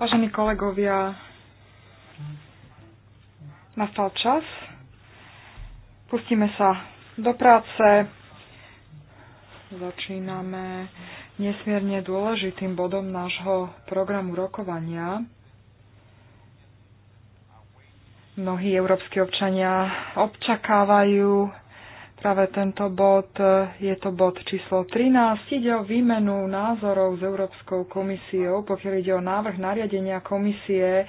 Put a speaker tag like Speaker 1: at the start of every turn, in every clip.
Speaker 1: Vážení kolegovia, nastal čas. Pustíme sa do práce. Začíname nesmierne dôležitým bodom nášho programu rokovania. Mnohí európsky občania občakávajú práve tento bod. Je to bod číslo 13. Ide o výmenu názorov s Európskou komisiou, pokiaľ ide o návrh nariadenia komisie,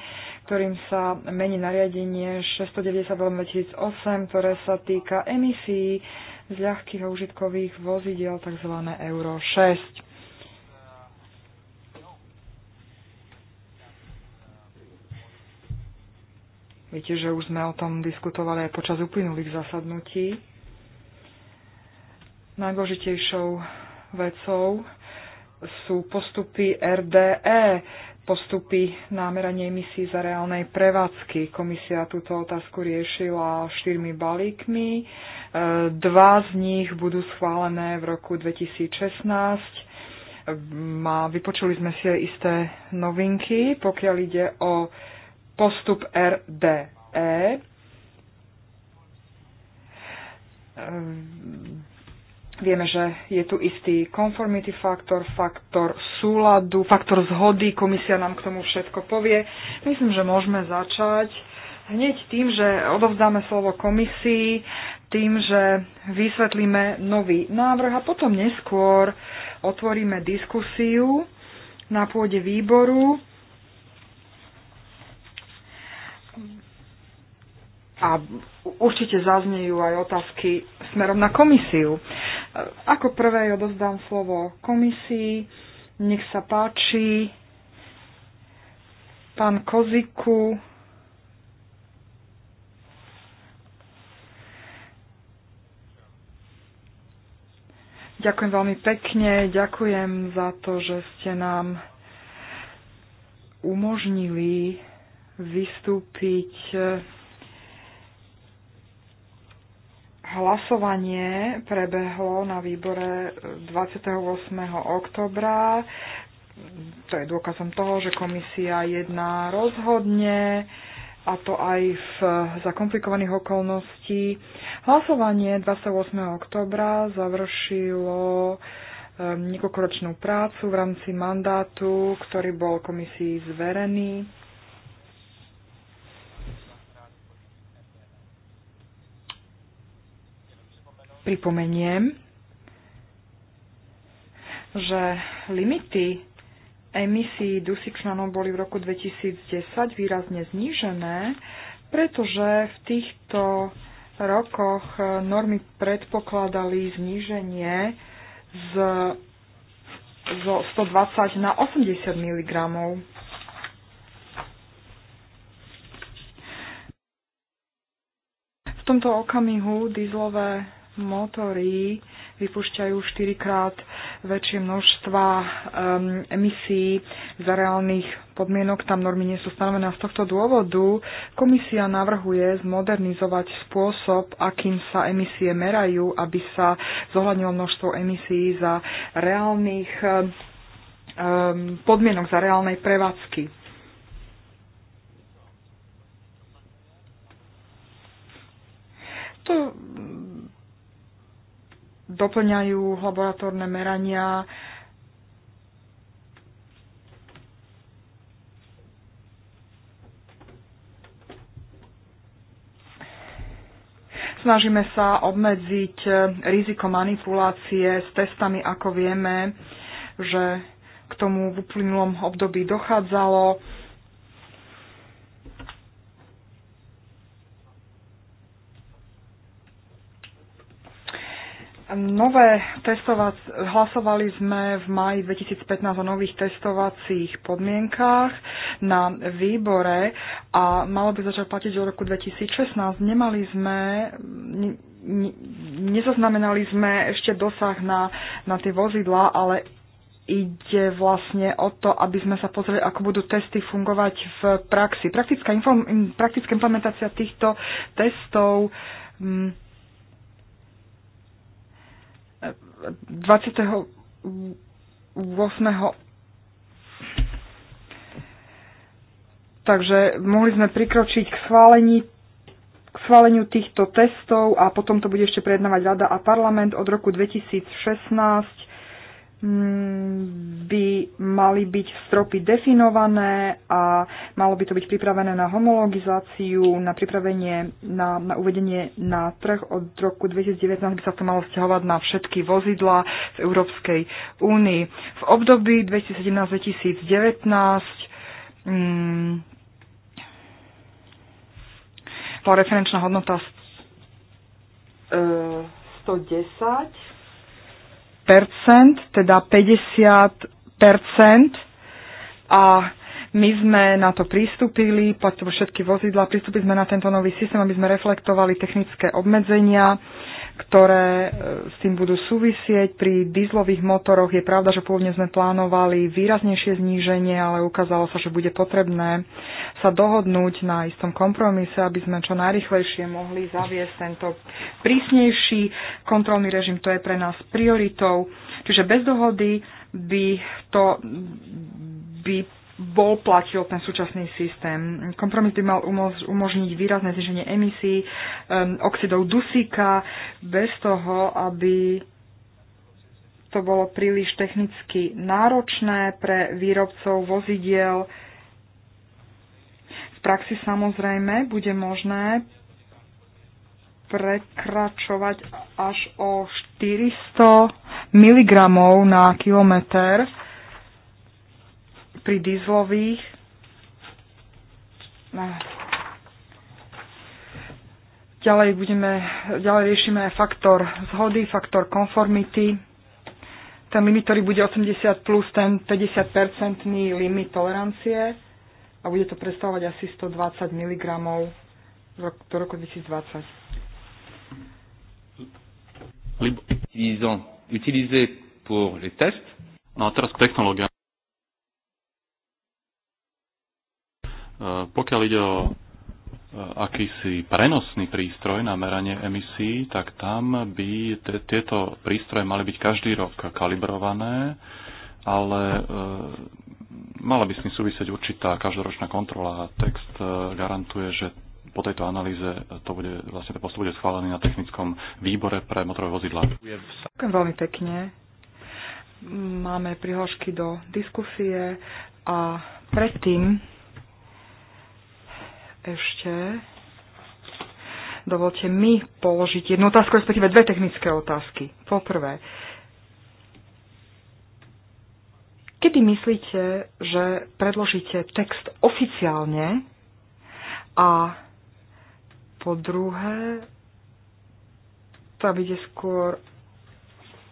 Speaker 1: ktorým sa mení nariadenie 692-2008, ktoré sa týka emisí z ľahkých a užitkových vozidiel, tzv. Euro 6. Viete, že už sme o tom diskutovali aj počas uplynulých zasadnutí. Najdôležitejšou vecou sú postupy RDE, postupy námeranie emisí za reálnej prevádzky. Komisia túto otázku riešila štyrmi balíkmi. E, dva z nich budú schválené v roku 2016. E, vypočuli sme si aj isté novinky, pokiaľ ide o postup RDE. Vieme, že je tu istý conformity faktor, faktor súladu, faktor zhody. Komisia nám k tomu všetko povie. Myslím, že môžeme začať hneď tým, že odovzdáme slovo komisii, tým, že vysvetlíme nový návrh a potom neskôr otvoríme diskusiu na pôde výboru a určite zaznejú aj otázky smerom na komisiu. Ako prvé odozdám slovo komisii. Nech sa páči. Pán Koziku. Ďakujem veľmi pekne, ďakujem za to, že ste nám umožnili vystúpiť Hlasovanie prebehlo na výbore 28. E, oktobra. To je dôkazom toho, že komisia jedná rozhodne a to aj v, zakomplikovaných okolností. Hlasovanie 28. oktobra završilo e, niekoľkoročnú prácu v rámci mandátu, ktorý bol komisii zverený pripomeniem, že limity emisí dusičnanov boli v roku 2010 výrazne znížené, pretože v týchto rokoch normy predpokladali zníženie z, zo 120 na 80 mg. V tomto okamihu dízlové motory vypúšťajú 4 krát väčšie množstva um, emisí za reálnych podmienok, tam normy nie sú stanovené. Z tohto dôvodu komisia navrhuje zmodernizovať spôsob, akým sa emisie merajú, aby sa zohľadnilo množstvo emisí za reálnych um, podmienok, za reálnej prevádzky. To doplňajú laboratórne merania, Snažíme sa obmedziť riziko manipulácie s testami, ako vieme, že k tomu v uplynulom období dochádzalo. nové testovac, hlasovali sme v maji 2015 o nových testovacích podmienkách na výbore a malo by začať platiť od roku 2016. Nemali sme, nezaznamenali sme ešte dosah na, na tie vozidlá, ale ide vlastne o to, aby sme sa pozreli, ako budú testy fungovať v praxi. Praktická, inform, praktická implementácia týchto testov hm, 28. Takže mohli sme prikročiť k schválení k schváleniu týchto testov a potom to bude ešte prejednávať Rada a parlament od roku 2016 Mm, by mali byť stropy definované a malo by to byť pripravené na homologizáciu, na pripravenie, na, na uvedenie na trh. Od roku 2019 by sa to malo vzťahovať na všetky vozidla v Európskej únii. V období 2017-2019 mm, bola referenčná hodnota 110 e, percent, teda 50 a my sme na to pristúpili, platilo všetky vozidla, pristúpili sme na tento nový systém, aby sme reflektovali technické obmedzenia ktoré e, s tým budú súvisieť. Pri dízlových motoroch je pravda, že pôvodne sme plánovali výraznejšie zníženie, ale ukázalo sa, že bude potrebné sa dohodnúť na istom kompromise, aby sme čo najrychlejšie mohli zaviesť tento prísnejší kontrolný režim. To je pre nás prioritou. Čiže bez dohody by to by bol platil ten súčasný systém. Kompromis by mal umožniť výrazné zniženie emisí um, oxidov dusíka bez toho, aby to bolo príliš technicky náročné pre výrobcov vozidiel. V praxi samozrejme bude možné prekračovať až o 400 mg na kilometr pri dizlových ďalej budeme, ďalej riešime aj faktor zhody, faktor konformity. Ten limit, ktorý bude 80 plus ten 50-percentný limit tolerancie a bude to predstavovať asi 120 mg do roku 2020.
Speaker 2: Utilisé pour les tests. No a teraz k technológiám. Eh, pokiaľ ide o eh, akýsi prenosný prístroj na meranie emisí, tak tam by tieto prístroje mali byť každý rok kalibrované, ale e, mala by s tým súvisieť určitá každoročná kontrola a text garantuje, že po tejto analýze to bude, vlastne ten postup bude schválený na technickom výbore pre motorové vozidla. Ďakujem
Speaker 1: veľmi pekne. Máme prihlášky do diskusie a predtým ešte dovolte mi položiť jednu otázku, respektíve dve technické otázky. Poprvé, kedy myslíte, že predložíte text oficiálne a po druhé, to ide skôr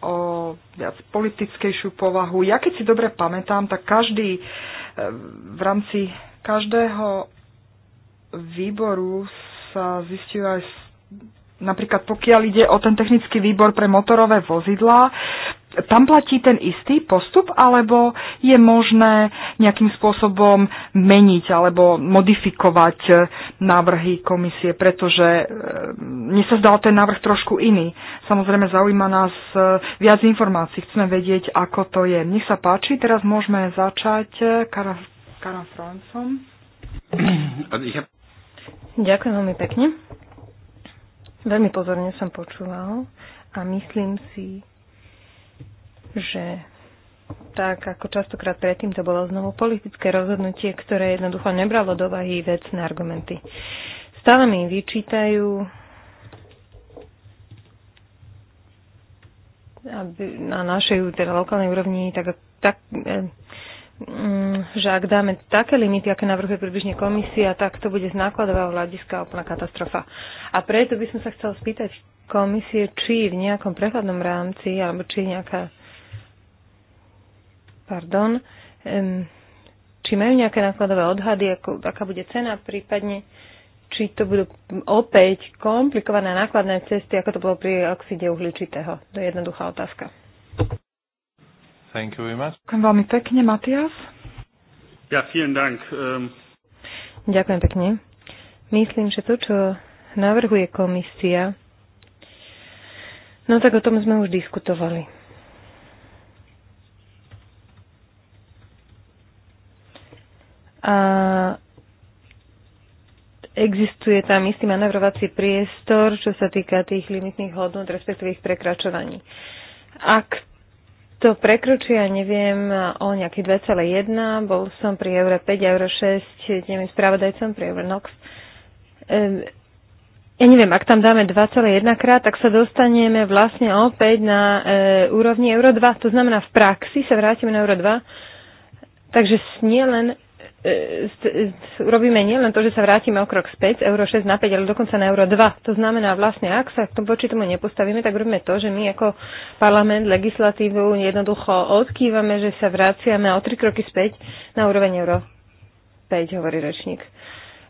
Speaker 1: o viac politickejšiu povahu. Ja keď si dobre pamätám, tak každý eh, v rámci každého výboru sa zistil aj napríklad pokiaľ ide o ten technický výbor pre motorové vozidlá, tam platí ten istý postup, alebo je možné nejakým spôsobom meniť alebo modifikovať e, návrhy komisie, pretože e, mne sa zdal ten návrh trošku iný. Samozrejme zaujíma nás e, viac informácií, chceme vedieť, ako to je. Nech sa páči, teraz môžeme
Speaker 3: začať Karam Francom. Ďakujem veľmi pekne. Veľmi pozorne som počúval a myslím si, že tak ako častokrát predtým to bolo znovu politické rozhodnutie, ktoré jednoducho nebralo do vahy vecné argumenty. Stále mi vyčítajú, aby na našej teda lokálnej úrovni, tak, tak Mm, že ak dáme také limity, aké navrhuje približne komisia, tak to bude z nákladového hľadiska úplná katastrofa. A preto by som sa chcel spýtať komisie, či v nejakom prehľadnom rámci, alebo či nejaká, pardon, či majú nejaké nákladové odhady, ako, aká bude cena, prípadne či to budú opäť komplikované nákladné cesty, ako to bolo pri oxide uhličitého. To je jednoduchá otázka.
Speaker 2: Thank you very much.
Speaker 3: Ďakujem veľmi pekne, Matias.
Speaker 2: Ja, vielen Dank. Um...
Speaker 3: Ďakujem pekne. Myslím, že to, čo navrhuje komisia, no tak o tom sme už diskutovali. A existuje tam istý manevrovací priestor, čo sa týka tých limitných hodnot, respektíve ich prekračovaní. Ak to prekročí, ja neviem, o nejaký 2,1. Bol som pri euro 5, euro 6, neviem, spravodajcom pri euro NOX. Ehm, ja neviem, ak tam dáme 2,1 krát, tak sa dostaneme vlastne opäť na e, úrovni euro 2. To znamená, v praxi sa vrátime na euro 2. Takže nie len E, e, robíme nielen to, že sa vrátime o krok späť z euro 6 na 5, ale dokonca na euro 2. To znamená vlastne, ak sa k tomu počítomu nepostavíme, tak robíme to, že my ako parlament, legislatívu jednoducho odkývame, že sa vraciame o tri kroky späť na úroveň euro 5, hovorí rečník.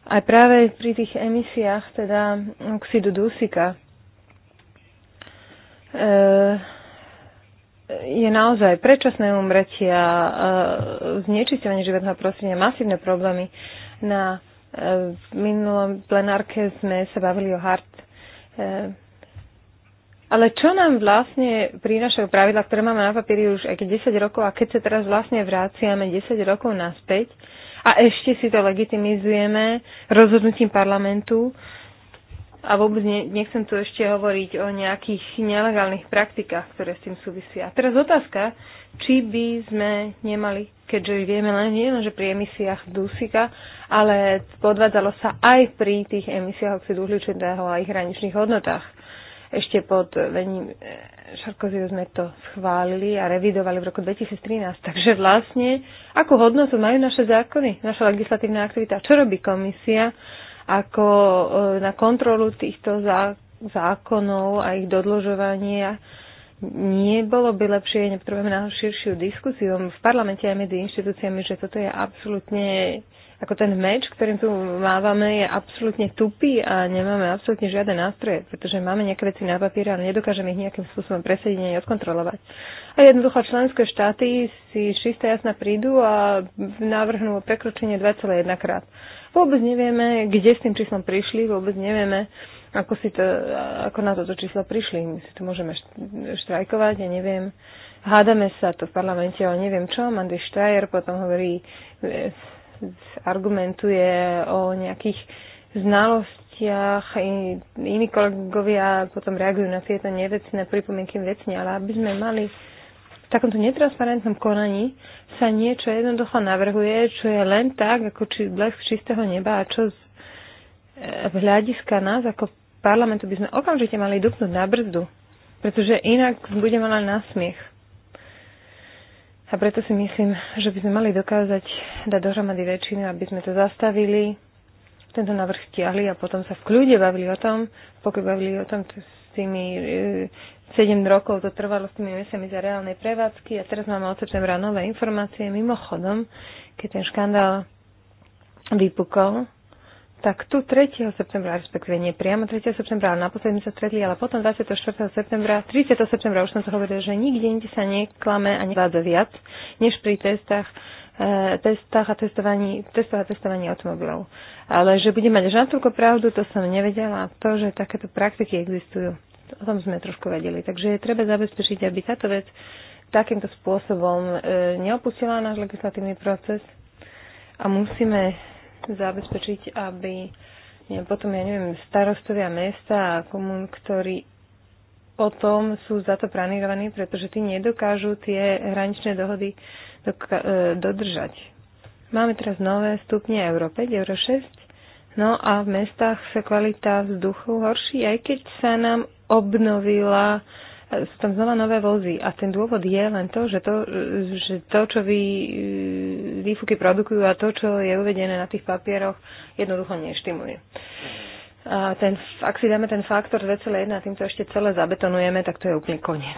Speaker 3: Aj práve pri tých emisiách, teda oxidu dusika, e je naozaj predčasné umretia, znečisťovanie životného prostredia, masívne problémy. Na e, minulom plenárke sme sa bavili o hard. E, ale čo nám vlastne prinášajú pravidla, ktoré máme na papieri už aj 10 rokov a keď sa teraz vlastne vráciame 10 rokov naspäť a ešte si to legitimizujeme rozhodnutím parlamentu, a vôbec ne, nechcem tu ešte hovoriť o nejakých nelegálnych praktikách, ktoré s tým súvisia. A teraz otázka, či by sme nemali, keďže vieme len, nie len, že pri emisiách dusika, ale podvádzalo sa aj pri tých emisiách oxidu uhličitého a ich hraničných hodnotách. Ešte pod vením Šarkoziu e, sme to schválili a revidovali v roku 2013. Takže vlastne, akú hodnotu majú naše zákony, naša legislatívna aktivita? Čo robí komisia? ako e, na kontrolu týchto zákonov a ich dodložovania. Nebolo by lepšie, nepotrebujeme na širšiu diskusiu v parlamente aj medzi inštitúciami, že toto je absolútne, ako ten meč, ktorým tu mávame, je absolútne tupý a nemáme absolútne žiadne nástroje, pretože máme nejaké veci na papíre, ale nedokážeme ich nejakým spôsobom presediť ani odkontrolovať. A jednoducho členské štáty si čista jasná prídu a navrhnú prekročenie 2,1 krát. Vôbec nevieme, kde s tým číslom prišli, vôbec nevieme, ako, si to, ako na toto číslo prišli. My si to môžeme štrajkovať, ja neviem. Hádame sa to v parlamente, ale neviem čo. Mandy Štajer potom hovorí, argumentuje o nejakých znalostiach, iní kolegovia potom reagujú na tieto nevecné pripomienky vecne, ale aby sme mali v takomto netransparentnom konaní sa niečo jednoducho navrhuje, čo je len tak, ako či blesk čistého neba a čo z v e, hľadiska nás ako parlamentu by sme okamžite mali dupnúť na brzdu, pretože inak budeme len na smiech. A preto si myslím, že by sme mali dokázať dať dohromady väčšinu, aby sme to zastavili, tento návrh stiahli a potom sa v kľude bavili o tom, pokiaľ bavili o tom s tými e, 7 rokov to trvalo s tými mesiami za reálnej prevádzky a teraz máme od septembra nové informácie. Mimochodom, keď ten škandál vypukol, tak tu 3. septembra, respektíve nie priamo 3. septembra, ale naposledy sme sa stretli, ale potom 24. septembra, 30. septembra už som sa hovoril, že nikde inde sa neklame a nevádza viac, než pri testách eh, testách a testovaní, testov a testovaní automobilov. Ale že budeme mať natoľko pravdu, to som nevedela. To, že takéto praktiky existujú. O tom sme trošku vedeli. Takže je treba zabezpečiť, aby táto vec takýmto spôsobom e, neopustila náš legislatívny proces a musíme zabezpečiť, aby neviem, potom, ja neviem, starostovia mesta a komun, ktorí o tom sú za to pranírovaní, pretože tí nedokážu tie hraničné dohody e, dodržať. Máme teraz nové stupne Euro 5, Euro 6, no a v mestách sa kvalita vzduchu horší, aj keď sa nám obnovila e, sú tam znova nové vozy a ten dôvod je len to, že to, že to čo vy, e, výfuky produkujú a to, čo je uvedené na tých papieroch, jednoducho neštimuluje. A ten, ak si dáme ten faktor 2,1 a týmto ešte celé zabetonujeme, tak to je úplne koniec.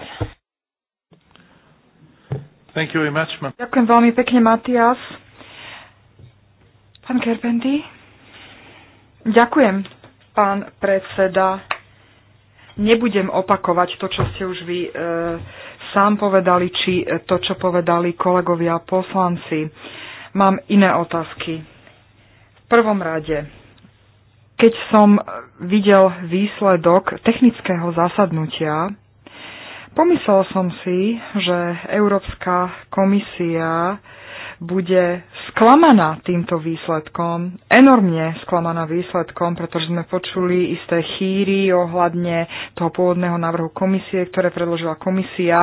Speaker 2: Thank you very much, ma-
Speaker 3: Ďakujem veľmi pekne, Matias.
Speaker 1: Pán Kerpendy? Ďakujem, pán predseda. Nebudem opakovať to, čo ste už vy e, sám povedali, či to, čo povedali kolegovia poslanci. Mám iné otázky. V prvom rade, keď som videl výsledok technického zasadnutia, pomyslel som si, že Európska komisia bude sklamaná týmto výsledkom, enormne sklamaná výsledkom, pretože sme počuli isté chýry ohľadne toho pôvodného návrhu komisie, ktoré predložila komisia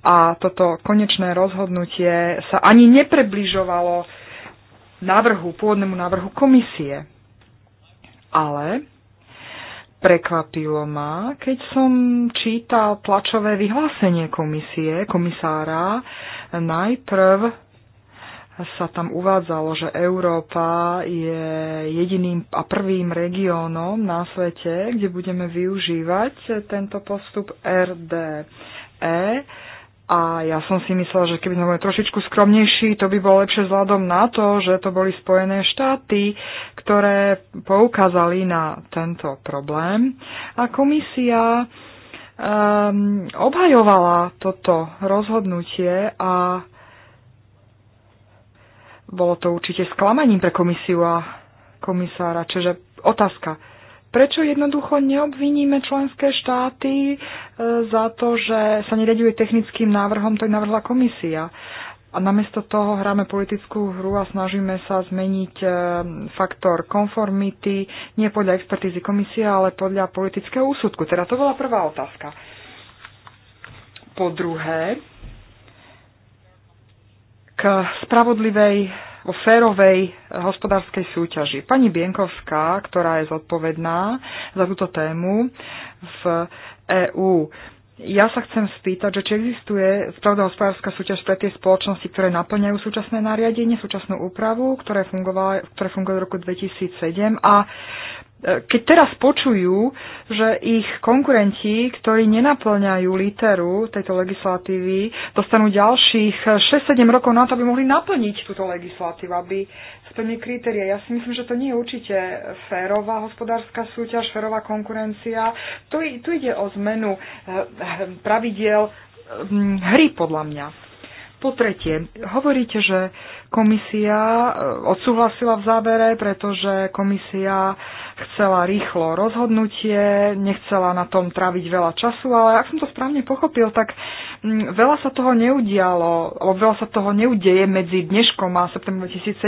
Speaker 1: a toto konečné rozhodnutie sa ani neprebližovalo návrhu, pôvodnému návrhu komisie. Ale prekvapilo ma, keď som čítal tlačové vyhlásenie komisie, komisára, najprv sa tam uvádzalo, že Európa je jediným a prvým regiónom na svete, kde budeme využívať tento postup RDE. A ja som si myslela, že keby sme boli trošičku skromnejší, to by bolo lepšie vzhľadom na to, že to boli Spojené štáty, ktoré poukázali na tento problém. A komisia um, obhajovala toto rozhodnutie a bolo to určite sklamaním pre komisiu a komisára. Čiže otázka, prečo jednoducho neobviníme členské štáty e, za to, že sa nereduje technickým návrhom, to je navrhla komisia? A namiesto toho hráme politickú hru a snažíme sa zmeniť e, faktor konformity nie podľa expertízy komisie, ale podľa politického úsudku. Teda to bola prvá otázka. Po druhé, k spravodlivej, o férovej eh, hospodárskej súťaži. Pani Bienkovská, ktorá je zodpovedná za túto tému v EÚ, ja sa chcem spýtať, že či existuje spravodlivá hospodárska súťaž pre tie spoločnosti, ktoré naplňajú súčasné nariadenie, súčasnú úpravu, ktoré, fungovali, ktoré funguje v roku 2007 a keď teraz počujú, že ich konkurenti, ktorí nenaplňajú literu tejto legislatívy, dostanú ďalších 6-7 rokov na to, aby mohli naplniť túto legislatívu, aby splnili kritéria. Ja si myslím, že to nie je určite férová hospodárska súťaž, férová konkurencia. Tu, tu ide o zmenu eh, pravidiel mm, hry podľa mňa. Po tretie, hovoríte, že komisia e, odsúhlasila v zábere, pretože komisia chcela rýchlo rozhodnutie, nechcela na tom traviť veľa času, ale ak som to správne pochopil, tak mm, veľa sa toho neudialo, alebo veľa sa toho neudeje medzi dneškom a septembrom 2017,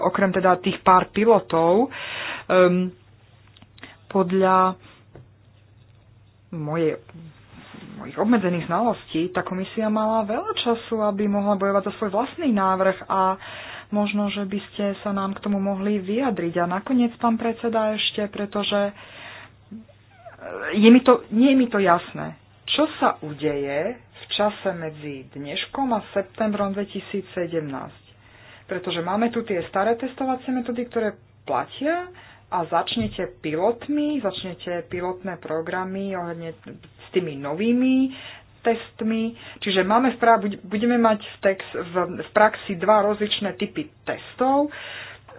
Speaker 1: okrem teda tých pár pilotov. Um, podľa mojej mojich obmedzených znalostí, tá komisia mala veľa času, aby mohla bojovať za svoj vlastný návrh a možno, že by ste sa nám k tomu mohli vyjadriť. A nakoniec, pán predseda, ešte, pretože e, je mi to, nie je mi to jasné. Čo sa udeje v čase medzi dneškom a septembrom 2017? Pretože máme tu tie staré testovacie metódy, ktoré platia, a začnete pilotmi, začnete pilotné programy ohľadne s tými novými testmi. Čiže máme v prav, budeme mať v, text, v, v praxi dva rozličné typy testov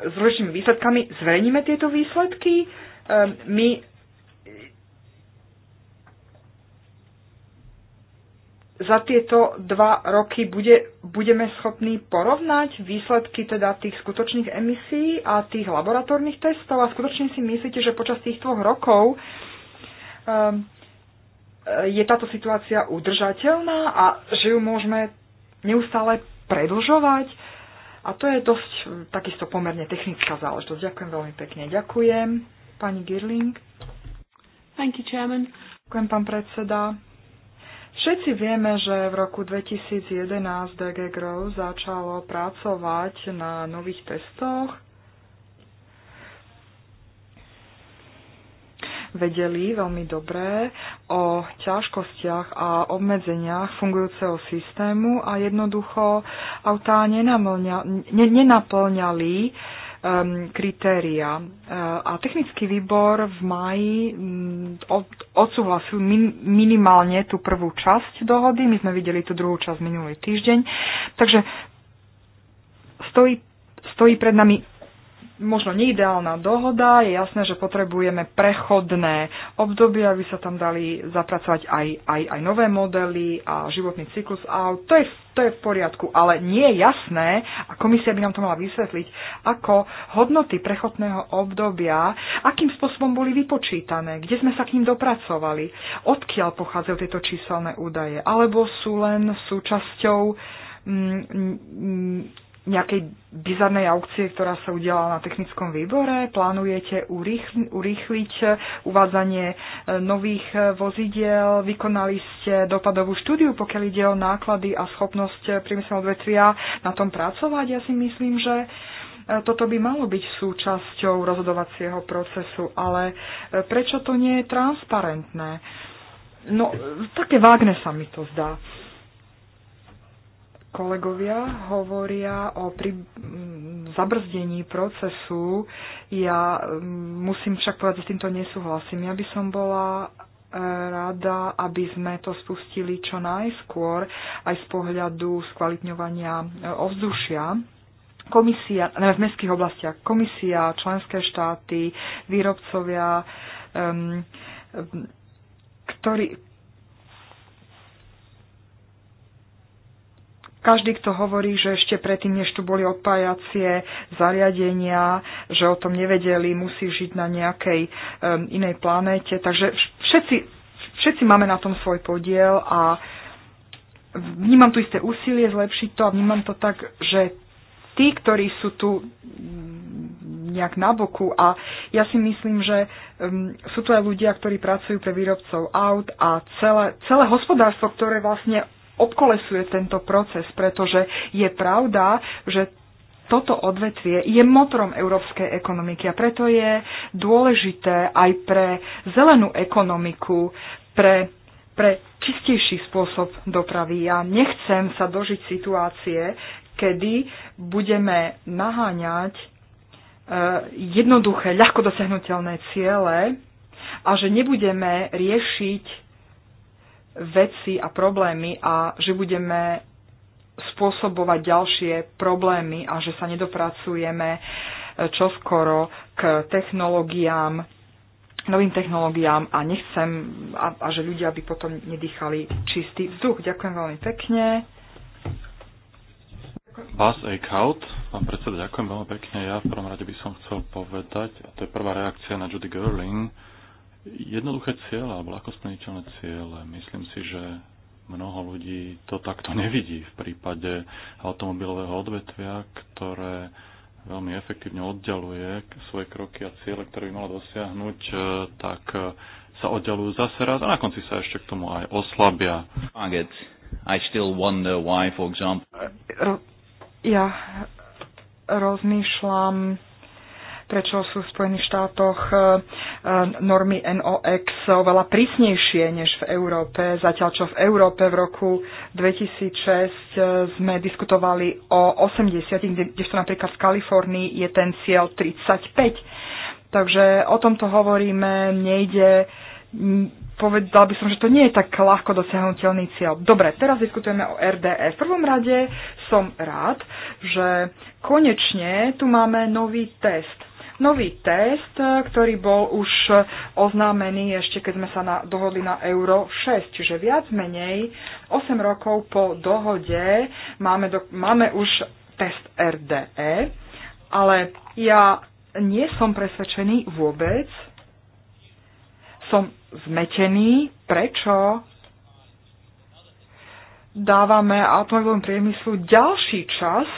Speaker 1: s rozličnými výsledkami. Zverejníme tieto výsledky. Ehm, my za tieto dva roky bude, budeme schopní porovnať výsledky teda tých skutočných emisí a tých laboratórnych testov? A skutočne si myslíte, že počas tých dvoch rokov um, je táto situácia udržateľná a že ju môžeme neustále predlžovať? A to je dosť e, takisto pomerne technická záležitosť. Ďakujem veľmi pekne. Ďakujem. Pani Girling. Thank you, Chairman. Ďakujem, pán predseda. Všetci vieme, že v roku 2011 DG Grow začalo pracovať na nových testoch. Vedeli veľmi dobre o ťažkostiach a obmedzeniach fungujúceho systému a jednoducho autá nenaplňali um, kritéria. Uh, a technický výbor v maji mm, od, odsúhlasil min, minimálne tú prvú časť dohody. My sme videli tú druhú časť minulý týždeň. Takže stojí, stojí pred nami možno neideálna dohoda. Je jasné, že potrebujeme prechodné obdobie, aby sa tam dali zapracovať aj, aj, aj nové modely a životný cyklus aut. To je, to je v poriadku, ale nie je jasné, a komisia by nám to mala vysvetliť, ako hodnoty prechodného obdobia, akým spôsobom boli vypočítané, kde sme sa k ním dopracovali, odkiaľ pochádzajú tieto číselné údaje, alebo sú len súčasťou mm, mm, nejakej bizarnej aukcie, ktorá sa udiala na technickom výbore? Plánujete urýchli, urýchliť uvádzanie e, nových e, vozidiel? Vykonali ste dopadovú štúdiu, pokiaľ ide o náklady a schopnosť priemyselného odvetvia na tom pracovať? Ja si myslím, že e, toto by malo byť súčasťou rozhodovacieho procesu, ale prečo to nie je transparentné? No, také vágne sa mi to zdá kolegovia hovoria o pri, mm, zabrzdení procesu. Ja mm, musím však povedať, že s týmto nesúhlasím. Ja by som bola e, rada, aby sme to spustili čo najskôr aj z pohľadu skvalitňovania e, ovzdušia. Komisia, v mestských oblastiach, komisia, členské štáty, výrobcovia, um, ktorí, Každý, kto hovorí, že ešte predtým, než tu boli odpájacie zariadenia, že o tom nevedeli, musí žiť na nejakej um, inej planéte. Takže všetci, všetci máme na tom svoj podiel a vnímam tu isté úsilie zlepšiť to a vnímam to tak, že tí, ktorí sú tu nejak na boku a ja si myslím, že um, sú tu aj ľudia, ktorí pracujú pre výrobcov aut a celé, celé hospodárstvo, ktoré vlastne obkolesuje tento proces, pretože je pravda, že toto odvetvie je motorom európskej ekonomiky a preto je dôležité aj pre zelenú ekonomiku, pre, pre čistejší spôsob dopravy. Ja nechcem sa dožiť situácie, kedy budeme naháňať e, jednoduché, ľahko dosiahnutelné ciele a že nebudeme riešiť veci a problémy a že budeme spôsobovať ďalšie problémy a že sa nedopracujeme e, čoskoro k technológiám, novým technológiám a nechcem, a, a že ľudia by potom nedýchali čistý vzduch. Ďakujem veľmi pekne.
Speaker 2: Bas Eichhout, pán predseda, ďakujem veľmi pekne. Ja v prvom rade by som chcel povedať, a to je prvá reakcia na Judy Gerling, jednoduché ciele alebo ľahko splniteľné ciele. Myslím si, že mnoho ľudí to takto nevidí v prípade automobilového odvetvia, ktoré veľmi efektívne oddeluje svoje kroky a ciele, ktoré by mala dosiahnuť, e, tak e, sa oddelujú zase raz a na konci sa ešte k tomu aj oslabia. I still wonder why, for example.
Speaker 1: Ja rozmýšľam prečo sú v Spojených štátoch e, e, normy NOx oveľa prísnejšie než v Európe. Zatiaľ čo v Európe v roku 2006 e, sme diskutovali o 80, kdežto napríklad v Kalifornii je ten cieľ 35. Takže o tomto hovoríme, nejde, povedal by som, že to nie je tak ľahko dosiahnutelný cieľ. Dobre, teraz diskutujeme o RDE. V prvom rade som rád, že konečne tu máme nový test nový test, e, ktorý bol už oznámený ešte keď sme sa na, dohodli na Euro 6, čiže viac menej 8 rokov po dohode máme, do, máme už test RDE, ale ja nie som presvedčený vôbec, som zmetený, prečo dávame automobilovom priemyslu ďalší čas,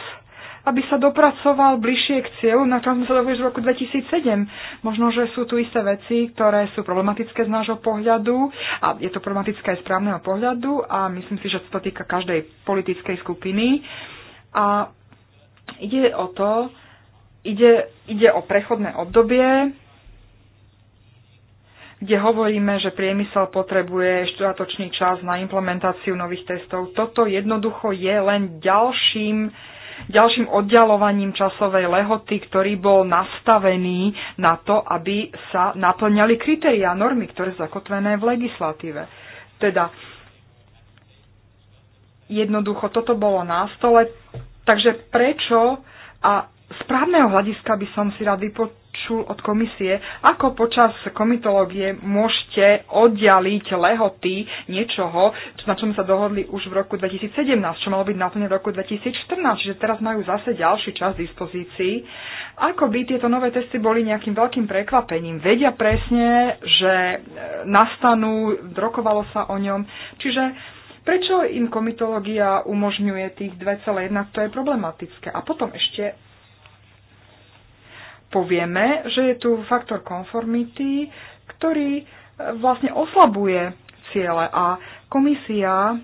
Speaker 1: aby sa dopracoval bližšie k cieľu, na ktorom sa dovolíš v roku 2007. Možno, že sú tu isté veci, ktoré sú problematické z nášho pohľadu a je to problematické aj z právneho pohľadu a myslím si, že sa to týka každej politickej skupiny. A ide o to, ide, ide o prechodné obdobie, kde hovoríme, že priemysel potrebuje štodatočný čas na implementáciu nových testov. Toto jednoducho je len ďalším ďalším oddialovaním časovej lehoty, ktorý bol nastavený na to, aby sa naplňali kritériá normy, ktoré sú zakotvené v legislatíve. Teda jednoducho toto bolo na stole, takže prečo a správneho hľadiska by som si rád vypočul počul od komisie, ako počas komitológie môžete oddialiť lehoty niečoho, na čom sa dohodli už v roku 2017, čo malo byť naplne v roku 2014, čiže teraz majú zase ďalší čas v dispozícii, Ako by tieto nové testy boli nejakým veľkým prekvapením? Vedia presne, že e, nastanú, drokovalo sa o ňom, čiže prečo im komitológia umožňuje tých 2,1, to je problematické. A potom ešte povieme, že je tu faktor konformity, ktorý e, vlastne oslabuje ciele a komisia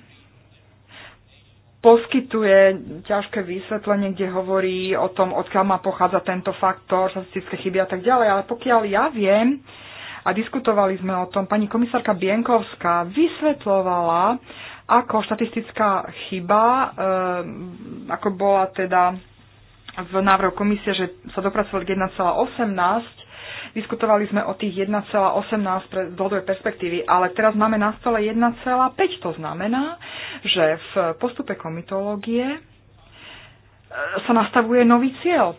Speaker 1: poskytuje ťažké vysvetlenie, kde hovorí o tom, odkiaľ má pochádza tento faktor, statistické chyby a tak ďalej. Ale pokiaľ ja viem, a diskutovali sme o tom, pani komisárka Bienkovská vysvetlovala, ako štatistická chyba, e, ako bola teda v návrhu komisie, že sa dopracovali k 1,18. Diskutovali sme o tých 1,18 pre dlhodobé perspektívy, ale teraz máme na stole 1,5. To znamená, že v postupe komitológie e, sa nastavuje nový cieľ.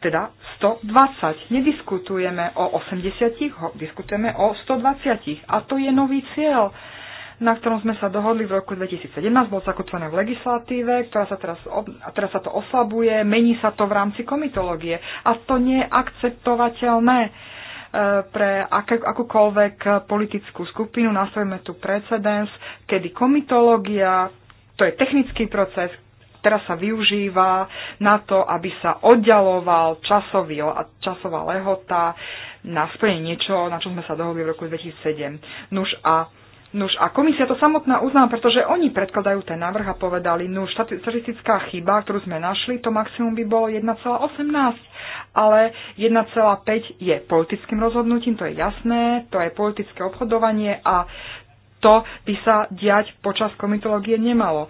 Speaker 1: Teda 120. Nediskutujeme o 80, diskutujeme o 120. A to je nový cieľ na ktorom sme sa dohodli v roku 2017, bol zakotvené v legislatíve, ktorá sa teraz, a teraz sa to oslabuje, mení sa to v rámci komitológie a to nie je akceptovateľné e, pre aké, akúkoľvek politickú skupinu. Nastavíme tu precedens, kedy komitológia, to je technický proces, teraz sa využíva na to, aby sa oddialoval časový, časová lehota na splnenie niečo, na čo sme sa dohodli v roku 2007. Nuž a Nuž a komisia to samotná uzná, pretože oni predkladajú ten návrh a povedali, nuž štatistická chyba, ktorú sme našli, to maximum by bolo 1,18, ale 1,5 je politickým rozhodnutím, to je jasné, to je politické obchodovanie a to by sa diať počas komitológie nemalo.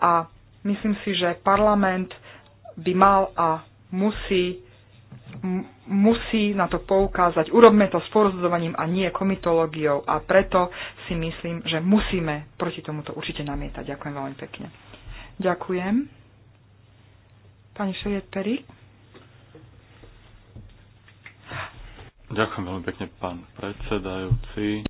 Speaker 1: A myslím si, že parlament by mal a musí musí na to poukázať. Urobme to s porozhodovaním a nie komitológiou a preto si myslím, že musíme proti tomuto určite namietať. Ďakujem veľmi pekne. Ďakujem. Pani Šeliet
Speaker 2: Ďakujem veľmi pekne, pán predsedajúci.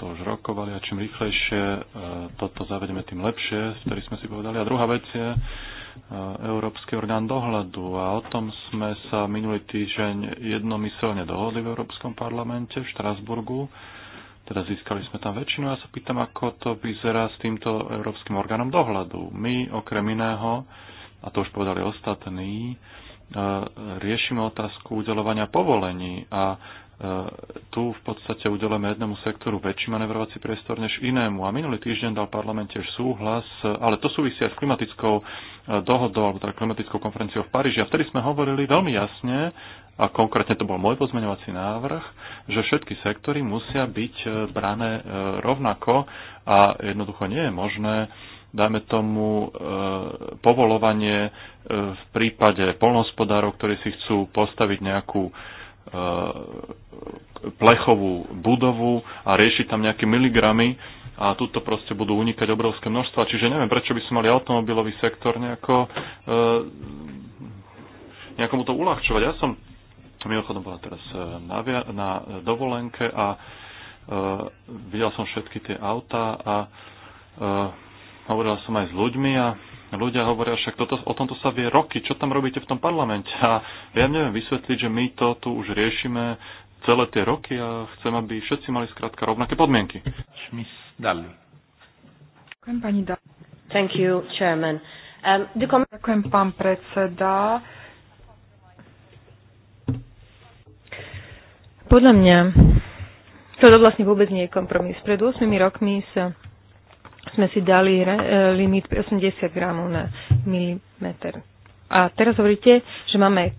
Speaker 2: to už rokovali a čím rýchlejšie e, toto zavedeme, tým lepšie, ktorých sme si povedali. A druhá vec je e, Európsky orgán dohľadu a o tom sme sa minulý týždeň jednomyselne dohodli v Európskom parlamente v Štrasburgu. Teda získali sme tam väčšinu a ja sa pýtam, ako to vyzerá s týmto Európskym orgánom dohľadu. My okrem iného, a to už povedali ostatní, e, riešime otázku udelovania povolení a tu v podstate udelujeme jednému sektoru väčší manevrovací priestor než inému. A minulý týždeň dal parlament tiež súhlas, ale to súvisia s klimatickou e, dohodou, alebo teda klimatickou konferenciou v Paríži. A vtedy sme hovorili veľmi jasne, a konkrétne to bol môj pozmeňovací návrh, že všetky sektory musia byť e, brané e, rovnako a jednoducho nie je možné dajme tomu, e, povolovanie e, v prípade polnohospodárov, ktorí si chcú postaviť nejakú E, plechovú budovu a riešiť tam nejaké miligramy a tuto proste budú unikať obrovské množstva. Čiže neviem, prečo by sme mali automobilový sektor nejako, e, nejakomu to uľahčovať. Ja som mimochodom bola teraz e, na, na dovolenke a e, videl som všetky tie autá a e, hovoril som aj s ľuďmi a Ľudia hovoria, však toto, o tomto sa vie roky, čo tam robíte v tom parlamente? A ja neviem vysvetliť, že my to tu už riešime celé tie roky a chcem, aby všetci mali skrátka rovnaké podmienky. Ďakujem,
Speaker 3: pani Thank you, Chairman. Um, the... Ďakujem, pán predseda. Podľa mňa to vlastne vôbec nie je kompromis. Pred 8 rokmi sa sme si dali re, e, limit 80 gramov na milimeter. A teraz hovoríte, že máme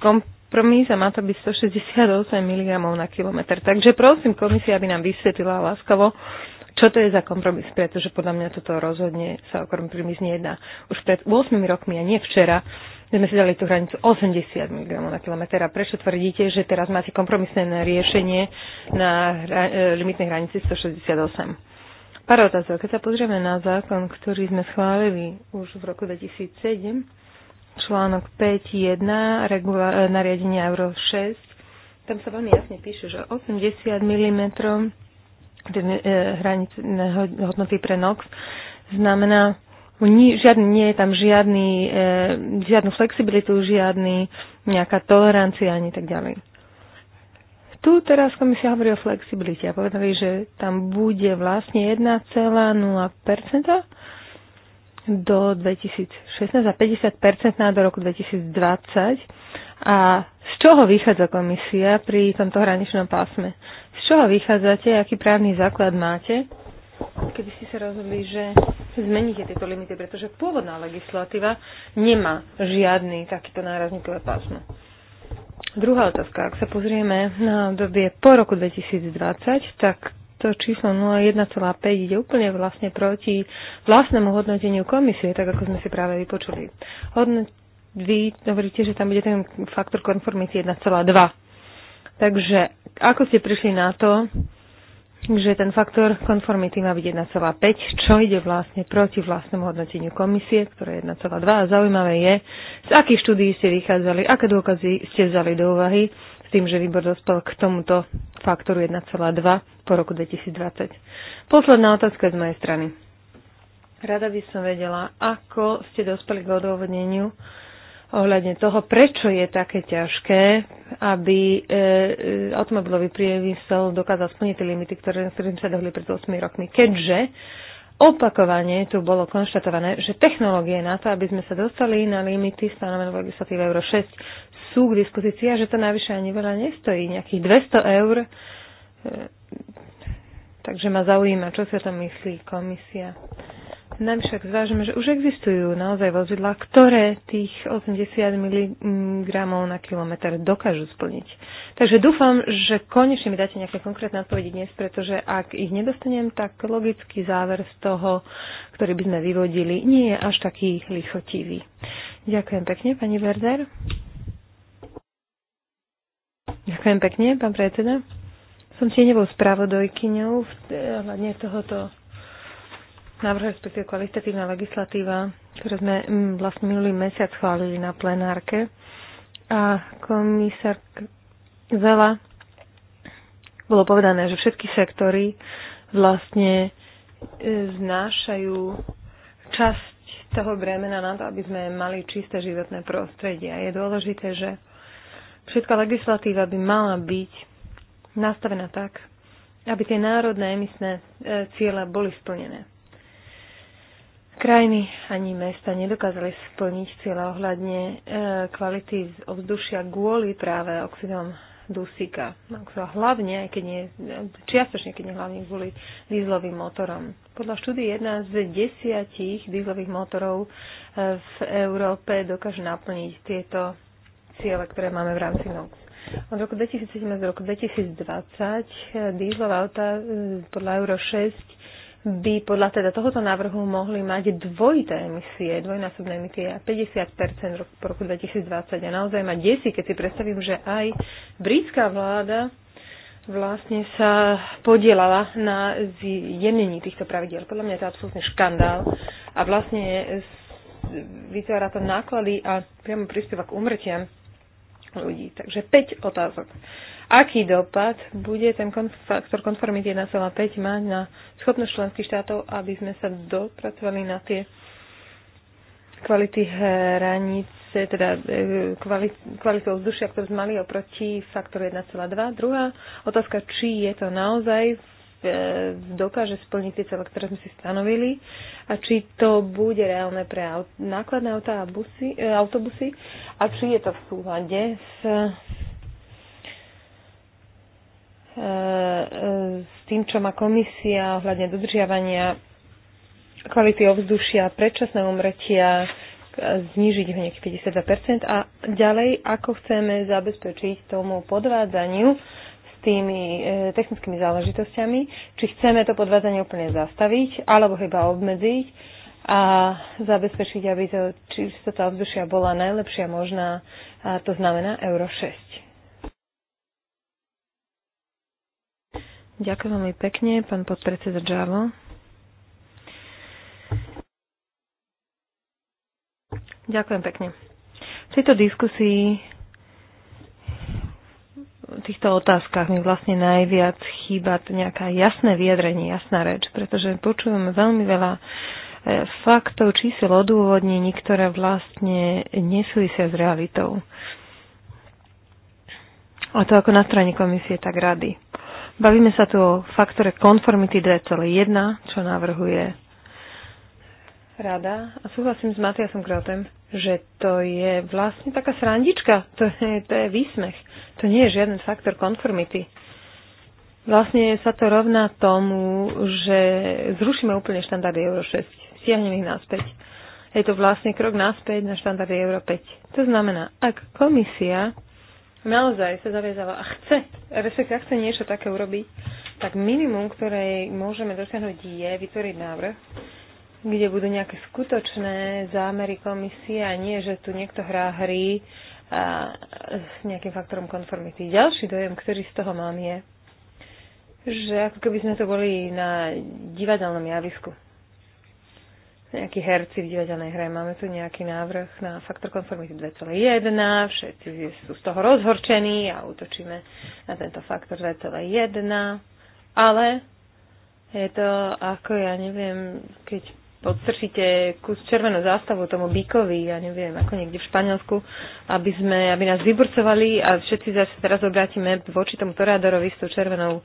Speaker 3: kompromis a má to byť 168 mg na kilometr. Takže prosím komisia, aby nám vysvetlila láskavo, čo to je za kompromis, pretože podľa mňa toto rozhodne sa o kompromis nejedná. Už pred 8 rokmi a nie včera sme si dali tú hranicu 80 mg na kilometr. A prečo tvrdíte, že teraz máte kompromisné riešenie na e, limitnej hranici 168? Pár otázok. Keď sa pozrieme na zákon, ktorý sme schválili už v roku 2007, článok 5.1 regula- e, nariadenia Euro 6, tam sa veľmi jasne píše, že 80 mm hranice hodnoty pre NOx znamená žiadny, nie je tam žiadny, e, žiadnu flexibilitu, žiadny nejaká tolerancia ani tak ďalej. Tu teraz komisia hovorí o flexibilite a povedali, že tam bude vlastne 1,0% do 2016 a 50% do roku 2020. A z čoho vychádza komisia pri tomto hraničnom pásme? Z čoho vychádzate, aký právny základ máte, keby ste sa rozhodli, že zmeníte tieto limity, pretože pôvodná legislatíva nemá žiadny takýto nárazníkové pásmo. Druhá otázka. Ak sa pozrieme na obdobie po roku 2020, tak to číslo 0,1,5 ide úplne vlastne proti vlastnému hodnoteniu komisie, tak ako sme si práve vypočuli. Hodno- vy hovoríte, že tam bude ten faktor konformity 1,2. Takže ako ste prišli na to, Takže ten faktor konformity má byť 1,5, čo ide vlastne proti vlastnému hodnoteniu komisie, ktoré je 1,2. A zaujímavé je, z akých štúdií ste vychádzali, aké dôkazy ste vzali do úvahy s tým, že výbor dospel k tomuto faktoru 1,2 po roku 2020. Posledná otázka z mojej strany. Rada by som vedela, ako ste dospeli k odôvodneniu, ohľadne toho, prečo je také ťažké, aby e, e automobilový priemysel dokázal splniť tie limity, ktoré, ktorým sa dohli pred 8 rokmi. Keďže opakovane tu bolo konštatované, že technológie na to, aby sme sa dostali na limity stanovené v legislatíve Euro 6, sú k dispozícii a že to navyše ani veľa nestojí, nejakých 200 eur. E, takže ma zaujíma, čo sa tam myslí komisia. Nám však zvážime, že už existujú naozaj vozidla, ktoré tých 80 mg na kilometr dokážu splniť. Takže dúfam, že konečne mi dáte nejaké konkrétne odpovede dnes, pretože ak ich nedostanem, tak logický záver z toho, ktorý by sme vyvodili, nie je až taký lichotivý. Ďakujem pekne, pani Verder. Ďakujem pekne, pán predseda. Som tieňovou spravodajkyňou hľadne eh, tohoto návrh, respektíve kvalitatívna legislatíva, ktorú sme mm, vlastne minulý mesiac chválili na plenárke. A komisár Zela bolo povedané, že všetky sektory vlastne e, znášajú časť toho bremena na to, aby sme mali čisté životné prostredie. A je dôležité, že všetká legislatíva by mala byť nastavená tak, aby tie národné emisné e, ciele boli splnené. Krajiny ani mesta nedokázali splniť cieľa ohľadne e, kvality ovzdušia kvôli práve oxidom dusíka. Hlavne, aj keď nie, čiastočne, keď nie hlavne kvôli dýzlovým motorom. Podľa štúdie jedna z desiatich dýzlových motorov e, v Európe dokáže naplniť tieto ciele, ktoré máme v rámci NOx. Od roku 2017 do roku 2020 e, dízlové auta e, podľa Euro 6 by podľa teda tohoto návrhu mohli mať dvojité emisie, dvojnásobné emisie a 50% v roku 2020. A naozaj ma desí, keď si predstavím, že aj britská vláda vlastne sa podielala na zjemnení týchto pravidiel. Podľa mňa je to absolútne škandál a vlastne vytvára to náklady a priamo prispieva k umrtiam ľudí. Takže 5 otázok aký dopad bude ten faktor konformity 1,5 mať na schopnosť členských štátov, aby sme sa dopracovali na tie kvality hranice, teda e, kvalitu vzdušia, ktorú sme mali oproti faktoru 1,2. Druhá otázka, či je to naozaj e, dokáže splniť tie cele, ktoré sme si stanovili a či to bude reálne pre nákladné autá a busy, e, autobusy a či je to v súlade s E, e, s tým, čo má komisia ohľadne dodržiavania kvality ovzdušia, predčasné umretia, e, znížiť ho nejakých 52% a ďalej, ako chceme zabezpečiť tomu podvádzaniu s tými e, technickými záležitosťami, či chceme to podvádzanie úplne zastaviť alebo iba obmedziť a zabezpečiť, aby to čistota ovzdušia bola najlepšia možná a to znamená Euro 6. Ďakujem veľmi pekne, pán podpredseda Džavo. Ďakujem pekne. V tejto diskusii v týchto otázkach mi vlastne najviac chýba nejaká jasné vyjadrenie, jasná reč, pretože počujem veľmi veľa e, faktov, čísel odôvodnení, ktoré vlastne nesúvisia s realitou. A to ako na strane komisie, tak rady. Bavíme sa tu o faktore konformity 2,1, čo navrhuje rada. A súhlasím s Matiasom Krotem, že to je vlastne taká srandička. To je, to je výsmech. To nie je žiaden faktor konformity. Vlastne sa to rovná tomu, že zrušíme úplne štandardy Euro 6. Stiahneme ich naspäť. Je to vlastne krok naspäť na štandardy Euro 5. To znamená, ak komisia naozaj sa zaviazala a chce, respektíve chce niečo také urobiť, tak minimum, ktoré môžeme dosiahnuť, je vytvoriť návrh, kde budú nejaké skutočné zámery komisie a nie, že tu niekto hrá hry a, s nejakým faktorom konformity. Ďalší dojem, ktorý z toho mám, je, že ako keby sme to boli na divadelnom javisku nejakí herci v divadelnej hre. Máme tu nejaký návrh na faktor konformity 2,1, všetci sú z toho rozhorčení a útočíme na tento faktor 2,1, ale je to ako, ja neviem, keď podstrčíte kus červenú zástavu tomu bíkovi, ja neviem, ako niekde v Španielsku, aby, sme, aby nás vyburcovali a všetci zase teraz obrátime voči tomu Toreadorovi s tou červenou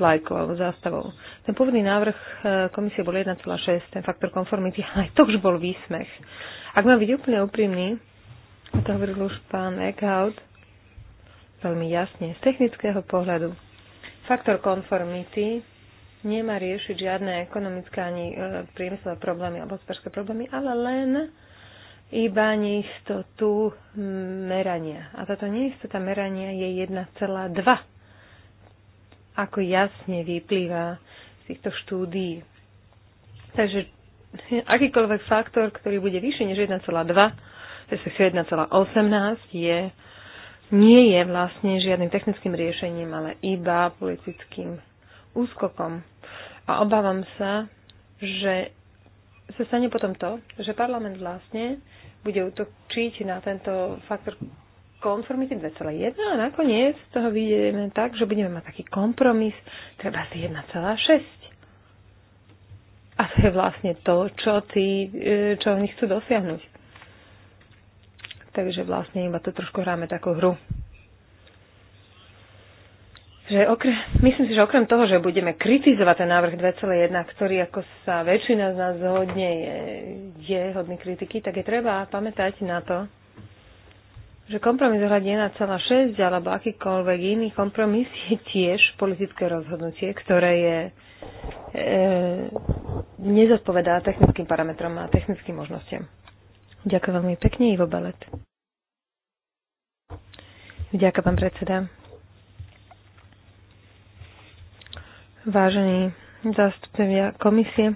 Speaker 3: vlajkou alebo zástavou. Ten pôvodný návrh e, komisie bol 1,6, ten faktor konformity, aj to už bol výsmech. Ak mám byť úplne úprimný, a to hovoril už pán Eckhout, veľmi jasne, z technického pohľadu, faktor konformity nemá riešiť žiadne ekonomické ani e, priemyselné problémy alebo hospodárske problémy, ale len iba neistotu merania. A táto neistota merania je 1,2, ako jasne vyplýva z týchto štúdií. Takže akýkoľvek faktor, ktorý bude vyšší než 1,2, respektíve 1,18, je, nie je vlastne žiadnym technickým riešením, ale iba politickým úskokom. A obávam sa, že sa stane potom to, že parlament vlastne bude utočiť na tento faktor konformity 2,1 a nakoniec z toho vyjdeme tak, že budeme mať taký kompromis, treba si 1,6. A to je vlastne to, čo, tí, e, čo oni chcú dosiahnuť. Takže vlastne iba to trošku hráme takú hru že okre, myslím si, že okrem toho, že budeme kritizovať ten návrh 2,1, ktorý ako sa väčšina z nás zhodne je, je hodný kritiky, tak je treba pamätať na to, že kompromis ohľad 1,6 alebo akýkoľvek iný kompromis je tiež politické rozhodnutie, ktoré je e, nezodpovedá technickým parametrom a technickým možnostiam. Ďakujem veľmi pekne, Ivo Belet. Ďakujem, pán predseda. vážení zástupcovia komisie,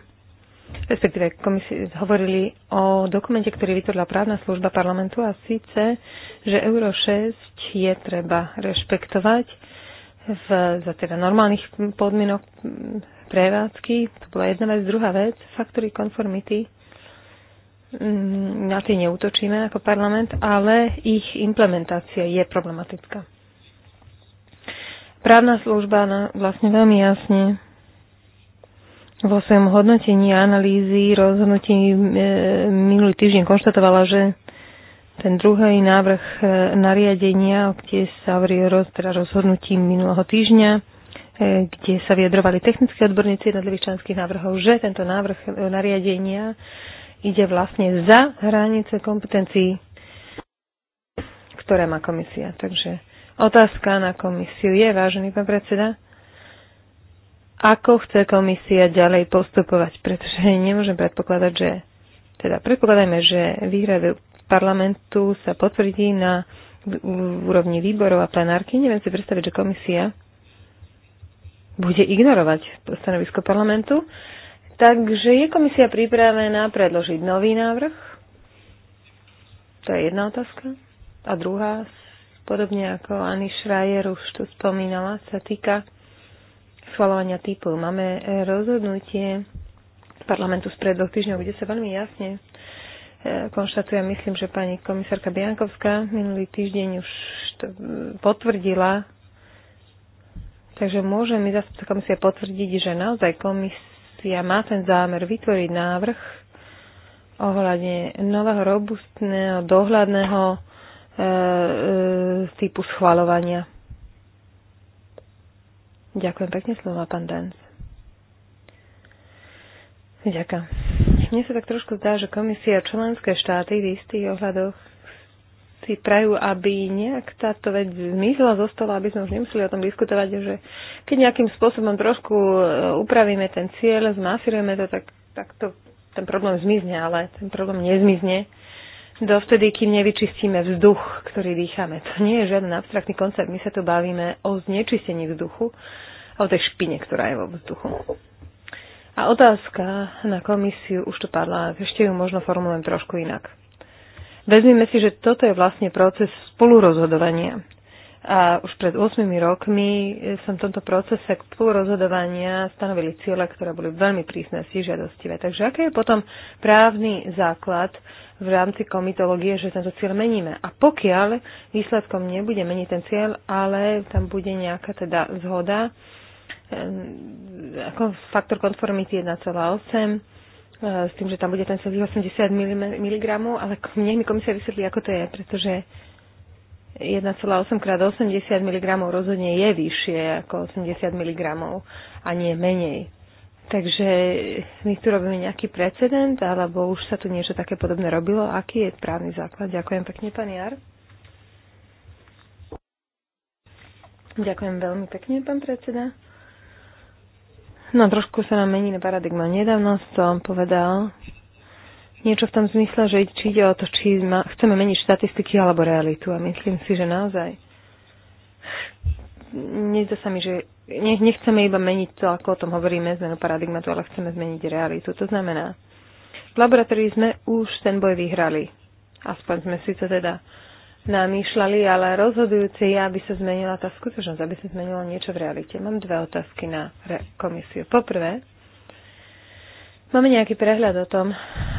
Speaker 3: respektíve komisie hovorili o dokumente, ktorý vytvorila právna služba parlamentu a síce, že Euro 6 je treba rešpektovať v, za teda normálnych podmienok prevádzky. To bola jedna vec. Druhá vec, faktory konformity mm, na tie neútočíme ako parlament, ale ich implementácia je problematická. Právna služba na, vlastne veľmi jasne vo svojom hodnotení a analýzy rozhodnutí e, minulý týždeň konštatovala, že ten druhý návrh e, nariadenia, kde sa hovorí roz, teda rozhodnutí minulého týždňa, e, kde sa vyjadrovali technické odborníci jednotlivých členských návrhov, že tento návrh e, nariadenia ide vlastne za hranice kompetencií, ktoré má komisia. Takže Otázka na komisiu je, vážený pán predseda, ako chce komisia ďalej postupovať, pretože nemôžem predpokladať, že teda predpokladajme, že výhrady parlamentu sa potvrdí na úrovni výborov a plenárky. Neviem si predstaviť, že komisia bude ignorovať stanovisko parlamentu. Takže je komisia pripravená predložiť nový návrh? To je jedna otázka. A druhá podobne ako Ani Schreier už tu spomínala, sa týka schvalovania typu. Máme rozhodnutie parlamentu spred dvoch týždňov, kde sa veľmi jasne e, konštatuje, myslím, že pani komisárka Biankovská minulý týždeň už potvrdila, takže môže mi zastupca komisie potvrdiť, že naozaj komisia má ten zámer vytvoriť návrh ohľadne nového robustného dohľadného E, e, typu schvalovania. Ďakujem pekne slova, pán Danc. Ďakujem. Mne sa tak trošku zdá, že komisia členské štáty v istých ohľadoch si prajú, aby nejak táto vec zmizla zo stola, aby sme už nemuseli o tom diskutovať, že keď nejakým spôsobom trošku e, upravíme ten cieľ, zmasirujeme to, tak, tak to, ten problém zmizne, ale ten problém nezmizne dovtedy, kým nevyčistíme vzduch, ktorý dýchame. To nie je žiaden abstraktný koncept. My sa tu bavíme o znečistení vzduchu a o tej špine, ktorá je vo vzduchu. A otázka na komisiu už tu padla, ešte ju možno formulujem trošku inak. Vezmime si, že toto je vlastne proces spolurozhodovania. A už pred 8 rokmi som v tomto procese k rozhodovania stanovili ciele, ktoré boli veľmi prísne a žiadostivé. Takže aký je potom právny základ v rámci komitológie, že tento cieľ meníme? A pokiaľ výsledkom nebude meniť ten cieľ, ale tam bude nejaká teda zhoda, ehm, ako faktor konformity 1,8, ehm, s tým, že tam bude ten 80 mg, ale nech mi komisia vysvetlí, ako to je, pretože 1,8 krát 80 mg rozhodne je vyššie ako 80 mg a nie menej. Takže my tu robíme nejaký precedent, alebo už sa tu niečo také podobné robilo. Aký je právny základ? Ďakujem pekne, pán Jar. Ďakujem veľmi pekne, pán predseda. No, trošku sa nám mení na paradigma. Nedávno som povedal, niečo v tom zmysle, že či ide o to, či ma, chceme meniť štatistiky alebo realitu. A myslím si, že naozaj nezdá sa mi, že ne, nechceme iba meniť to, ako o tom hovoríme, zmenu paradigmatu, ale chceme zmeniť realitu. To znamená, v laboratórii sme už ten boj vyhrali. Aspoň sme si to teda namýšľali, ale rozhodujúce je, aby sa zmenila tá skutočnosť, aby sa zmenilo niečo v realite. Mám dve otázky na komisiu. Poprvé, máme nejaký prehľad o tom,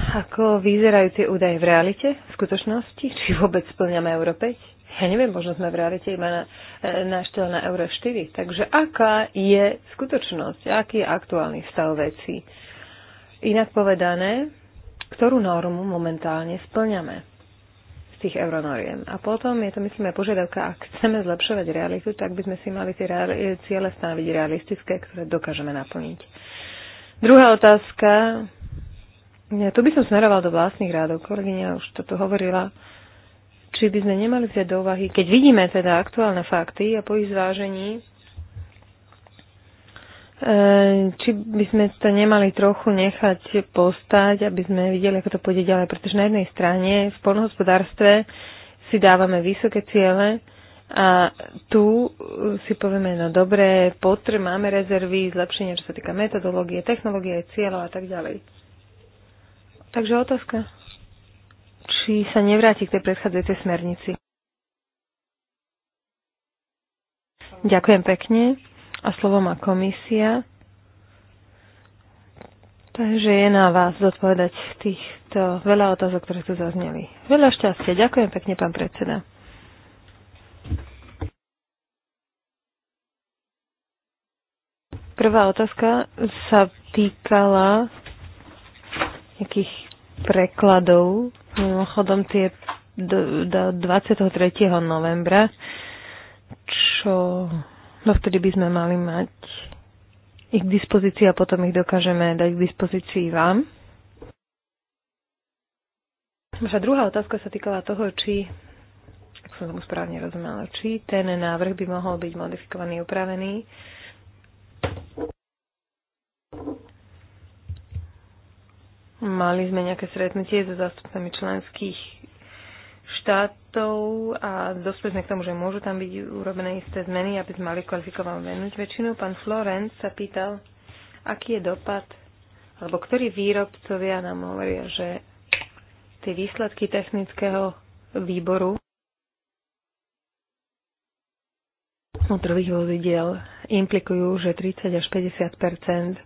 Speaker 3: ako vyzerajú tie údaje v realite, v skutočnosti, či vôbec splňame Euro 5. Ja neviem, možno sme v realite iba na, e, na, na Euro 4. Takže aká je skutočnosť, aký je aktuálny stav vecí? Inak povedané, ktorú normu momentálne splňame z tých euronoriem. A potom je to, myslíme, požiadavka, ak chceme zlepšovať realitu, tak by sme si mali tie reali- ciele stanoviť realistické, ktoré dokážeme naplniť. Druhá otázka, ja tu by som smeroval do vlastných rádov. Kolegyňa už toto hovorila. Či by sme nemali vziať do úvahy, keď vidíme teda aktuálne fakty a po ich zvážení, e, či by sme to nemali trochu nechať postať, aby sme videli, ako to pôjde ďalej. Pretože na jednej strane v polnohospodárstve si dávame vysoké ciele a tu si povieme, no dobre, potr, máme rezervy, zlepšenie, čo sa týka metodológie, technológie, cieľov a tak ďalej. Takže otázka, či sa nevráti k tej predchádzajúcej smernici. Ďakujem pekne. A slovo má komisia. Takže je na vás zodpovedať týchto veľa otázok, ktoré tu zazneli. Veľa šťastia. Ďakujem pekne, pán predseda. Prvá otázka sa týkala nejakých prekladov. Mimochodom tie do, do 23. novembra, čo no vtedy by sme mali mať ich k dispozícii a potom ich dokážeme dať k dispozícii vám. Vaša druhá otázka sa týkala toho, či, ak som tomu správne rozumela, či ten návrh by mohol byť modifikovaný, upravený. Mali sme nejaké stretnutie so zástupcami členských štátov a dospeli sme k tomu, že môžu tam byť urobené isté zmeny, aby sme mali kvalifikovanú venúť väčšinu. Pán Florenc sa pýtal, aký je dopad, alebo ktorí výrobcovia nám hovoria, že tie výsledky technického výboru motorových vozidiel implikujú, že 30 až 50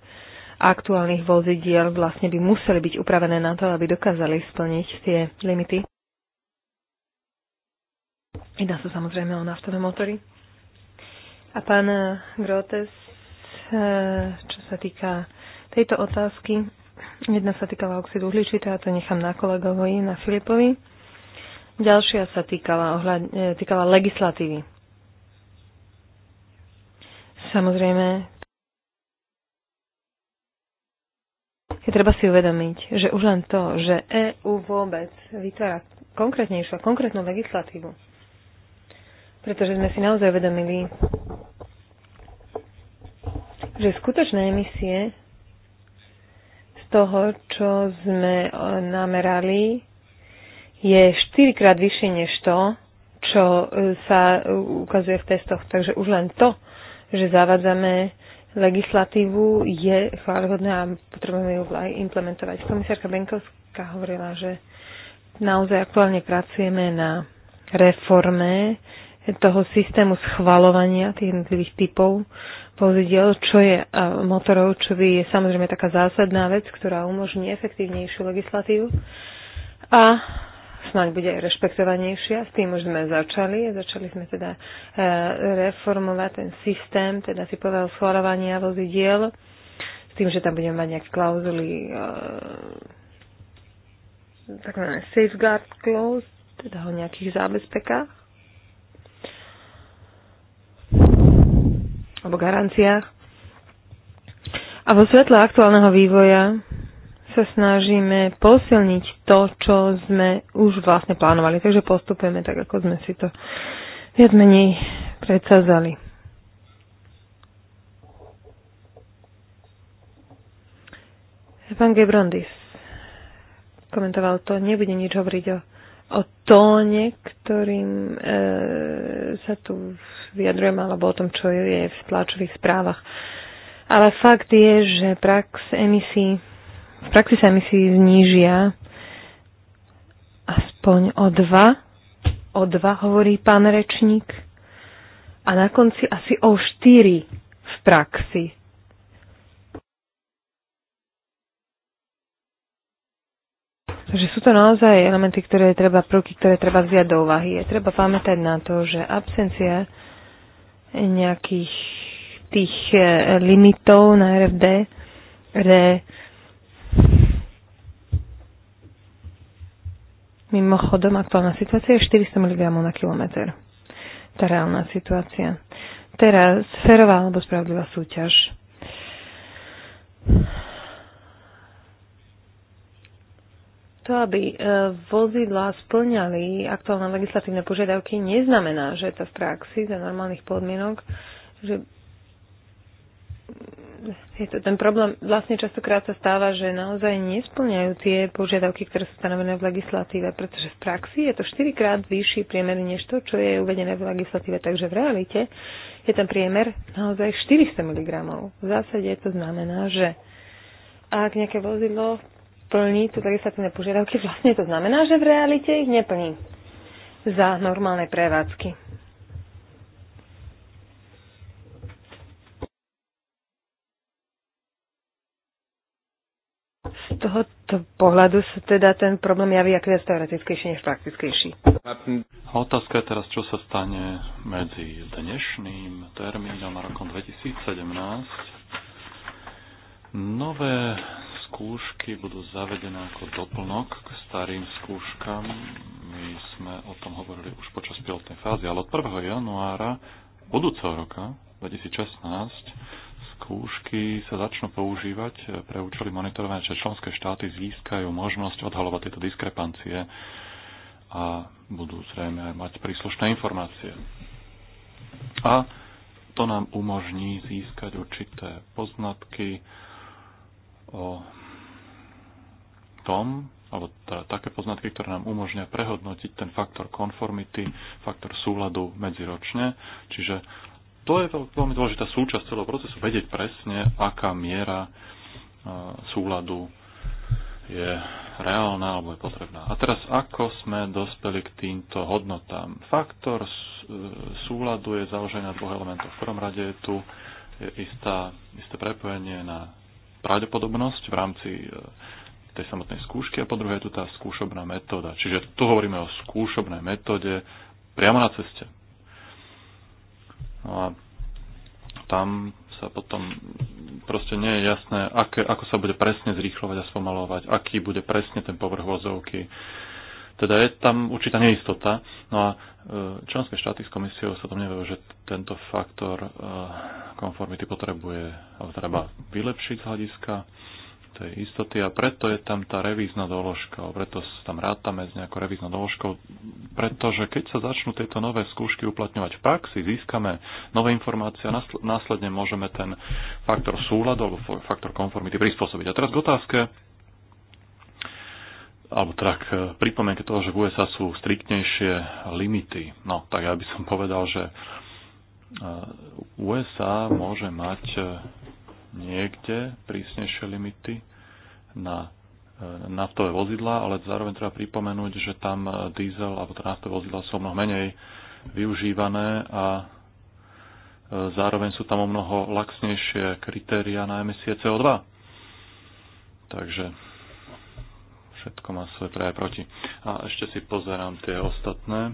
Speaker 3: aktuálnych vozidiel vlastne by museli byť upravené na to, aby dokázali splniť tie limity. Jedná sa samozrejme o naftové motory. A pán Grotes, eh, čo sa týka tejto otázky, jedna sa týkala oxidu uhličitého, to nechám na kolegovi, na Filipovi. Ďalšia sa týkala, ohľad, eh, týkala legislatívy. Samozrejme, je treba si uvedomiť, že už len to, že EU vôbec vytvára konkrétnejšiu a konkrétnu legislatívu, pretože sme si naozaj uvedomili, že skutočné emisie z toho, čo sme e, namerali, je 4 krát vyššie než to, čo e, sa e, ukazuje v testoch. Takže už len to, že zavádzame legislatívu je chválihodné a potrebujeme ju aj implementovať. Komisárka Benkovská hovorila, že naozaj aktuálne pracujeme na reforme toho systému schvalovania tých jednotlivých typov vozidiel, čo je motorov, čo je samozrejme taká zásadná vec, ktorá umožní efektívnejšiu legislatívu. A snáď bude aj rešpektovanejšia. S tým už sme začali. Začali sme teda e, reformovať ten systém, teda povedal schvalovania vozidiel, s tým, že tam budeme mať nejaké klauzuly, e, takzvané safeguard clause, teda o nejakých zábezpekách alebo garanciách. A vo svetle aktuálneho vývoja sa snažíme posilniť to, čo sme už vlastne plánovali. Takže postupujeme tak, ako sme si to viac menej predsazali. Pán Gebrondis komentoval to, nebude nič hovoriť o, o tóne, ktorým e, sa tu vyjadrujem, alebo o tom, čo je v tlačových správach. Ale fakt je, že prax emisí v praxi sa emisie znížia aspoň o dva. O dva hovorí pán rečník. A na konci asi o štyri v praxi. Takže sú to naozaj elementy, ktoré treba, prvky, ktoré treba vziať do úvahy. Je treba pamätať na to, že absencia nejakých tých eh, limitov na RFD, kde Mimochodom, aktuálna situácia je 400 mg na kilometr. Tá reálna situácia. Teraz férová alebo spravodlivá súťaž. To, aby e, vozidlá splňali aktuálne legislatívne požiadavky, neznamená, že to v praxi za normálnych podmienok, že je to ten problém, vlastne častokrát sa stáva, že naozaj nesplňajú tie požiadavky, ktoré sú stanovené v legislatíve, pretože v praxi je to 4 krát vyšší priemer než to, čo je uvedené v legislatíve. Takže v realite je ten priemer naozaj 400 mg. V zásade to znamená, že ak nejaké vozidlo plní tu legislatívne požiadavky, vlastne to znamená, že v realite ich neplní za normálne prevádzky. tohoto pohľadu sa teda ten problém javí ako viac teoretickejší než praktickejší.
Speaker 2: Otázka je teraz, čo sa stane medzi dnešným termínom a rokom 2017. Nové skúšky budú zavedené ako doplnok k starým skúškam. My sme o tom hovorili už počas pilotnej fázy, ale od 1. januára budúceho roka 2016 skúšky sa začnú používať pre účely monitorovania, že členské štáty získajú možnosť odhalovať tieto diskrepancie a budú zrejme aj mať príslušné informácie. A to nám umožní získať určité poznatky o tom, alebo teda také poznatky, ktoré nám umožňujú prehodnotiť ten faktor konformity, faktor súladu medziročne, čiže to je veľmi dôležitá súčasť celého procesu, vedieť presne, aká miera e, súladu je reálna alebo je potrebná. A teraz, ako sme dospeli k týmto hodnotám? Faktor e, súladu je založený na dvoch elementoch. V prvom rade je tu istá, isté prepojenie na pravdepodobnosť v rámci e, tej samotnej skúšky a po druhé je tu tá skúšobná metóda. Čiže tu hovoríme o skúšobnej metóde priamo na ceste. No a tam sa potom proste nie je jasné, aké, ako sa bude presne zrýchlovať a spomalovať, aký bude presne ten povrch vozovky. Teda je tam určitá neistota. No a e, členské štáty s komisiou sa domnievajú, že tento faktor e, konformity potrebuje alebo treba vylepšiť z hľadiska tej istoty a preto je tam tá revízna doložka, preto sa tam rátame s nejakou revíznou doložkou, pretože keď sa začnú tieto nové skúšky uplatňovať v praxi, získame nové informácie a následne môžeme ten faktor súladu alebo faktor konformity prispôsobiť. A teraz k otázke, alebo teda k pripomienke toho, že v USA sú striktnejšie limity. No, tak ja by som povedal, že eh, USA môže mať eh, niekde prísnejšie limity na e, naftové vozidlá, ale zároveň treba pripomenúť, že tam e, diesel alebo teda naftové vozidlá sú mnoho menej využívané a e, zároveň sú tam o mnoho laxnejšie kritéria na emisie CO2. Takže všetko má svoje pre aj proti. A ešte si pozerám tie ostatné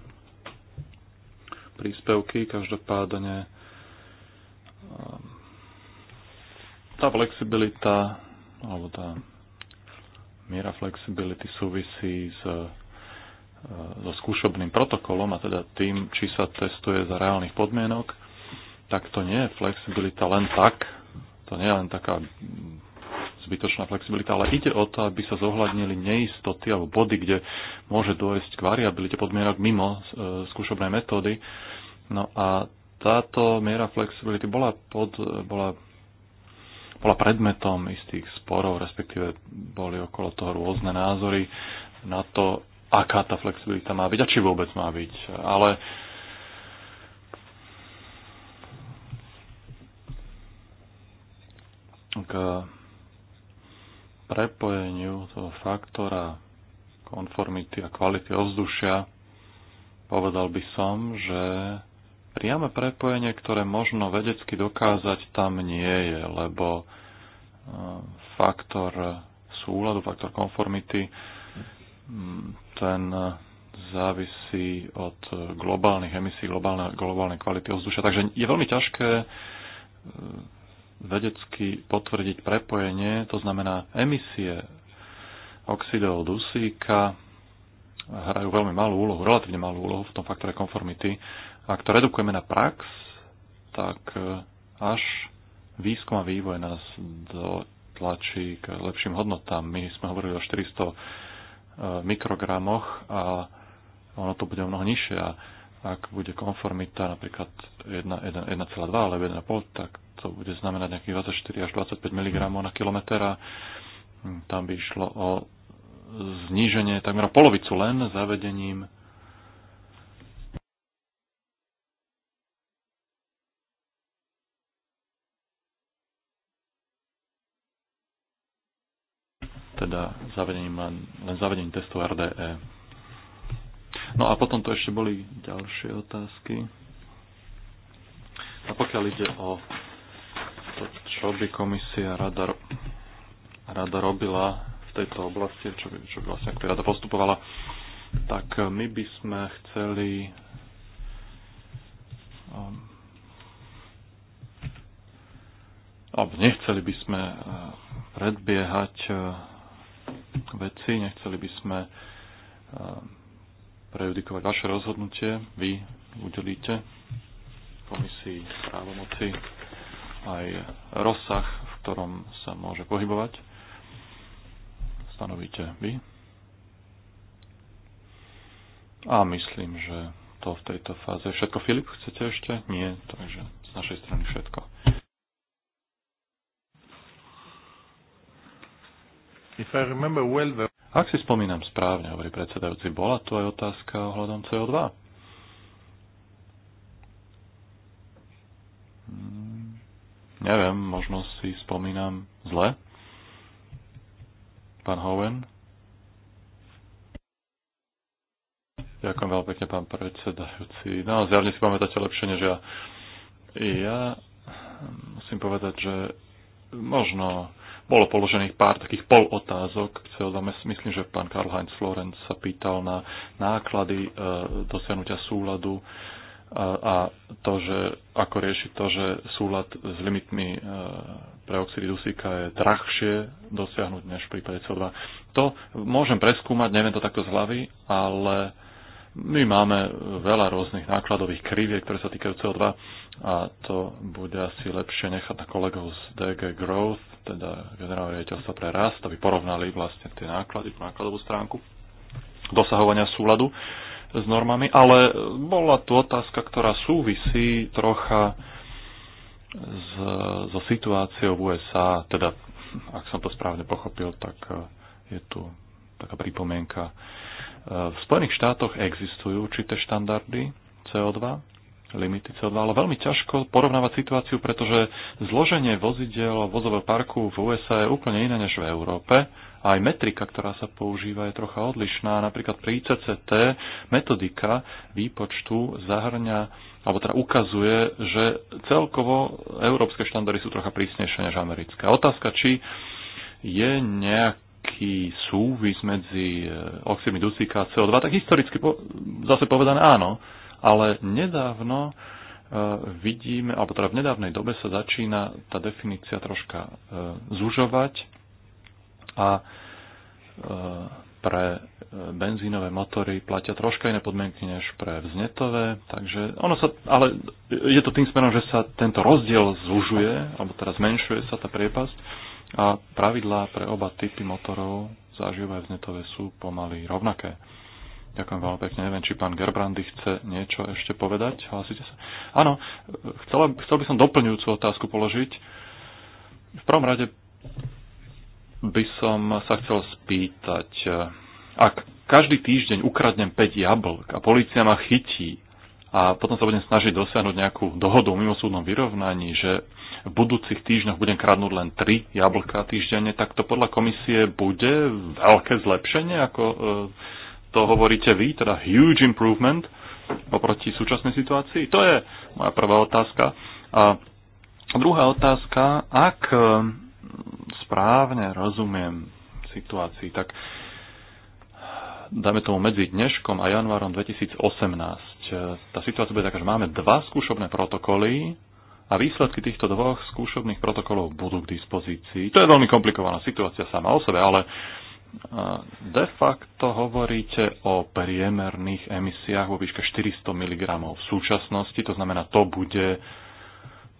Speaker 2: príspevky. Každopádne tá flexibilita alebo tá miera flexibility súvisí s e, so skúšobným protokolom a teda tým, či sa testuje za reálnych podmienok, tak to nie je flexibilita len tak, to nie je len taká zbytočná flexibilita, ale ide o to, aby sa zohľadnili neistoty alebo body, kde môže dôjsť k variabilite podmienok mimo e, skúšobnej metódy. No a táto miera flexibility bola, pod, bola bola predmetom istých sporov, respektíve boli okolo toho rôzne názory na to, aká tá flexibilita má byť a či vôbec má byť. Ale k prepojeniu toho faktora konformity a kvality ovzdušia povedal by som, že priame prepojenie, ktoré možno vedecky dokázať, tam nie je, lebo e, faktor súladu, faktor konformity, ten závisí od globálnych emisí, globálne, globálnej kvality ovzdušia. Takže je veľmi ťažké e, vedecky potvrdiť prepojenie, to znamená emisie oxidov dusíka hrajú veľmi malú úlohu, relatívne malú úlohu v tom faktore konformity ak to redukujeme na prax, tak e, až výskum a vývoj nás dotlačí k lepším hodnotám. My sme hovorili o 400 e, mikrogramoch a ono to bude o mnoho nižšie. A ak bude konformita napríklad 1,2 alebo 1,5, tak to bude znamenať nejakých 24 až 25 mg na kilometr a tam by išlo o zníženie takmer polovicu len zavedením teda zavedením len, len zavedením testu RDE. No a potom to ešte boli ďalšie otázky. A pokiaľ ide o to, čo by komisia rada, rada robila v tejto oblasti, čo by, čo by vlastne rada postupovala, tak eh, my by sme chceli ehm, alebo nechceli by sme eh, predbiehať eh, veci. Nechceli by sme eh, prejudikovať vaše rozhodnutie. Vy udelíte komisii právomoci aj rozsah, v ktorom sa môže pohybovať. Stanovíte vy. A myslím, že to v tejto fáze všetko. Filip, chcete ešte? Nie, takže z našej strany všetko. well, the... Ak si spomínam správne, hovorí predsedajúci, bola tu aj otázka ohľadom CO2. Hmm, neviem, možno si spomínam zle. Pán Hoven. Ďakujem veľmi pekne, pán predsedajúci. No, zjavne si pamätáte lepšie než ja. Ja musím povedať, že možno bolo položených pár takých pol otázok. Myslím, že pán Karl-Heinz Florenc sa pýtal na náklady e, dosiahnutia súladu e, a to, že ako riešiť to, že súlad s limitmi e, pre oxidy dusíka je drahšie dosiahnuť než v prípade CO2. To môžem preskúmať, neviem to takto z hlavy, ale my máme veľa rôznych nákladových kriviek, ktoré sa týkajú CO2 a to bude asi lepšie nechať na kolegov z DG Growth, teda generálne riaditeľstva pre rast, aby porovnali vlastne tie náklady, tú nákladovú stránku dosahovania súladu s normami, ale bola tu otázka, ktorá súvisí trocha s, so situáciou v USA, teda ak som to správne pochopil, tak eh, je tu taká pripomienka v Spojených štátoch existujú určité štandardy CO2, limity CO2, ale veľmi ťažko porovnávať situáciu, pretože zloženie vozidel vozového parku v USA je úplne iné než v Európe. Aj metrika, ktorá sa používa, je trocha odlišná. Napríklad pri ICCT metodika výpočtu zahrňa, alebo teda ukazuje, že celkovo európske štandardy sú trocha prísnejšie než americké. Otázka, či je nejak nejaký súvis medzi e, oxidmi dusíka a CO2, tak historicky po, zase povedané áno, ale nedávno e, vidíme, alebo teda v nedávnej dobe sa začína tá definícia troška e, zužovať a pre benzínové motory platia troška iné podmienky než pre vznetové, takže ono sa, ale je to tým smerom, že sa tento rozdiel zužuje, alebo teraz zmenšuje sa tá priepasť a pravidlá pre oba typy motorov záživové vznetové sú pomaly rovnaké. Ďakujem veľmi pekne. Neviem, či pán Gerbrandy chce niečo ešte povedať. Hlasíte sa? Áno, chcel, chcel by som doplňujúcu otázku položiť. V prvom rade by som sa chcel spýtať, ak každý týždeň ukradnem 5 jablk a policia ma chytí a potom sa budem snažiť dosiahnuť nejakú dohodu o mimosúdnom vyrovnaní, že v budúcich týždňoch budem kradnúť len 3 jablka týždenne, tak to podľa komisie bude veľké zlepšenie, ako e, to hovoríte vy, teda huge improvement oproti súčasnej situácii? To je moja prvá otázka. A druhá otázka, ak e, správne rozumiem situácii, tak dajme tomu medzi dneškom a januárom 2018. E, tá situácia bude taká, že máme dva skúšobné protokoly a výsledky týchto dvoch skúšobných protokolov budú k dispozícii. To je veľmi komplikovaná situácia sama o sebe, ale de facto hovoríte o priemerných emisiách vo výške 400 mg v súčasnosti, to znamená, to bude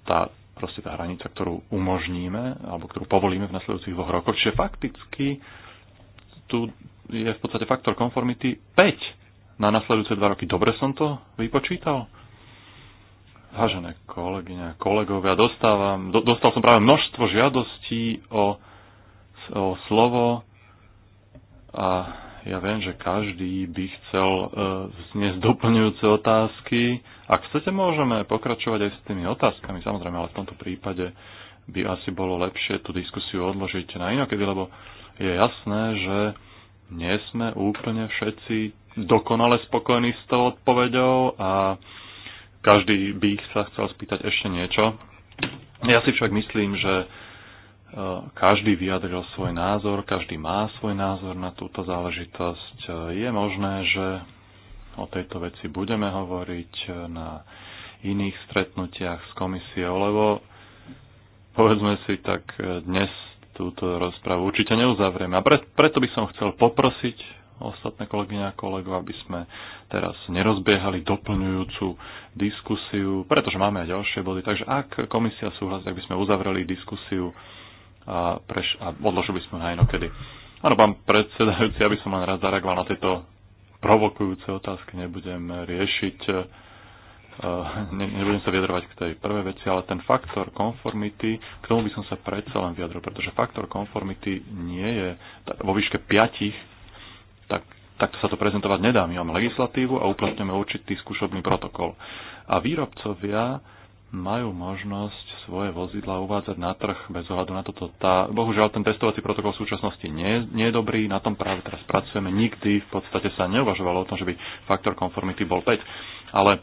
Speaker 2: tá, proste tá hranica, ktorú umožníme alebo ktorú povolíme v nasledujúcich dvoch rokoch. Čiže fakticky tu je v podstate faktor konformity 5 na nasledujúce dva roky. Dobre som to vypočítal? Vážené kolegyne a kolegovia, dostávam, do, dostal som práve množstvo žiadostí o, o slovo a ja viem, že každý by chcel e, zniesť doplňujúce otázky. Ak chcete, môžeme pokračovať aj s tými otázkami, samozrejme, ale v tomto prípade by asi bolo lepšie tú diskusiu odložiť na inokedy, lebo je jasné, že nie sme úplne všetci dokonale spokojní s tou odpoveďou a e, každý by sa chcel spýtať ešte niečo. Ja si však myslím, že e, každý vyjadril svoj názor, každý má svoj názor na túto záležitosť. E, je možné, že o tejto veci budeme hovoriť e, na iných stretnutiach s komisiou, lebo povedzme si tak dnes túto rozpravu určite neuzavrieme. A preto by som chcel poprosiť ostatné kolegyne a kolegov, aby sme teraz nerozbiehali doplňujúcu diskusiu, pretože máme aj ďalšie body. Takže ak komisia súhlasí, tak by sme uzavreli diskusiu a, preš- a odložili by sme aj inokedy. Áno, pán predsedajúci, aby som len raz zareagoval na tieto provokujúce otázky, nebudem riešiť, eh, ne, nebudem sa vyjadrovať k tej prvej veci, ale ten faktor konformity, k tomu by som sa predsa len vyjadril, pretože faktor konformity nie je vo výške piatich tak, takto sa to prezentovať nedá. My máme legislatívu a uplatňujeme určitý skúšobný protokol. A výrobcovia majú možnosť svoje vozidla uvádzať na trh bez ohľadu na toto. Tá, bohužiaľ, ten testovací protokol v súčasnosti nie, nie je dobrý, na tom práve teraz pracujeme. Nikdy v podstate sa neuvažovalo o tom, že by faktor konformity bol 5. Ale e,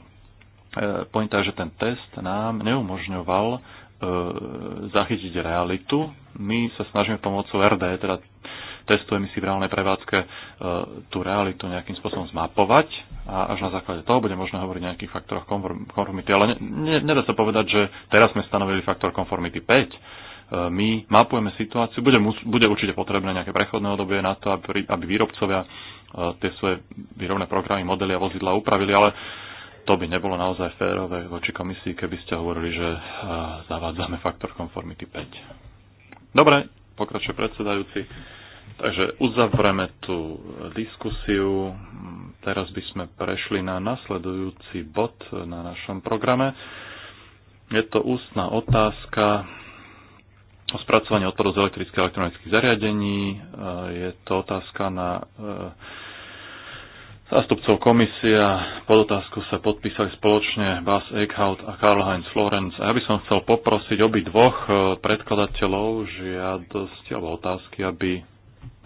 Speaker 2: pointa je, že ten test nám neumožňoval e, zachytiť realitu. My sa snažíme pomocou RD, teda testujeme si v reálnej prevádzke e, tú realitu nejakým spôsobom zmapovať a až na základe toho bude možné hovoriť o nejakých faktoroch konformity. Ale ne, ne, nedá sa povedať, že teraz sme stanovili faktor konformity 5, e, my mapujeme situáciu, bude, bude určite potrebné nejaké prechodné obdobie na to, aby, aby výrobcovia e, tie svoje výrobné programy, modely a vozidla upravili, ale to by nebolo naozaj férové voči komisii, keby ste hovorili, že zavádzame faktor konformity 5. Dobre, pokračuje predsedajúci. Takže uzavreme tú diskusiu. Teraz by sme prešli na nasledujúci bod na našom programe. Je to ústna otázka o spracovaní odpadov z elektrických a elektronických zariadení. Je to otázka na e, zástupcov komisia a pod otázku sa podpísali spoločne Bas Eichhout a Karl-Heinz Florenz. A ja by som chcel poprosiť obi dvoch e, predkladateľov žiadosti alebo otázky, aby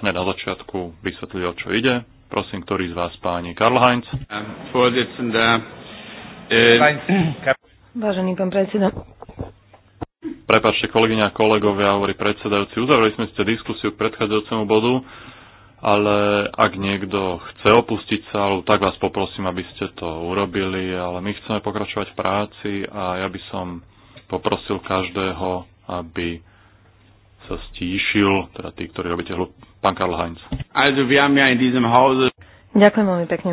Speaker 2: hneď na začiatku vysvetlili, o čo ide. Prosím, ktorý z vás páni? Karl Heinz. Eh,
Speaker 3: Vážený pán predseda.
Speaker 2: Prepačte, kolegyňa a kolegovia, hovorí predsedajúci. Uzavreli sme ste diskusiu k predchádzajúcemu bodu, ale ak niekto chce opustiť sálu, tak vás poprosím, aby ste to urobili, ale my chceme pokračovať v práci a ja by som poprosil každého, aby sa stíšil, teda tí, ktorí robíte Pán Karl Heinz. Also, wir haben ja in diesem Hause...
Speaker 3: Ďakujem veľmi pekne.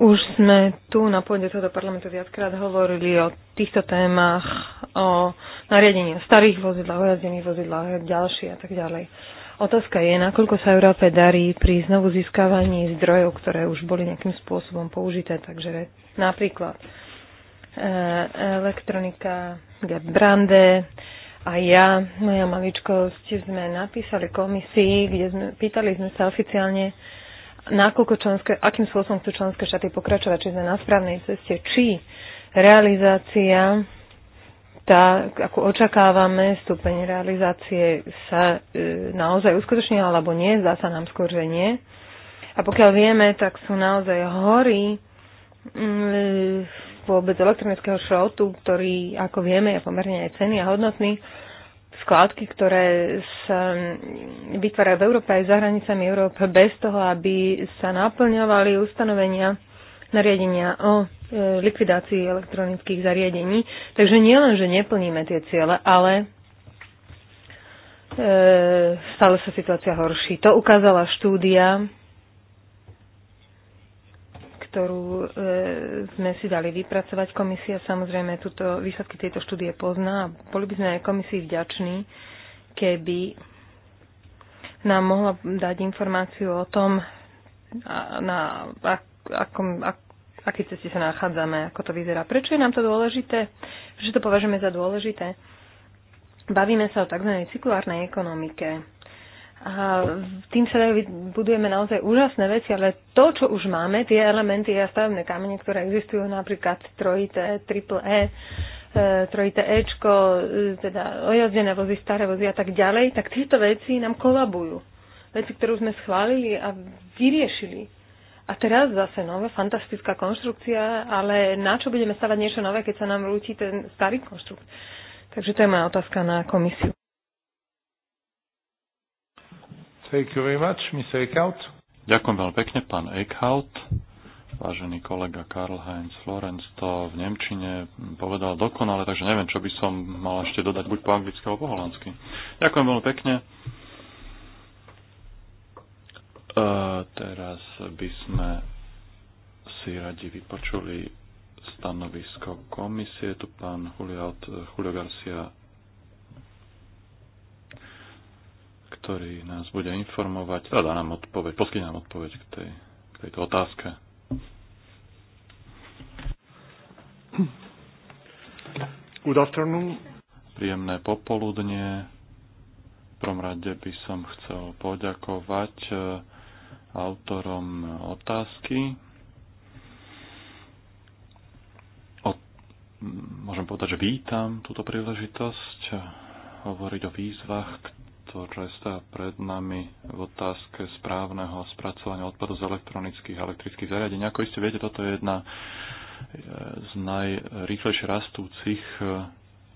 Speaker 3: Už sme tu na pôde tohto parlamentu viackrát hovorili o týchto témach, o nariadení starých vozidlách, o jazdených vozidlách a ďalšie a tak ďalej. Otázka je, nakoľko sa Európe darí pri znovu získavaní zdrojov, ktoré už boli nejakým spôsobom použité. Takže napríklad e, elektronika e, a ja, moja maličkosť, sme napísali komisii, kde sme, pýtali sme sa oficiálne, na členské, akým spôsobom chcú členské štáty pokračovať, či sme na správnej ceste, či realizácia tá, ako očakávame, stupeň realizácie sa e, naozaj uskutočnila alebo nie, zdá sa nám skôr, že nie. A pokiaľ vieme, tak sú naozaj hory e, vôbec elektronického šrotu, ktorý, ako vieme, je pomerne aj cený a hodnotný. Skládky, ktoré sa vytvárajú v Európe aj za hranicami Európy bez toho, aby sa naplňovali ustanovenia nariadenia o e, likvidácii elektronických zariadení. Takže nielen, že neplníme tie ciele, ale e, stále sa situácia horší. To ukázala štúdia ktorú e, sme si dali vypracovať. Komisia samozrejme tuto, výsledky tejto štúdie pozná a boli by sme aj komisii vďační, keby nám mohla dať informáciu o tom, na akom, ak, aké ceste sa nachádzame, ako to vyzerá. Prečo je nám to dôležité? Prečo to považujeme za dôležité? Bavíme sa o tzv. cyklárnej ekonomike a tým sa budujeme naozaj úžasné veci, ale to, čo už máme, tie elementy a stavebné kamene, ktoré existujú napríklad trojité, triple E, e trojité Ečko, e, teda ojazdené vozy, staré vozy a tak ďalej, tak tieto veci nám kolabujú. Veci, ktorú sme schválili a vyriešili. A teraz zase nová fantastická konštrukcia, ale na čo budeme stavať niečo nové, keď sa nám rúti ten starý konštrukt? Takže to je moja otázka na komisiu. Thank you very
Speaker 2: much, Mr. Eckhout. Ďakujem veľmi pekne, pán Eckhout. Vážený kolega Karl Heinz Florenz to v Nemčine povedal dokonale, takže neviem, čo by som mal ešte dodať, buď po anglicky alebo po holandsky. Ďakujem veľmi pekne. Uh, teraz by sme si radi vypočuli stanovisko komisie. Tu pán Julio, Julio Garcia ktorý nás bude informovať a dá nám odpoveď, poskytne nám odpoveď k, tej, k tejto otázke. Good afternoon. Príjemné popoludne. V prvom rade by som chcel poďakovať eh, autorom otázky. O, môžem povedať, že vítam túto príležitosť eh, hovoriť o výzvach, to, čo je stále pred nami v otázke správneho spracovania odpadu z elektronických a elektrických zariadení. Ako iste viete, toto je jedna e, z najrýchlejšie rastúcich e,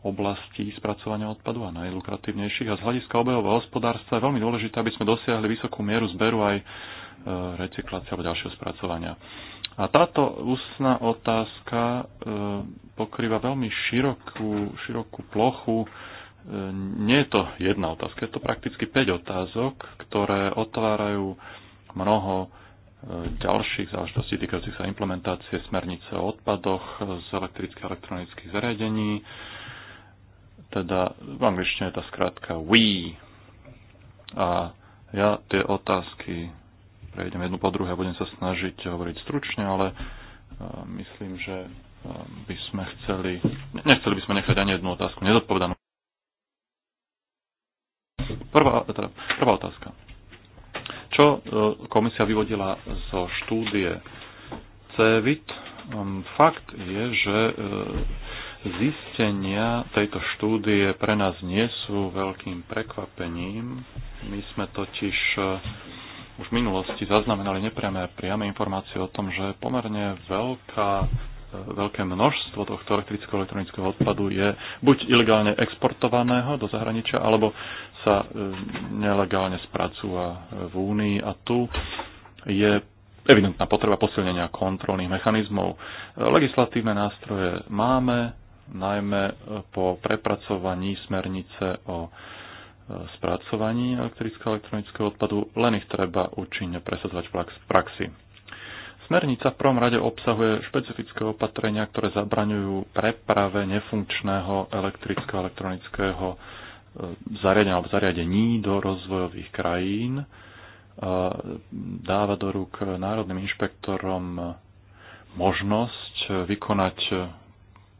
Speaker 2: oblastí spracovania odpadu a najlukratívnejších. A z hľadiska obehového hospodárstva je veľmi dôležité, aby sme dosiahli vysokú mieru zberu aj e, recyklácie alebo ďalšieho spracovania. A táto ústna otázka pokrýva veľmi širokú, širokú plochu nie je to jedna otázka, je to prakticky 5 otázok, ktoré otvárajú mnoho e, ďalších záležitostí týkajúcich sa implementácie smernice o odpadoch z elektrických a elektronických zariadení. Teda v angličtine je tá skrátka WE. A ja tie otázky prejdem jednu po druhé, a budem sa snažiť hovoriť stručne, ale e, myslím, že e, by sme chceli, nechceli by sme nechať ani jednu otázku nezodpovedanú. Prvá, teda, prvá otázka. Čo e, komisia vyvodila zo štúdie CEVIT? Um, fakt je, že e, zistenia tejto štúdie pre nás nie sú veľkým prekvapením. My sme totiž e, už v minulosti zaznamenali nepriame priame informácie o tom, že pomerne veľká, veľké množstvo tohto elektrického elektronického odpadu je buď ilegálne exportovaného do zahraničia, alebo sa e, nelegálne spracúva e, v Únii a tu je evidentná potreba posilnenia kontrolných mechanizmov. E, legislatívne nástroje máme, najmä po prepracovaní smernice o spracovaní elektrického elektronického odpadu, len ich treba účinne presadzovať v praxi. Smernica v prvom rade obsahuje špecifické opatrenia, ktoré zabraňujú preprave nefunkčného elektrického elektronického zariadenia alebo zariadení do rozvojových krajín, dáva do rúk národným inšpektorom možnosť vykonať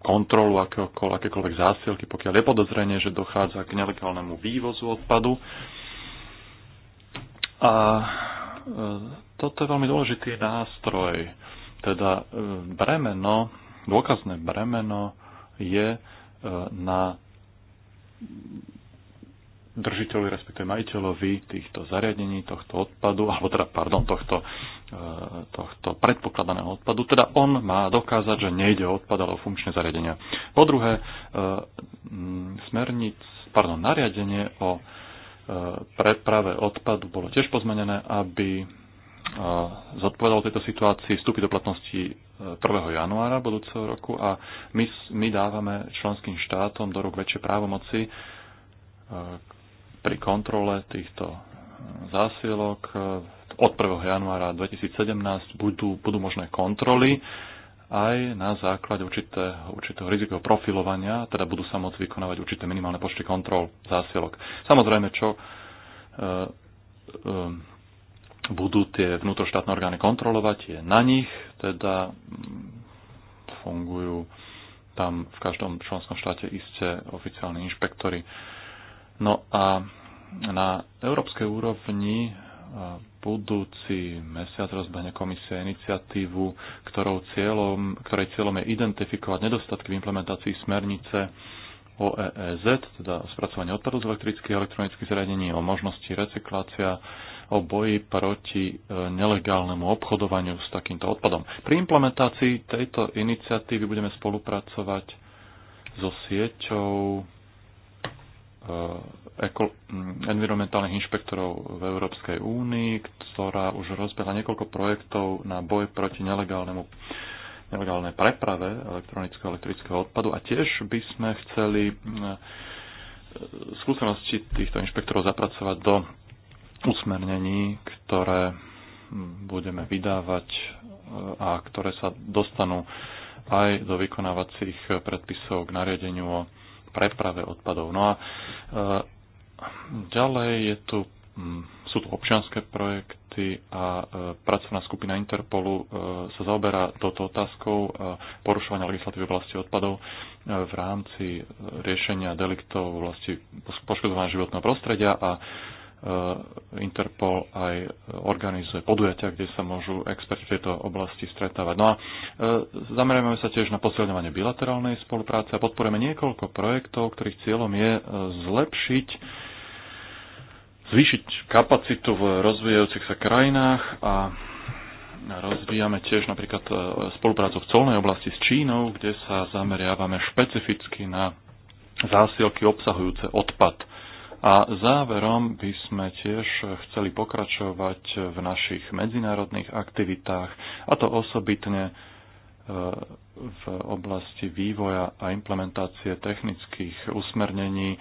Speaker 2: kontrolu akékoľvek zásielky, pokiaľ je podozrenie, že dochádza k nelegálnemu vývozu odpadu. A e, toto je veľmi dôležitý nástroj. Teda e, bremeno, dôkazné bremeno je e, na držiteľovi, respektíve majiteľovi týchto zariadení, tohto odpadu, alebo teda, pardon, tohto, e, tohto predpokladaného odpadu. Teda on má dokázať, že nejde o odpad, ale o funkčné zariadenia. Po druhé, e, smernic, pardon, nariadenie o e, preprave odpadu bolo tiež pozmenené, aby zodpovedalo tejto situácii vstúpi do platnosti 1. januára budúceho roku a my, my dávame členským štátom do rok väčšie právomoci, pri kontrole týchto eh, zásielok eh, od 1. januára 2017 budú, budú možné kontroly aj na základe určitého, určitého rizikového profilovania, teda budú sa môcť vykonávať určité minimálne počty kontrol zásielok. Samozrejme, čo e, e, budú tie vnútroštátne orgány kontrolovať, je na nich, teda mm, fungujú tam v každom členskom štáte iste oficiálni inšpektory. E, No a na európskej úrovni e, budúci mesiac rozbehne komisia iniciatívu, ktorou cieľom, ktorej cieľom je identifikovať nedostatky v implementácii smernice OEEZ, teda spracovanie odpadu z elektrických a elektronických zariadení, o možnosti recyklácia, o boji proti e, nelegálnemu obchodovaniu s takýmto odpadom. Pri implementácii tejto iniciatívy budeme spolupracovať so sieťou Eh, eko, mm, environmentálnych inšpektorov v Európskej únii, ktorá už rozbehla niekoľko projektov na boj proti nelegálnemu nelegálnej preprave elektronického a elektrického odpadu a tiež by sme chceli eh, skúsenosti týchto inšpektorov zapracovať do usmernení, ktoré hm, budeme vydávať eh, a ktoré sa dostanú aj do vykonávacích predpisov k nariadeniu o preprave odpadov. No a e, ďalej je tu, sú tu občianské projekty a e, pracovná skupina Interpolu e, sa zaoberá touto otázkou porušovania legislatívy v oblasti odpadov v rámci riešenia deliktov v oblasti poškodovania životného prostredia a Eh, Interpol aj organizuje podujatia, kde sa môžu experti v tejto oblasti stretávať. No a eh, zameriavame sa tiež na posilňovanie bilaterálnej spolupráce a podporujeme niekoľko projektov, ktorých cieľom je eh, zlepšiť zvýšiť kapacitu v rozvíjajúcich sa krajinách a rozvíjame tiež napríklad spoluprácu v colnej oblasti s Čínou, kde sa zameriavame špecificky na zásielky obsahujúce odpad. A záverom by sme tiež chceli pokračovať v našich medzinárodných aktivitách, a to osobitne e, v oblasti vývoja a implementácie technických usmernení e,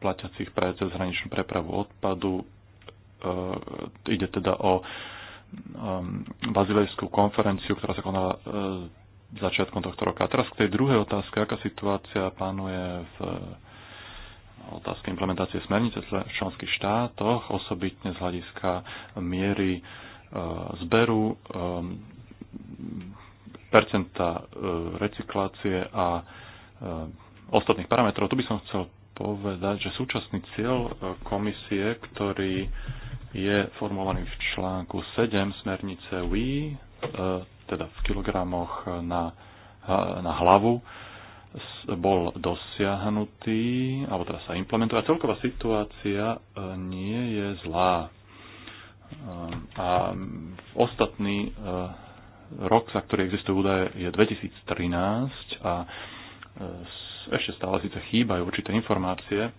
Speaker 2: platiacich pre cezhraničnú prepravu odpadu. E, ide teda o bazilejskú konferenciu, ktorá sa konala začiatkom tohto roka. A teraz k tej druhej otázke, aká situácia panuje v otázka implementácie smernice v členských štátoch, osobitne z hľadiska miery e, zberu, e, percenta e, recyklácie a ostatných parametrov. Tu by som chcel povedať, že súčasný cieľ komisie, ktorý je formulovaný v článku 7 smernice WI, teda v kilogramoch na, na hlavu, bol dosiahnutý, alebo teraz sa implementuje. A celková situácia e, nie je zlá. E, a ostatný e, rok, za ktorý existujú údaje, je 2013 a ešte stále síce chýbajú určité informácie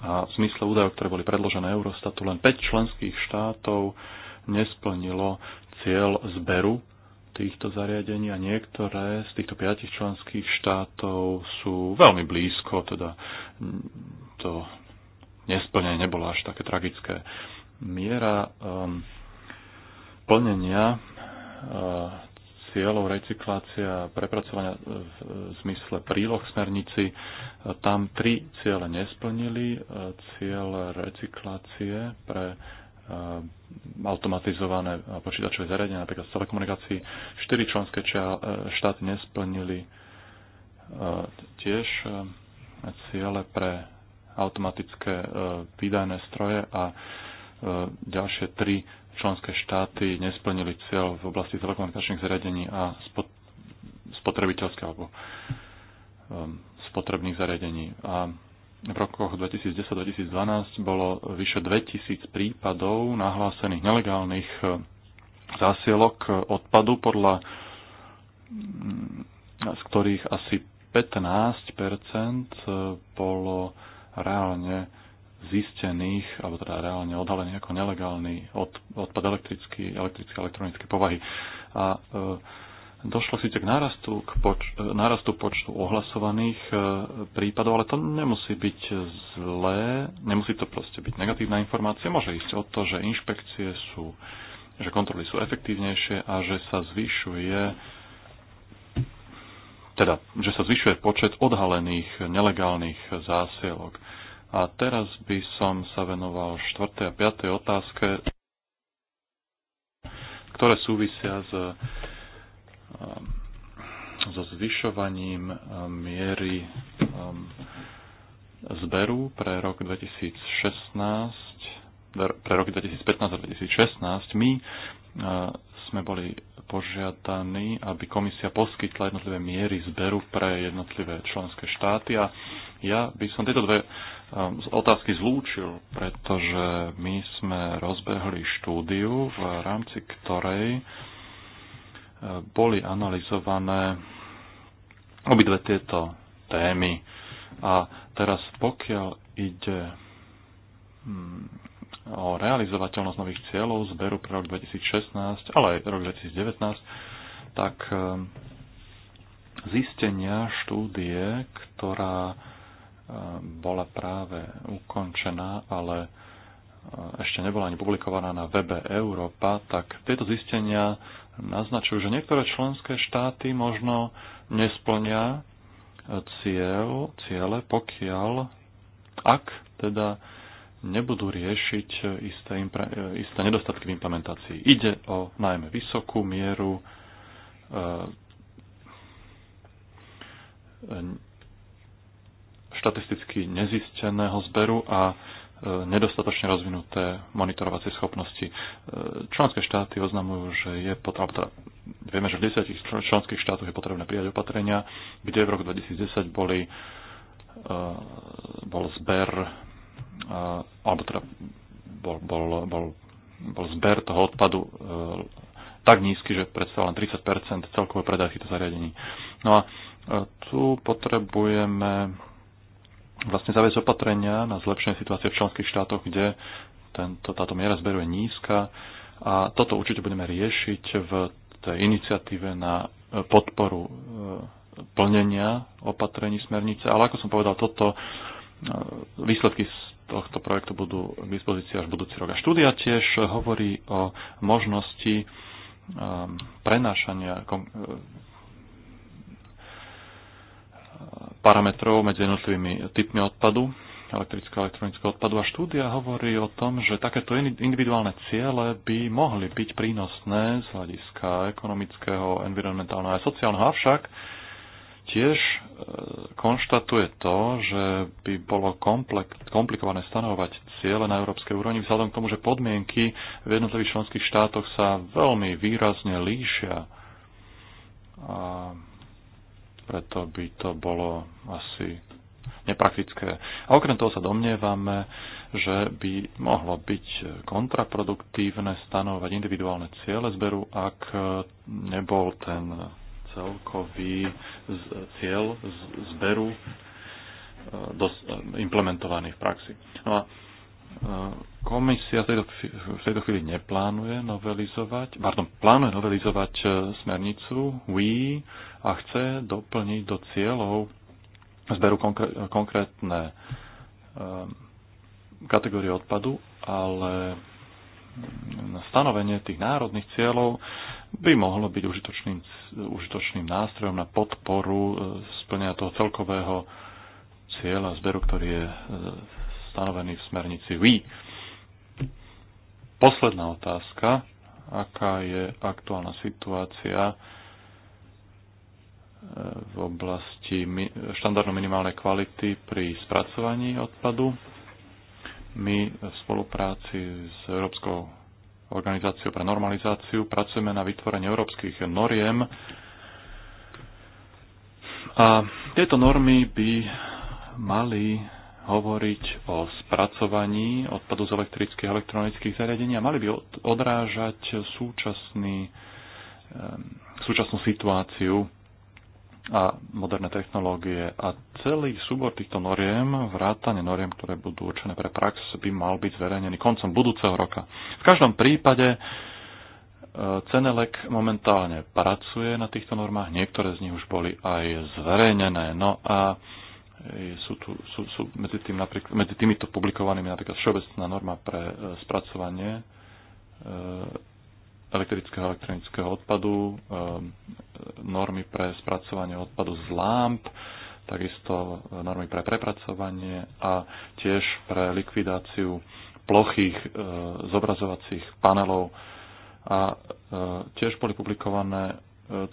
Speaker 2: a v smysle údajov, ktoré boli predložené Eurostatu, len 5 členských štátov nesplnilo cieľ zberu týchto zariadení a niektoré z týchto piatich členských štátov sú veľmi blízko, teda to nesplnenie nebolo až také tragické. Miera um, plnenia uh, cieľov recyklácia a prepracovania e, e, v zmysle príloh smernici. E, tam tri ciele nesplnili. Ciele recyklácie pre Eh, automatizované počítačové zariadenia, napríklad z telekomunikácií. Štyri členské eh, štáty nesplnili eh, tiež ciele pre automatické výdajné stroje a ďalšie tri členské štáty nesplnili cieľ v oblasti telekomunikačných zariadení a spotrebiteľských alebo spotrebných zariadení. A v rokoch 2010-2012 bolo vyše 2000 prípadov nahlásených nelegálnych e, zásielok e, odpadu, podľa mm, z ktorých asi 15 e, bolo reálne zistených, alebo teda reálne odhalených ako nelegálny odpad elektrický, elektrické elektronické povahy. A e, Došlo síce k nárastu, k poč- e, nárastu počtu ohlasovaných e, prípadov, ale to nemusí byť zlé, nemusí to proste byť negatívna informácia. Môže ísť o to, že inšpekcie sú, že kontroly sú efektívnejšie a že sa zvyšuje teda, že sa zvyšuje počet odhalených nelegálnych zásielok. A teraz by som sa venoval 4. a 5. otázke, ktoré súvisia s Ehm, so zvyšovaním ehm, miery ehm, zberu pre rok 2016 e, pre rok 2015 a 2016 my e, sme boli požiadaní, aby komisia poskytla jednotlivé miery zberu pre jednotlivé členské štáty a ja by som tieto dve otázky zlúčil, pretože my sme rozbehli štúdiu, v rámci ktorej boli analyzované obidve tieto témy. A teraz pokiaľ ide hm, o realizovateľnosť nových cieľov zberu pre rok 2016, ale aj rok 2019, tak hm, zistenia štúdie, ktorá hm, bola práve ukončená, ale ešte nebola ani publikovaná na webe Európa, tak tieto zistenia naznačujú, že niektoré členské štáty možno nesplňa e, cieľ, ciele, pokiaľ, ak teda nebudú riešiť isté, e, isté nedostatky v implementácii. Ide o najmä vysokú mieru e, štatisticky nezisteného zberu a nedostatočne rozvinuté monitorovacie schopnosti. E, členské štáty oznamujú, že je potrebné, teda vieme, že v 10 členských štátoch je potrebné prijať opatrenia, kde v roku 2010 boli, e, bol zber, e, alebo teda bol, bol, bol, bol zber toho odpadu tak nízky, že predstavoval len 30 celkového predaja týchto zariadení. No a tu potrebujeme vlastne zaviesť opatrenia na zlepšenie situácie v členských štátoch, kde tento, táto miera zberu je nízka. A toto určite budeme riešiť v tej iniciatíve na e, podporu e, plnenia opatrení smernice. Ale ako som povedal, toto e, výsledky z tohto projektu budú k dispozícii až budúci rok. A štúdia tiež hovorí o možnosti prenášania parametrov medzi jednotlivými typmi odpadu, elektrického a elektronického odpadu. A štúdia hovorí o tom, že takéto individuálne ciele by mohli byť prínosné z hľadiska ekonomického, environmentálneho a sociálneho. Avšak tiež e, konštatuje to, že by bolo komplikované stanovať ciele na európskej úrovni vzhľadom k tomu, že podmienky v jednotlivých členských štátoch sa veľmi výrazne líšia. A preto by to bolo asi nepraktické. A okrem toho sa domnievame, že by mohlo byť kontraproduktívne stanovať individuálne ciele zberu, ak nebol ten celkový cieľ zberu e, implementovaný v praxi. No a e, komisia v tejto chvíli neplánuje novelizovať, pardon, plánuje novelizovať e, smernicu WE a chce doplniť do cieľov zberu konkrétne ehm, kategórie odpadu, ale stanovenie tých národných cieľov by mohlo byť užitočným, užitočným nástrojom na podporu e, splnenia toho celkového cieľa zberu, ktorý je e, stanovený v smernici WE. Posledná otázka, aká je aktuálna situácia v oblasti štandardno minimálnej kvality pri spracovaní odpadu. My v spolupráci s Európskou organizáciou pre normalizáciu pracujeme na vytvorení európskych noriem a tieto normy by mali hovoriť o spracovaní odpadu z elektrických a elektronických zariadení a mali by odrážať súčasný, ehm, súčasnú situáciu a moderné technológie. A celý súbor týchto noriem, vrátane noriem, ktoré budú určené pre prax, by mal byť zverejnený koncom budúceho roka. V každom prípade e, Cenelek momentálne pracuje na týchto normách, niektoré z nich už boli aj zverejnené. No a e, sú, tu, sú, sú medzi, tým medzi týmito publikovanými napríklad Všeobecná norma pre e, spracovanie elektrického a elektronického odpadu, ehm, normy pre spracovanie odpadu z lámp, takisto normy pre prepracovanie a tiež pre likvidáciu plochých eh, zobrazovacích panelov. A eh, tiež boli publikované eh,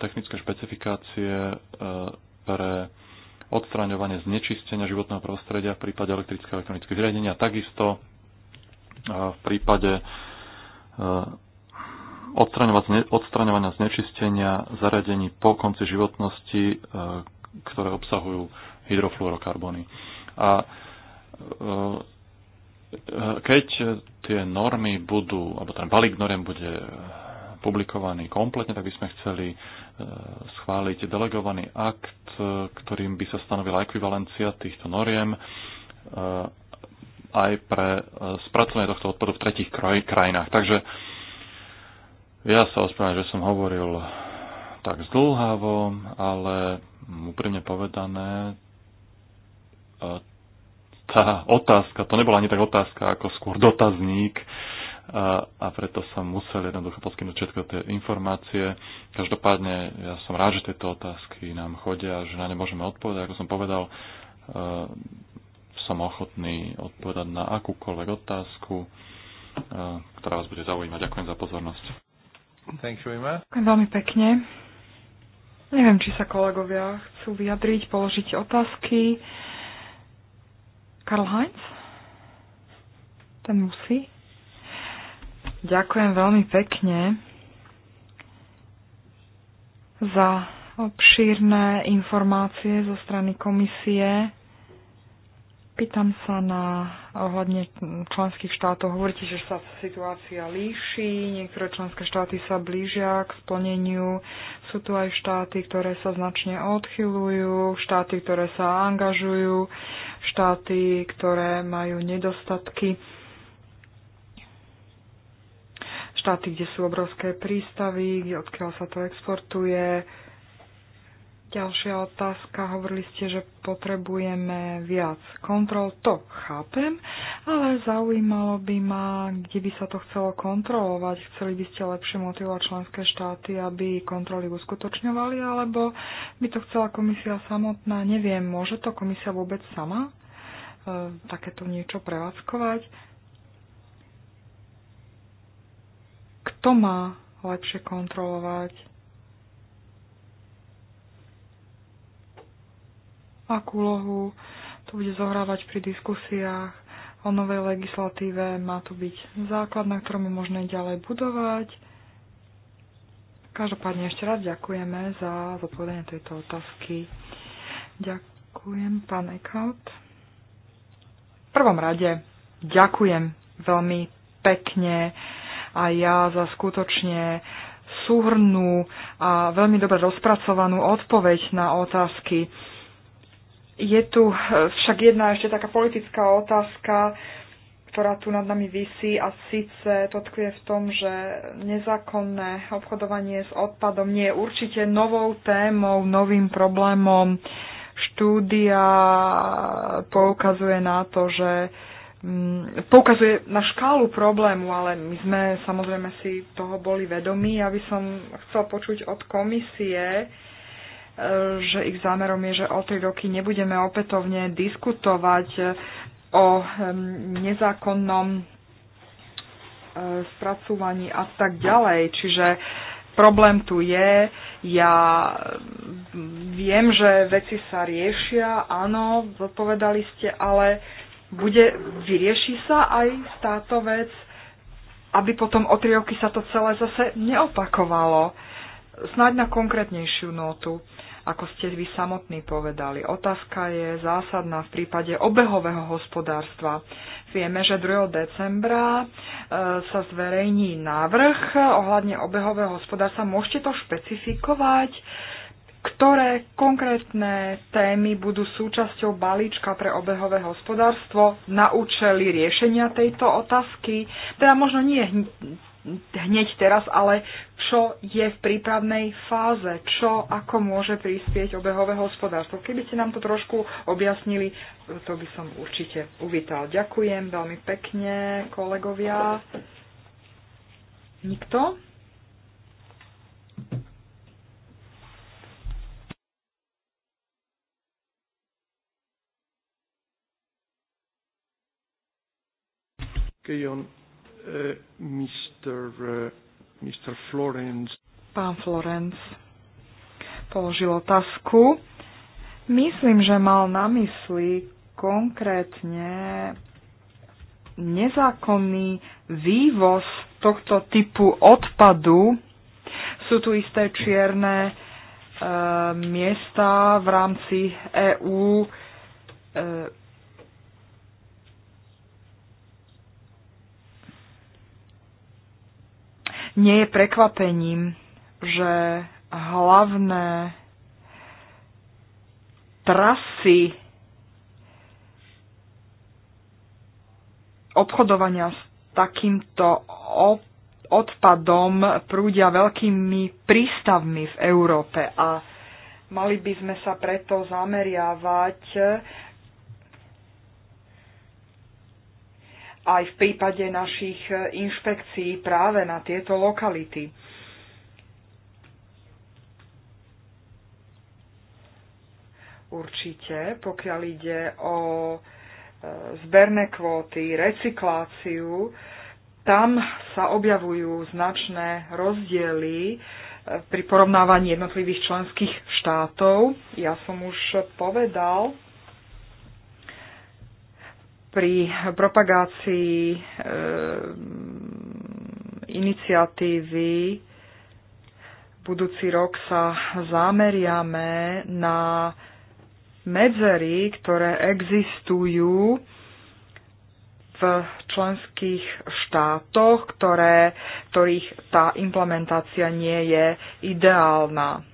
Speaker 2: technické špecifikácie pre odstraňovanie znečistenia životného prostredia v prípade elektrického a elektronických zriadenia. Takisto v prípade odstraňovania znečistenia zaradení po konci životnosti, e, ktoré obsahujú hydrofluorokarbony. A e, e, keď tie normy budú, alebo ten balík norm bude publikovaný kompletne, tak by sme chceli schváliť delegovaný akt, ktorým by sa stanovila ekvivalencia týchto noriem aj pre spracovanie tohto odpadu v tretich krajinách. Takže ja sa ospravedlňujem, že som hovoril tak zdlhavo, ale úprimne povedané, e, tá otázka, to nebola ani tak otázka, ako skôr dotazník, a, e, a preto som musel jednoducho poskytnúť všetko tie informácie. Každopádne ja som rád, že tieto otázky nám chodia, že na ne môžeme odpovedať. Ako som povedal, e, som ochotný odpovedať na akúkoľvek otázku, ktorá vás bude zaujímať. Ďakujem za pozornosť.
Speaker 3: Thank you very much. Veľmi
Speaker 1: pekne. Neviem, či sa kolegovia chcú vyjadriť, položiť otázky. Karl Heinz? Ten musí. Ďakujem veľmi pekne za obšírne informácie zo strany komisie. Pýtam sa na ohľadne členských štátov. Hovoríte, že sa situácia líši, niektoré členské štáty sa blížia k splneniu. Sú tu aj štáty, ktoré sa značne odchylujú, štáty, ktoré sa angažujú, štáty, ktoré majú nedostatky, štáty, kde sú obrovské prístavy, odkiaľ sa to exportuje, Ďalšia otázka. Hovorili ste, že potrebujeme viac kontrol. To chápem, ale zaujímalo by ma, kde by sa to chcelo kontrolovať. Chceli by ste lepšie motivovať členské štáty, aby kontroly uskutočňovali, alebo by to chcela komisia samotná? Neviem, môže to komisia vôbec sama e, takéto niečo prevádzkovať? Kto má lepšie kontrolovať? akú lohu to bude zohrávať pri diskusiách o novej legislatíve. Má tu byť základ, na ktorom je možné ďalej budovať. Každopádne ešte raz ďakujeme za zodpovedanie tejto otázky. Ďakujem, pán Eckhout. V prvom rade ďakujem veľmi pekne a ja za skutočne súhrnú a veľmi dobre rozpracovanú odpoveď na otázky je tu e, však jedna ešte taká politická otázka, ktorá tu nad nami vysí a síce to tkvie v tom, že nezákonné obchodovanie s odpadom nie je určite novou témou, novým problémom. Štúdia poukazuje na to, že mm, poukazuje na škálu problému, ale my sme samozrejme si toho boli vedomí. Ja by som chcel počuť od komisie, že ich zámerom je, že o tri roky nebudeme opätovne diskutovať e, o nezákonnom e, spracúvaní a tak ďalej. Čiže problém tu je, ja viem, že veci sa riešia, áno, zodpovedali ste, ale bude, vyrieši sa aj táto vec, aby potom o tri roky sa to celé zase neopakovalo. Snáď na konkrétnejšiu notu. Uh, ako ste vy samotní povedali. Otázka je zásadná v prípade obehového hospodárstva. Vieme, že 2. decembra e, sa zverejní návrh ohľadne obehového hospodárstva. Môžete to špecifikovať? ktoré konkrétne témy budú súčasťou balíčka pre obehové hospodárstvo na účely riešenia tejto otázky. Teda možno nie hneď teraz, ale čo je v prípravnej fáze, čo ako môže prispieť obehové hospodárstvo. Keby ste nám to trošku objasnili, to by som určite uvítal. Ďakujem veľmi pekne, kolegovia. Nikto?
Speaker 2: Keď on Uh, Mr. Uh, Florence. Pán
Speaker 1: Florence položil otázku. Myslím, že mal na mysli konkrétne nezákonný vývoz tohto typu odpadu. Sú tu isté čierne e, miesta v rámci EÚ, e, nie je prekvapením, že hlavné trasy obchodovania s takýmto odpadom prúdia veľkými prístavmi v Európe a mali by sme sa preto zameriavať aj v prípade našich e, inšpekcií práve na tieto lokality. Určite, pokiaľ ide o e, zberné kvóty, recikláciu, tam sa objavujú značné rozdiely e, pri porovnávaní jednotlivých členských štátov. Ja som už povedal, pri propagácii e, iniciatívy budúci rok sa zameriame na medzery, ktoré existujú v členských štátoch, ktoré, ktorých tá implementácia nie je ideálna.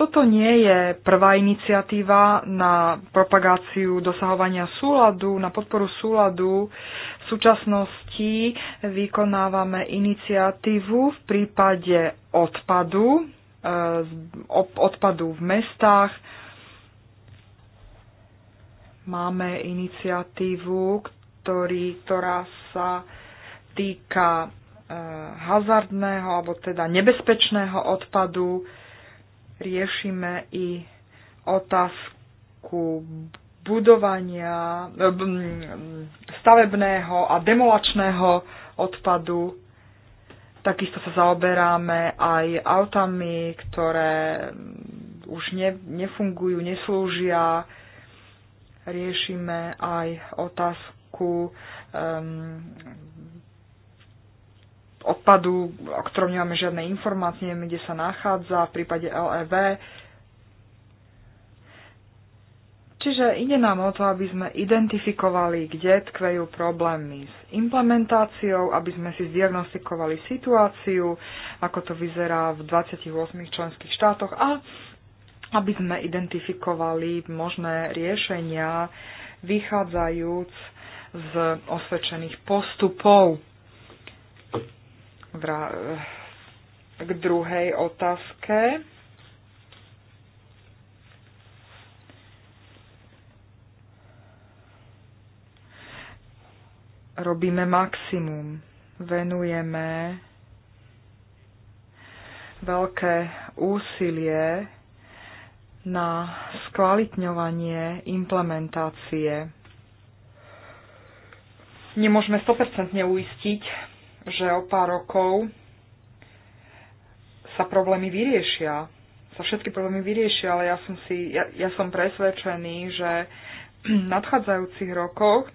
Speaker 1: Toto nie je prvá iniciatíva na propagáciu dosahovania súladu, na podporu súladu. V súčasnosti vykonávame iniciatívu v prípade odpadu, e, odpadu v mestách. Máme iniciatívu, ktorý, ktorá sa týka e, hazardného alebo teda nebezpečného odpadu riešime i otázku budovania e, stavebného a demolačného odpadu. Takisto sa zaoberáme aj autami, ktoré už ne, nefungujú, neslúžia. Riešime aj otázku um, odpadu, o ktorom nemáme žiadne informácie, nevieme, kde sa nachádza v prípade LEV. Čiže ide nám o to, aby sme identifikovali, kde tkvejú problémy s implementáciou, aby sme si zdiagnostikovali situáciu, ako to vyzerá v 28 členských štátoch a aby sme identifikovali možné riešenia vychádzajúc z osvedčených postupov Eh, k druhej otázke. Robíme maximum, venujeme veľké úsilie na skvalitňovanie implementácie. Nemôžeme 100% uistiť že o pár rokov sa problémy vyriešia. Sa všetky problémy vyriešia, ale ja som, si, ja, ja som presvedčený, že v nadchádzajúcich rokoch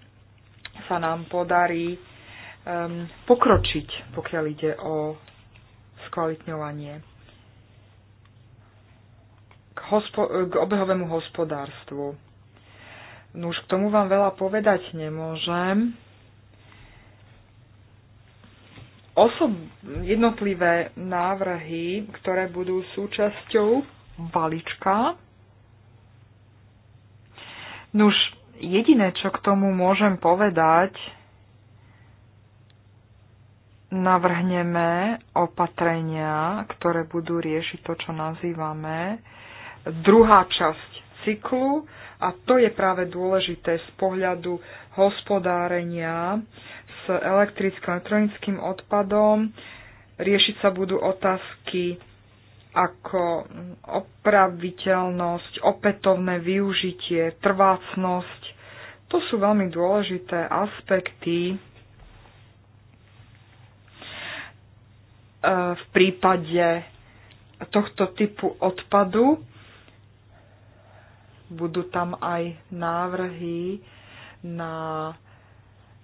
Speaker 1: sa nám podarí um, pokročiť, pokiaľ ide o skvalitňovanie k, hospo- k obehovému hospodárstvu. No už k tomu vám veľa povedať nemôžem. osob, jednotlivé návrhy, ktoré budú súčasťou balíčka. Nuž, jediné, čo k tomu môžem povedať, navrhneme opatrenia, ktoré budú riešiť to, čo nazývame druhá časť cyklu a to je práve dôležité z pohľadu hospodárenia s elektrickým elektronickým odpadom. Riešiť sa budú otázky ako opraviteľnosť, opätovné využitie, trvácnosť. To sú veľmi dôležité aspekty eh, v prípade tohto typu odpadu budú tam aj návrhy na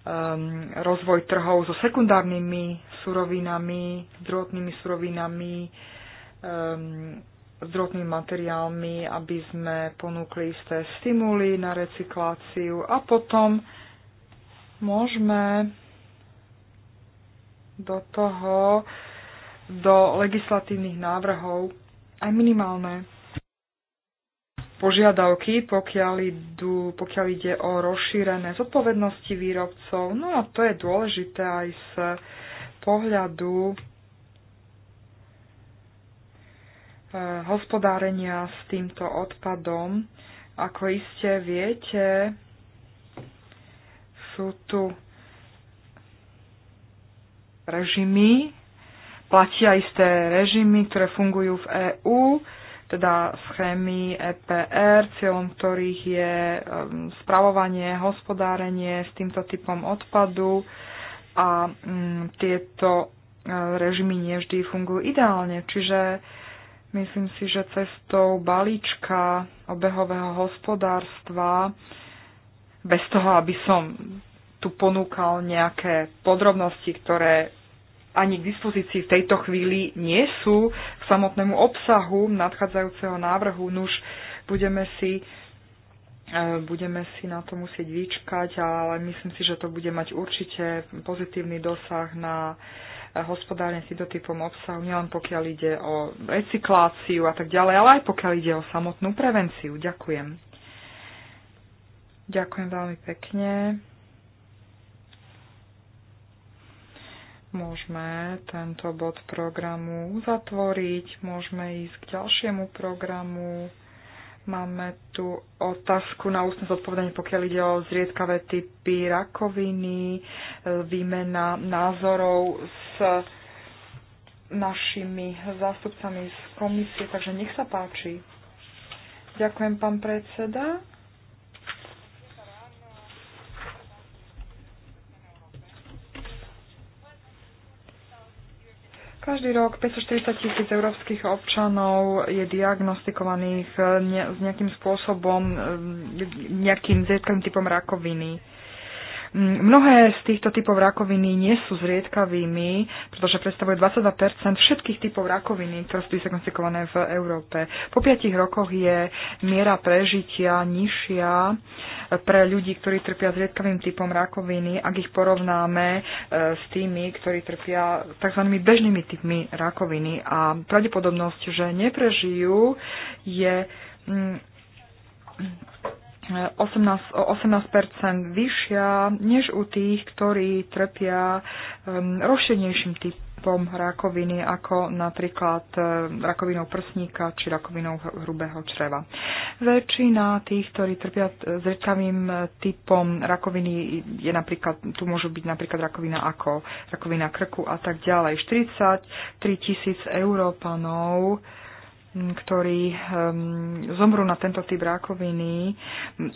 Speaker 1: um, rozvoj trhov so sekundárnymi surovinami, zdrotnými surovinami, um, zdrotnými materiálmi, aby sme ponúkli isté stimuly na recykláciu a potom môžeme do toho, do legislatívnych návrhov aj minimálne požiadavky, pokiaľ, idú, pokiaľ ide o rozšírené zodpovednosti výrobcov. No a to je dôležité aj z pohľadu eh, hospodárenia s týmto odpadom. Ako iste viete, sú tu režimy, platia isté režimy, ktoré fungujú v EÚ teda schémy EPR, cieľom ktorých je um, spravovanie, hospodárenie s týmto typom odpadu a um, tieto uh, režimy nevždy fungujú ideálne. Čiže myslím si, že cestou balíčka obehového hospodárstva, bez toho, aby som tu ponúkal nejaké podrobnosti, ktoré ani k dispozícii v tejto chvíli nie sú k samotnému obsahu nadchádzajúceho návrhu. Nuž budeme si, e, budeme si na to musieť vyčkať, ale myslím si, že to bude mať určite pozitívny dosah na e, hospodárne s týmto typom obsahu, nielen pokiaľ ide o recykláciu a tak ďalej, ale aj pokiaľ ide o samotnú prevenciu. Ďakujem. Ďakujem veľmi pekne. Môžeme tento bod programu uzatvoriť, môžeme ísť k ďalšiemu programu. Máme tu otázku na ústne zodpovedanie, pokiaľ ide o zriedkavé typy rakoviny, výmena názorov s našimi zástupcami z komisie, takže nech sa páči. Ďakujem, pán predseda. Každý rok 540 tisíc európskych občanov je diagnostikovaných ne, s nejakým spôsobom, e, nejakým zriedkým typom rakoviny. Mm, mnohé z týchto typov rakoviny nie sú zriedkavými, pretože predstavuje 22 všetkých typov rakoviny, ktoré sú diagnostikované v Európe. Po 5 rokoch je miera prežitia nižšia pre ľudí, ktorí trpia zriedkavým typom rakoviny, ak ich porovnáme e, s tými, ktorí trpia tzv. bežnými typmi rakoviny. A pravdepodobnosť, že neprežijú, je mm, 18, o 18 vyššia než u tých, ktorí trpia ehm, rozšenejším typom rakoviny, ako napríklad ehm, rakovinou prsníka či rakovinou hrubého čreva. Väčšina tých, ktorí trpia zriedkavým e, e, typom rakoviny, je napríklad, tu môžu byť napríklad rakovina ako rakovina krku a tak ďalej. 43 tisíc Európanov ktorí um, zomrú na tento typ rakoviny.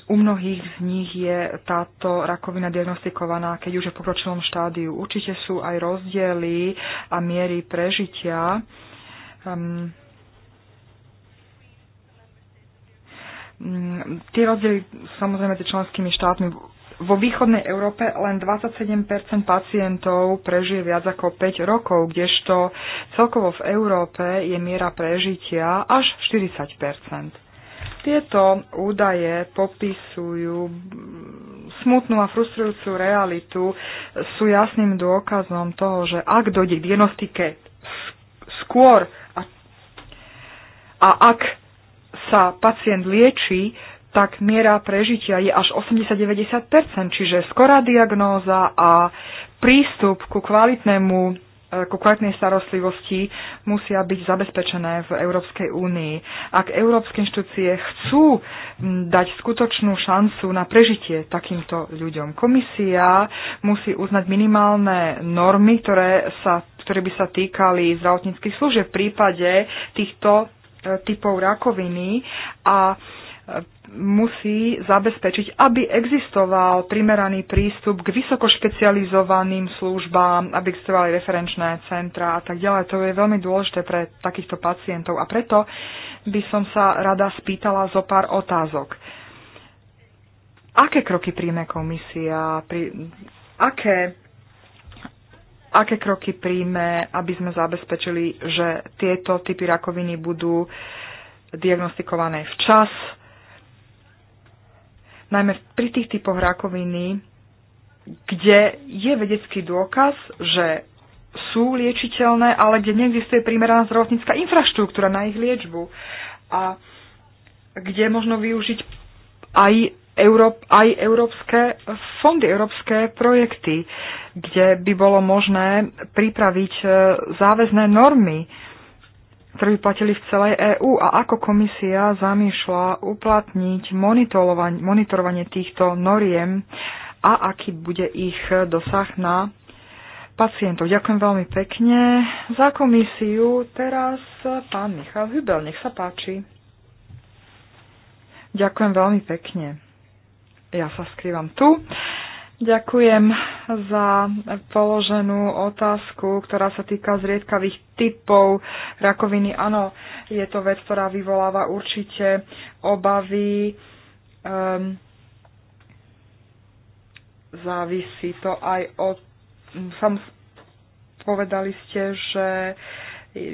Speaker 1: U mnohých z nich je táto rakovina diagnostikovaná, keď už je v pokročilom štádiu. Určite sú aj rozdiely a miery prežitia. Um, tie rozdiely samozrejme medzi členskými štátmi vo východnej Európe len 27 pacientov prežije viac ako 5 rokov, kdežto celkovo v Európe je miera prežitia až 40 Tieto údaje popisujú smutnú a frustrujúcu realitu, sú jasným dôkazom toho, že ak dojde k diagnostike skôr a, a ak sa pacient lieči, tak miera prežitia je až 80-90%, čiže skorá diagnóza a prístup ku kvalitnému e, ku kvalitnej starostlivosti musia byť zabezpečené v Európskej únii. Ak európske inštitúcie chcú dať skutočnú šancu na prežitie takýmto ľuďom, komisia musí uznať minimálne normy, ktoré, sa, ktoré by sa týkali zdravotníckých služieb v prípade týchto e, typov rakoviny a musí zabezpečiť, aby existoval primeraný prístup k vysokošpecializovaným službám, aby existovali referenčné centra a tak ďalej. To je veľmi dôležité pre takýchto pacientov a preto by som sa rada spýtala zo pár otázok. Aké kroky príjme komisia? Pri, aké, aké kroky príjme, aby sme zabezpečili, že tieto typy rakoviny budú diagnostikované včas, najmä pri tých typoch rakoviny, kde je vedecký dôkaz, že sú liečiteľné, ale kde neexistuje primeraná zdravotnícka infraštruktúra na ich liečbu. A kde možno využiť aj, Euró- aj európske fondy, európske projekty, kde by bolo možné pripraviť e, záväzné normy ktoré by platili v celej EÚ a ako komisia zamýšľa uplatniť monitorovanie, monitorovanie týchto noriem a aký bude ich dosah na pacientov. Ďakujem veľmi pekne za komisiu. Teraz pán Michal Hübel, nech sa páči. Ďakujem veľmi pekne. Ja sa skrývam tu. Ďakujem za položenú otázku, ktorá sa týka zriedkavých typov rakoviny. Áno, je to vec, ktorá vyvoláva určite obavy. Um, závisí to aj od... Sam povedali ste, že e,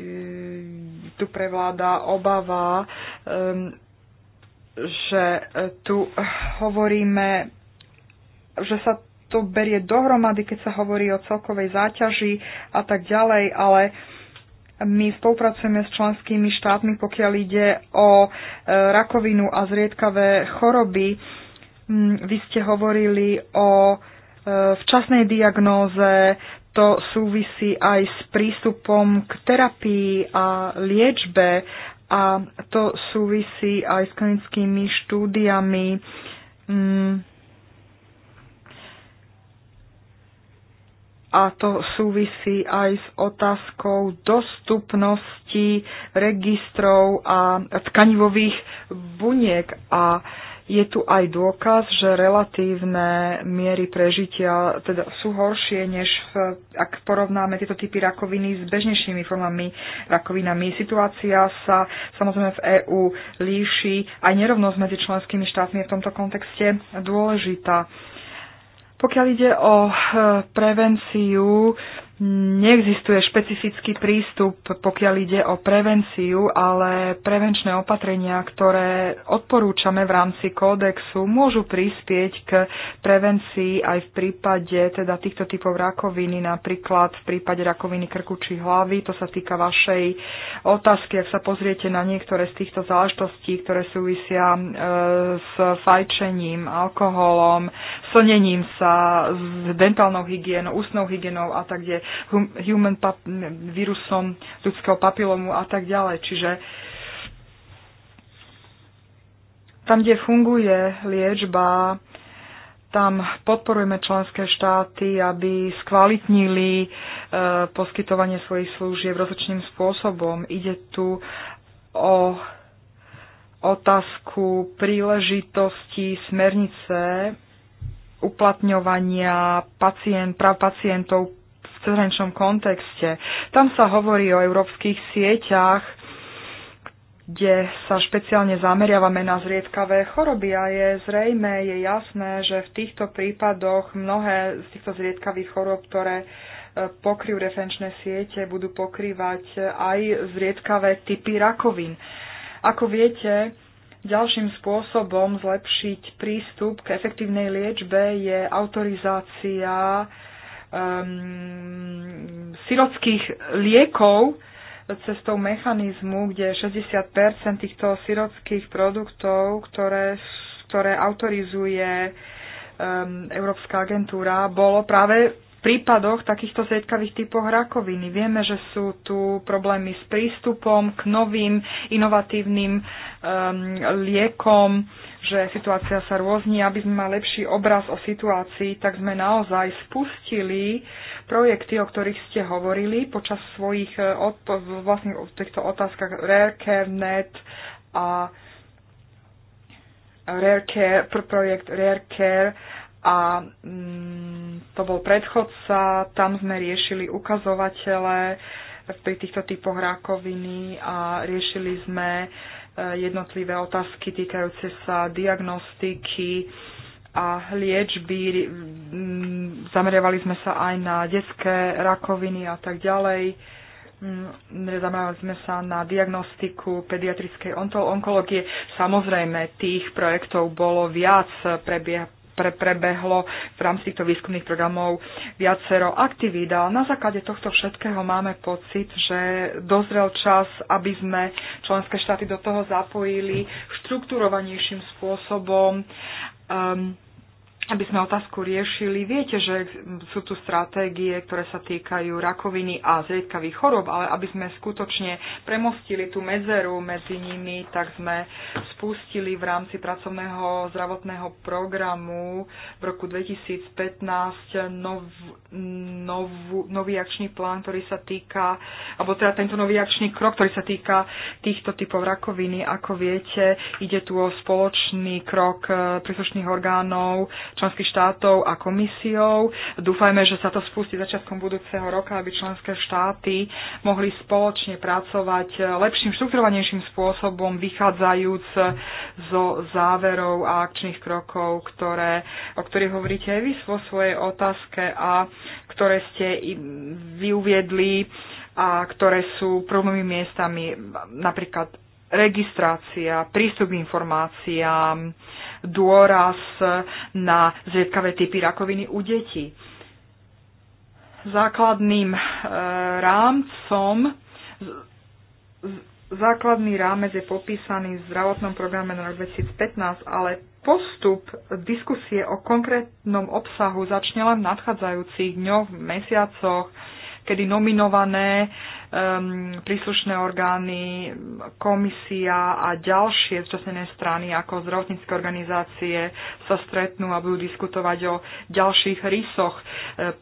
Speaker 1: tu prevláda obava, um, že tu hovoríme že sa to berie dohromady, keď sa hovorí o celkovej záťaži a tak ďalej, ale my spolupracujeme s členskými štátmi, pokiaľ ide o e, rakovinu a zriedkavé choroby. Mm, vy ste hovorili o e, včasnej diagnóze, to súvisí aj s prístupom k terapii a liečbe a to súvisí aj s klinickými štúdiami. Mm, a to súvisí aj s otázkou dostupnosti registrov a tkanivových buniek a je tu aj dôkaz, že relatívne miery prežitia teda sú horšie, než v, ak porovnáme tieto typy rakoviny s bežnejšími formami rakovinami. Situácia sa samozrejme v EÚ líši. Aj nerovnosť medzi členskými štátmi je v tomto kontexte dôležitá pokiaľ ide o eh, prevenciu, neexistuje špecifický prístup, pokiaľ ide o prevenciu, ale prevenčné opatrenia, ktoré odporúčame v rámci kódexu, môžu prispieť k prevencii aj v prípade teda týchto typov rakoviny, napríklad v prípade rakoviny krku či hlavy. To sa týka vašej otázky, ak sa pozriete na niektoré z týchto záležitostí, ktoré súvisia e, s fajčením, alkoholom, slnením sa, s dentálnou hygienou, ústnou hygienou a tak ďalej human pap, vírusom ľudského papilomu a tak ďalej. Čiže tam, kde funguje liečba, tam podporujeme členské štáty, aby skvalitnili e, poskytovanie svojich služieb rozličným spôsobom. Ide tu o otázku príležitosti smernice uplatňovania pacient, práv pacientov cezhraničnom kontexte. Tam sa hovorí o európskych sieťach, kde sa špeciálne zameriavame na zriedkavé choroby a je zrejme, je jasné, že v týchto prípadoch mnohé z týchto zriedkavých chorob, ktoré e, pokryjú referenčné siete, budú pokrývať e, aj zriedkavé typy rakovín. Ako viete, ďalším spôsobom zlepšiť prístup k efektívnej liečbe je autorizácia um, sirotských liekov cestou mechanizmu, kde 60% týchto sirotských produktov, ktoré, ktoré autorizuje um, Európska agentúra, bolo práve v prípadoch takýchto zriedkavých typoch rakoviny. Vieme, že sú tu problémy s prístupom k novým inovatívnym um, liekom že situácia sa rôzni, aby sme mali lepší obraz o situácii, tak sme naozaj spustili projekty, o ktorých ste hovorili počas svojich e, vlastne v týchto otázkach RareCareNet a RareCare, projekt RareCare a mm, to bol predchodca, tam sme riešili ukazovatele pri týchto typoch rakoviny a riešili sme uh, jednotlivé otázky týkajúce sa diagnostiky a liečby. Zameriavali sme sa aj na detské rakoviny a tak ďalej. Zameriavali sme sa na diagnostiku pediatrickej onkológie. Samozrejme, tých projektov bolo viac, prebieha pre, prebehlo v rámci týchto výskumných programov viacero aktivít. A na základe tohto všetkého máme pocit, že dozrel čas, aby sme členské štáty do toho zapojili štruktúrovanejším spôsobom. Um, aby sme otázku riešili. Viete, že sú tu stratégie, ktoré sa týkajú rakoviny a zriedkavých chorob, ale aby sme skutočne premostili tú medzeru medzi nimi, tak sme spustili v rámci pracovného zdravotného programu v roku 2015 nov, nov, nový akčný plán, ktorý sa týka, alebo teda tento nový akčný krok, ktorý sa týka týchto typov rakoviny. Ako viete, ide tu o spoločný krok e, príslušných orgánov, členských štátov a komisiou. Dúfajme, že sa to spustí začiatkom budúceho roka, aby členské štáty mohli spoločne pracovať lepším, štrukturovanejším spôsobom, vychádzajúc zo záverov a akčných krokov, ktoré, o ktorých hovoríte aj vy vo svojej otázke a ktoré ste vyuviedli a ktoré sú prvnými miestami, napríklad registrácia, prístup k informáciám, dôraz na zriedkavé typy rakoviny u detí. Základným e, rámcom základný rámec je popísaný v zdravotnom programe na rok 2015, ale postup diskusie o konkrétnom obsahu začne len v nadchádzajúcich dňoch, mesiacoch, kedy nominované um, príslušné orgány, komisia a ďalšie zúčastnené strany ako zdravotnícke organizácie sa stretnú a budú diskutovať o ďalších rysoch e,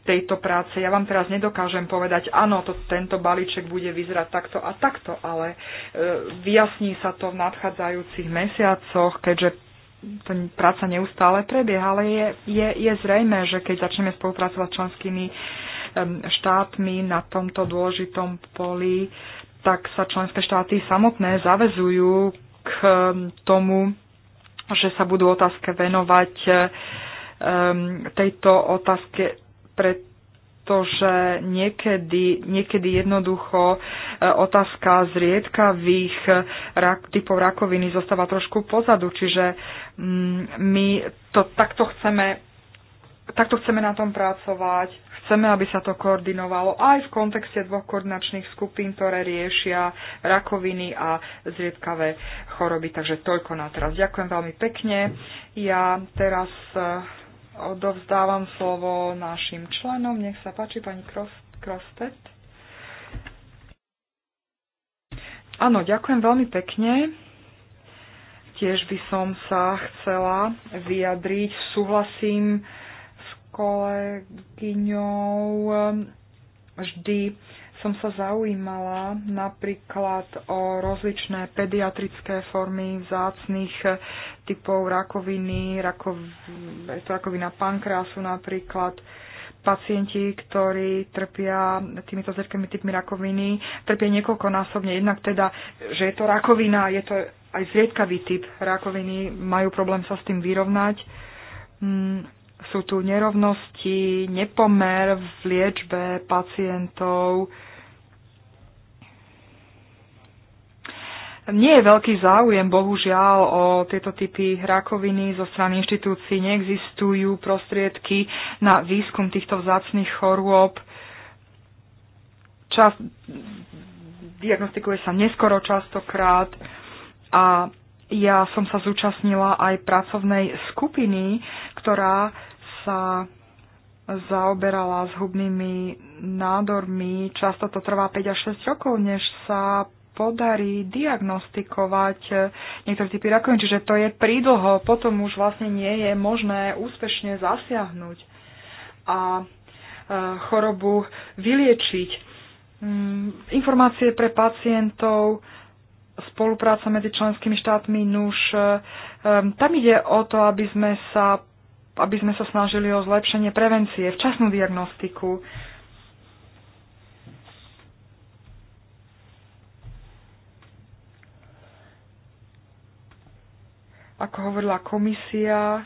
Speaker 1: tejto práce. Ja vám teraz nedokážem povedať, áno, to, tento balíček bude vyzerať takto a takto, ale e, vyjasní sa to v nadchádzajúcich mesiacoch, keďže to práca neustále prebieha, ale je, je, je zrejme, že keď začneme spolupracovať s členskými štátmi na tomto dôležitom poli, tak sa členské štáty samotné zavezujú k tomu, že sa budú otázke venovať tejto otázke, pretože niekedy, niekedy jednoducho e, otázka zriedkavých rak, typov rakoviny zostáva trošku pozadu, čiže mm, my to takto chceme, takto chceme na tom pracovať Chceme, aby sa to koordinovalo aj v kontexte dvoch koordinačných skupín, ktoré riešia rakoviny a zriedkavé choroby. Takže toľko na teraz. Ďakujem veľmi pekne. Ja teraz eh, odovzdávam slovo našim členom. Nech sa páči, pani Krostet. Áno, ďakujem veľmi pekne. Tiež by som sa chcela vyjadriť. Súhlasím kolegyňou um, vždy som sa zaujímala napríklad o rozličné pediatrické formy vzácných typov rakoviny, rakov, je to rakovina pankreasu napríklad. Pacienti, ktorí trpia týmito zrkými typmi rakoviny, trpia niekoľkonásobne. Jednak teda, že je to rakovina, je to aj zriedkavý typ rakoviny, majú problém sa s tým vyrovnať. Mm, sú tu nerovnosti, nepomer v liečbe pacientov. Nie je veľký záujem, bohužiaľ, o tieto typy rakoviny zo strany inštitúcií. Neexistujú prostriedky na výskum týchto vzácných chorôb. Čas, diagnostikuje sa neskoro častokrát a ja som sa zúčastnila aj pracovnej skupiny, ktorá sa zaoberala zhubnými nádormi. Často to trvá 5 až 6 rokov, než sa podarí diagnostikovať niektoré typy rakoviny, čiže to je prídlho, potom už vlastne nie je možné úspešne zasiahnuť a e, chorobu vyliečiť. Mm, informácie pre pacientov, spolupráca medzi členskými štátmi, nuž, e, e, tam ide o to, aby sme sa aby sme sa snažili o zlepšenie prevencie, včasnú diagnostiku. Ako hovorila komisia,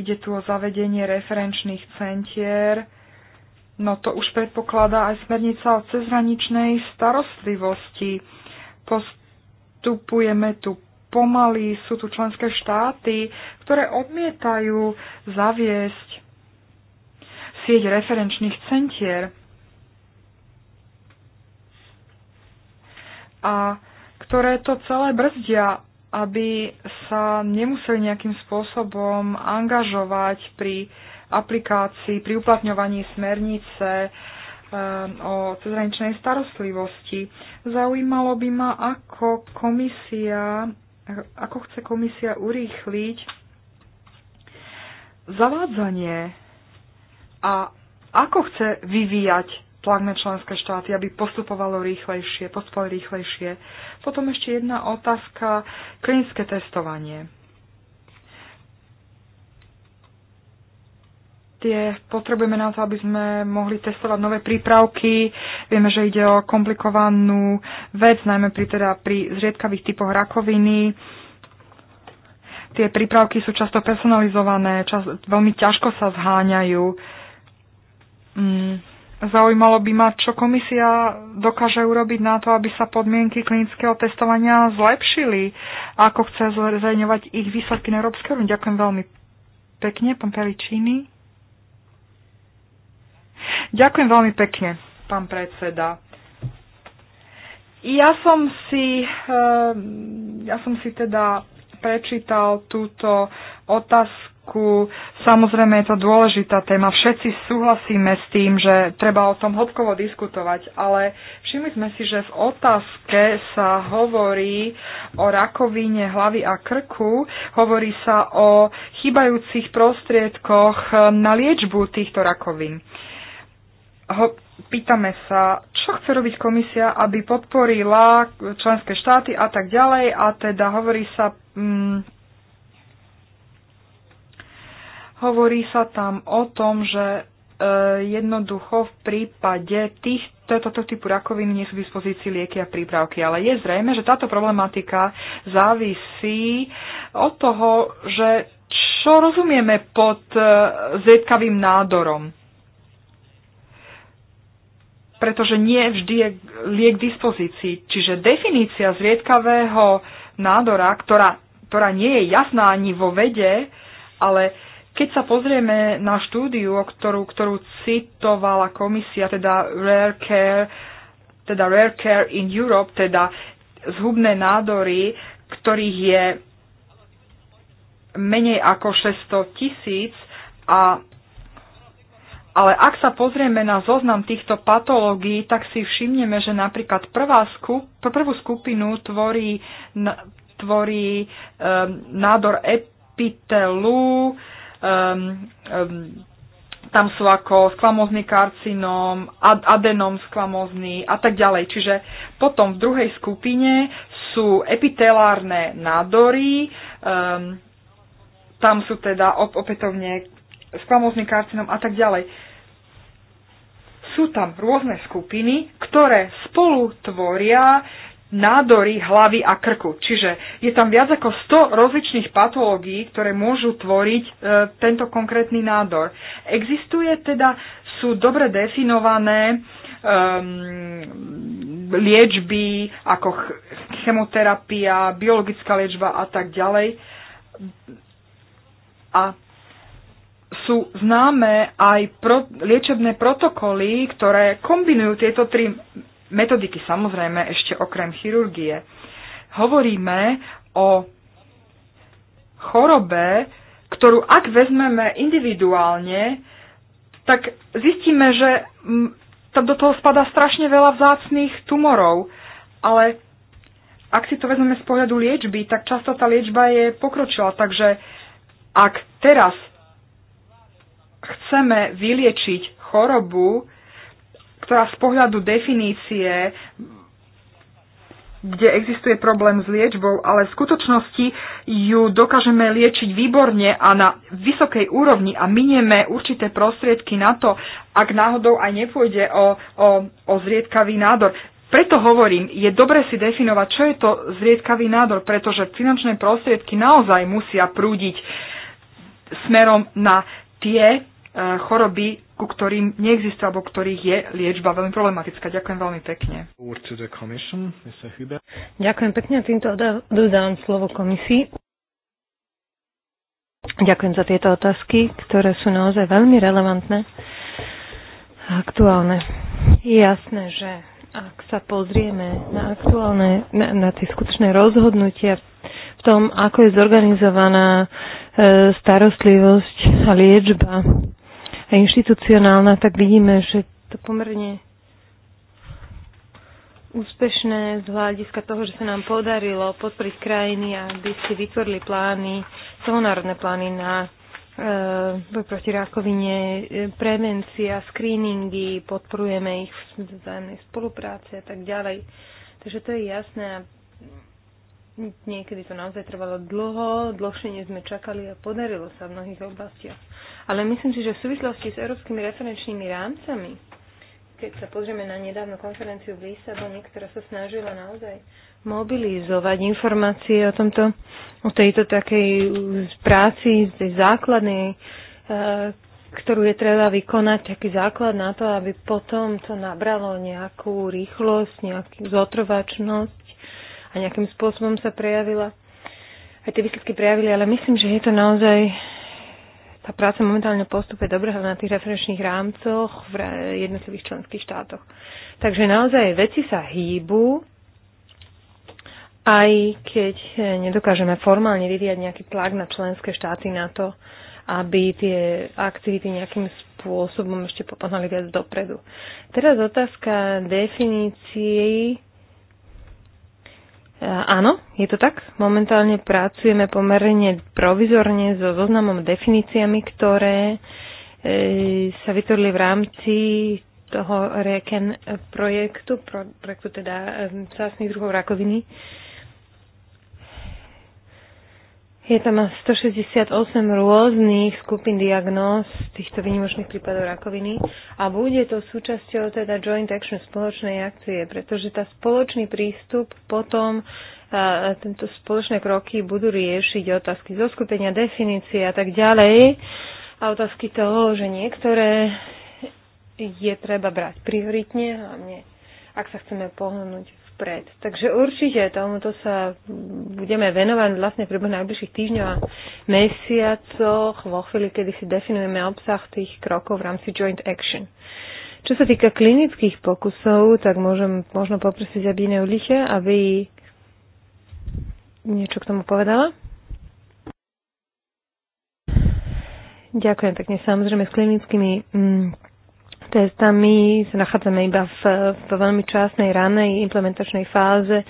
Speaker 1: ide tu o zavedenie referenčných centier, No to už predpokladá aj smernica o cezhraničnej starostlivosti. Postupujeme tu pomaly, sú tu členské štáty, ktoré odmietajú zaviesť sieť referenčných centier. A ktoré to celé brzdia, aby sa nemuseli nejakým spôsobom angažovať pri aplikácii, pri uplatňovaní smernice ehm, o cezhraničnej starostlivosti. Zaujímalo by ma, ako komisia ako chce komisia urýchliť zavádzanie a ako chce vyvíjať tlak na členské štáty, aby postupovalo rýchlejšie, postupovalo rýchlejšie. Potom ešte jedna otázka, klinické testovanie. tie potrebujeme na to, aby sme mohli testovať nové prípravky. Vieme, že ide o komplikovanú vec, najmä pri, teda, pri zriedkavých typoch rakoviny. Tie prípravky sú často personalizované, čas, veľmi ťažko sa zháňajú. Mm, zaujímalo by ma, čo komisia dokáže urobiť na to, aby sa podmienky klinického testovania zlepšili ako chce zverejňovať ich výsledky na Európskej Ďakujem veľmi pekne, pán Peličíny. Ďakujem veľmi pekne, pán predseda. Ja som si, ehm, ja som si teda prečítal túto otázku. Samozrejme je to dôležitá téma. Všetci súhlasíme s tým, že treba o tom hodkovo diskutovať, ale všimli sme si, že v otázke sa hovorí o rakovine hlavy a krku, hovorí sa o chýbajúcich prostriedkoch na liečbu týchto rakovín ho, pýtame sa, čo chce robiť komisia, aby podporila členské štáty a tak ďalej a teda hovorí sa, hm, hovorí sa tam o tom, že e, jednoducho v prípade tých, tohto typu rakoviny nie sú v dispozícii lieky a prípravky, ale je zrejme, že táto problematika závisí od toho, že čo rozumieme pod e, zriedkavým nádorom pretože nie vždy je liek k dispozícii. Čiže definícia zriedkavého nádora, ktorá, ktorá nie je jasná ani vo vede, ale keď sa pozrieme na štúdiu, ktorú, ktorú citovala komisia, teda Rare Care, teda Rare Care in Europe, teda zhubné nádory, ktorých je menej ako 600 tisíc a ale ak sa pozrieme na zoznam týchto patológií, tak si všimneme, že napríklad prvá skup, prvú skupinu tvorí, tvorí um, nádor epitelu, um, um, tam sú ako sklamozný karcinóm, adenóm adenom sklamozný a tak ďalej. Čiže potom v druhej skupine sú epitelárne nádory, um, tam sú teda opätovne s plamozný karcinom a tak ďalej. Sú tam rôzne skupiny, ktoré spolu tvoria nádory hlavy a krku. Čiže je tam viac ako 100 rozličných patológií, ktoré môžu tvoriť e, tento konkrétny nádor. Existuje teda, sú dobre definované e, liečby ako chemoterapia, biologická liečba a tak ďalej. A sú známe aj pro, liečebné protokoly, ktoré kombinujú tieto tri metodiky, samozrejme ešte okrem chirurgie. Hovoríme o chorobe, ktorú ak vezmeme individuálne, tak zistíme, že tam do toho spadá strašne veľa vzácných tumorov, ale ak si to vezmeme z pohľadu liečby, tak často tá liečba je pokročila, takže ak teraz chceme vyliečiť chorobu, ktorá z pohľadu definície, kde existuje problém s liečbou, ale v skutočnosti ju dokážeme liečiť výborne a na vysokej úrovni a minieme určité prostriedky na to, ak náhodou aj nepôjde o, o, o zriedkavý nádor. Preto hovorím, je dobre si definovať, čo je to zriedkavý nádor, pretože finančné prostriedky naozaj musia prúdiť smerom na tie choroby, ku ktorým neexistuje alebo ktorých je liečba veľmi problematická. Ďakujem veľmi
Speaker 3: pekne. Ďakujem pekne a týmto dodávam slovo komisii. Ďakujem za tieto otázky, ktoré sú naozaj veľmi relevantné a aktuálne. Je jasné, že ak sa pozrieme na aktuálne, na, na tie skutočné rozhodnutia v tom, ako je zorganizovaná e, starostlivosť a liečba inštitucionálna, tak vidíme, že to pomerne úspešné z hľadiska toho, že sa nám podarilo podporiť krajiny, aby si vytvorili plány, celonárodné plány na e, boj proti rakovine, e, prevencia, screeningy, podporujeme ich v vzájomnej spolupráci a tak ďalej. Takže to je jasné. Niekedy to naozaj trvalo dlho, dlhšie než sme čakali a podarilo sa v mnohých oblastiach. Ale myslím si, že v súvislosti s európskymi referenčnými rámcami, keď sa pozrieme na nedávnu konferenciu v Lisabone, ktorá sa snažila naozaj mobilizovať informácie o tomto, o tejto takej práci, tej základnej, e, ktorú je treba vykonať, taký základ na to, aby potom to nabralo nejakú rýchlosť, nejakú zotrvačnosť a nejakým spôsobom sa prejavila. Aj tie výsledky prejavili, ale myslím, že je to naozaj tá práca momentálne postupuje dobre na tých referenčných rámcoch v jednotlivých členských štátoch. Takže naozaj veci sa hýbu, aj keď eh, nedokážeme formálne vyvíjať nejaký tlak na členské štáty na to, aby tie aktivity nejakým spôsobom ešte popoznali viac dopredu. Teraz otázka definícií Eh, áno, je to tak. Momentálne pracujeme pomerne provizorne so zoznamom definíciami, ktoré eh, sa vytvorili v rámci toho REKEN projektu, projektu teda vzácných eh, druhov rakoviny. Je tam 168 rôznych skupín diagnóz týchto výnimočných prípadov rakoviny a bude to súčasťou teda Joint Action spoločnej akcie, pretože tá spoločný prístup potom a e, tento spoločné kroky budú riešiť otázky zo skupenia, definície a tak ďalej a otázky toho, že niektoré je treba brať prioritne, hlavne ak sa chceme pohnúť vpred. Takže určite tomuto sa budeme venovať vlastne v najbližších týždňov a mesiacoch, vo chvíli, kedy si definujeme obsah tých krokov v rámci Joint Action. Čo sa týka klinických pokusov, tak môžem možno poprosiť Abíne Uliche, aby niečo k tomu povedala. Ďakujem pekne. Samozrejme, s klinickými mm, testami sa nachádzame iba v, v veľmi časnej ranej implementačnej fáze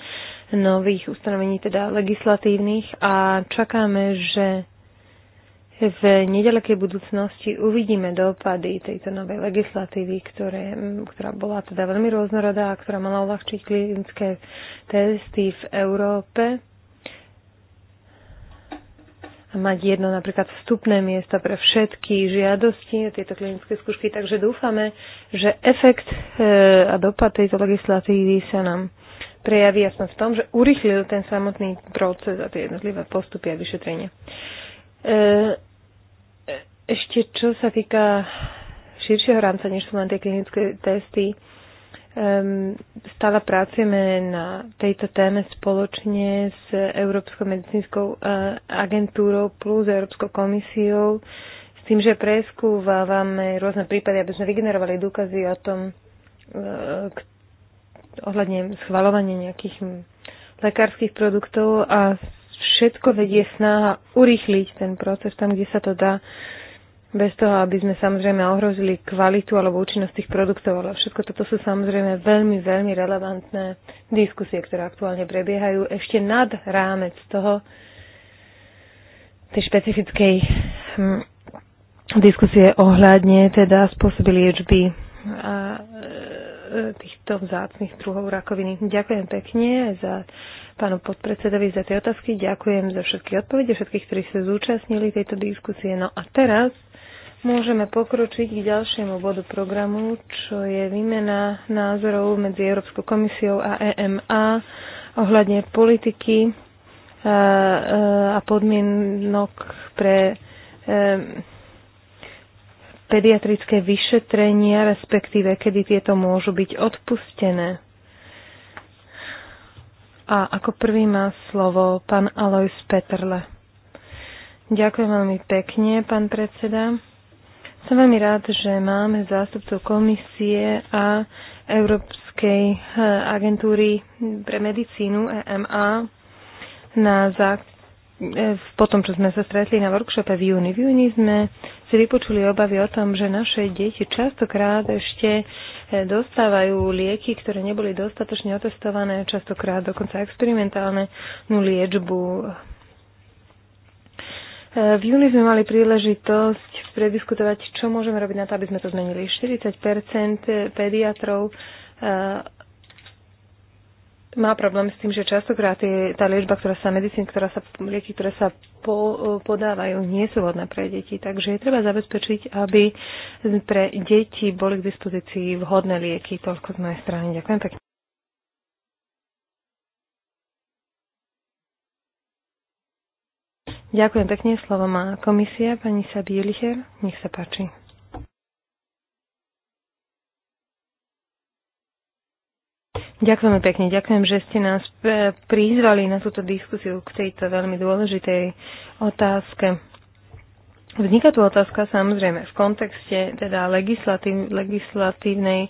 Speaker 3: nových ustanovení, teda legislatívnych a čakáme, že v nedalekej budúcnosti uvidíme dopady tejto novej legislatívy, ktoré, ktorá bola teda veľmi rôznorodá a ktorá mala uľahčiť klinické testy v Európe mať jedno napríklad vstupné miesto pre všetky žiadosti a tieto klinické skúšky. Takže dúfame, že efekt e, a dopad tejto legislatívy sa nám prejaví jasno v tom, že urychlil ten samotný proces a tie jednotlivé postupy a vyšetrenie. E, ešte čo sa týka širšieho rámca, než sú len tie klinické testy, Ehm, stále pracujeme na tejto téme spoločne s Európskou medicínskou eh, agentúrou plus Európskou komisiou s tým, že preskúvávame rôzne prípady, aby sme vygenerovali dôkazy o tom, eh, ohľadne schvalovania nejakých hm, lekárskych produktov a všetko vedie snaha urýchliť ten proces tam, kde sa to dá. Uh, bez toho, aby sme samozrejme ohrozili kvalitu alebo účinnosť tých produktov, ale všetko toto sú samozrejme veľmi, veľmi relevantné diskusie, ktoré aktuálne prebiehajú ešte nad rámec toho, tej špecifickej hm, diskusie ohľadne teda spôsobili liečby a e, týchto vzácných druhov rakoviny. Ďakujem pekne za pánu podpredsedovi za tie otázky, ďakujem za všetky odpovede, všetkých, ktorí sa zúčastnili tejto diskusie. No a teraz Môžeme pokročiť k ďalšiemu bodu programu, čo je výmena názorov medzi Európskou komisiou a EMA ohľadne politiky e, e, a podmienok pre e, pediatrické vyšetrenia, respektíve kedy tieto môžu byť odpustené. A ako prvý má slovo pán Alois Petrle. Ďakujem veľmi pekne, pán predseda. Som veľmi rád, že máme zástupcov komisie a Európskej eh, agentúry pre medicínu EMA na zák- eh, po tom, čo sme sa stretli na workshope v júni. V júni sme si vypočuli obavy o tom, že naše deti častokrát ešte eh, dostávajú lieky, ktoré neboli dostatočne otestované, častokrát dokonca experimentálne liečbu v júni sme mali príležitosť prediskutovať, čo môžeme robiť na to, aby sme to zmenili. 40 pediatrov eh, má problém s tým, že častokrát je tá liečba, ktorá sa medicín, ktorá sa, lieky, ktoré sa po, podávajú, nie sú vhodné pre deti. Takže je treba zabezpečiť, aby pre deti boli k dispozícii vhodné lieky. Toľko z mojej strany. Ďakujem pekne. Ďakujem pekne. Slovo má komisia. Pani Sabi Julicher, nech sa páči. Ďakujeme pekne. Ďakujem, že ste nás e, prizvali na túto diskusiu k tejto veľmi dôležitej otázke. Vzniká tu otázka samozrejme v kontexte teda legislatív, legislatívnej e,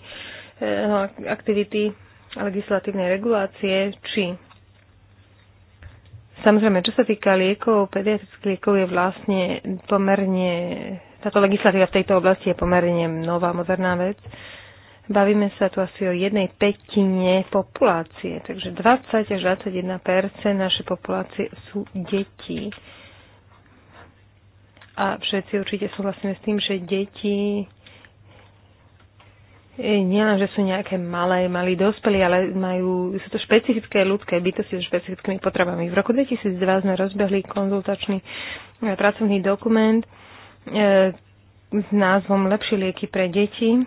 Speaker 3: aktivity legislatívnej regulácie, či Samozrejme, čo sa týka liekov, pediatrických liekov je vlastne pomerne, táto legislatíva v tejto oblasti je pomerne nová, moderná vec. Bavíme sa tu asi o jednej petine populácie, takže 20 až 21 našej populácie sú deti. A všetci určite súhlasíme s tým, že deti E, nielen, že sú nejaké malé, malí dospelí, ale majú, sú to špecifické ľudské bytosti so špecifickými potrebami. V roku 2002 sme rozbehli konzultačný e, pracovný dokument e, s názvom Lepšie lieky pre deti,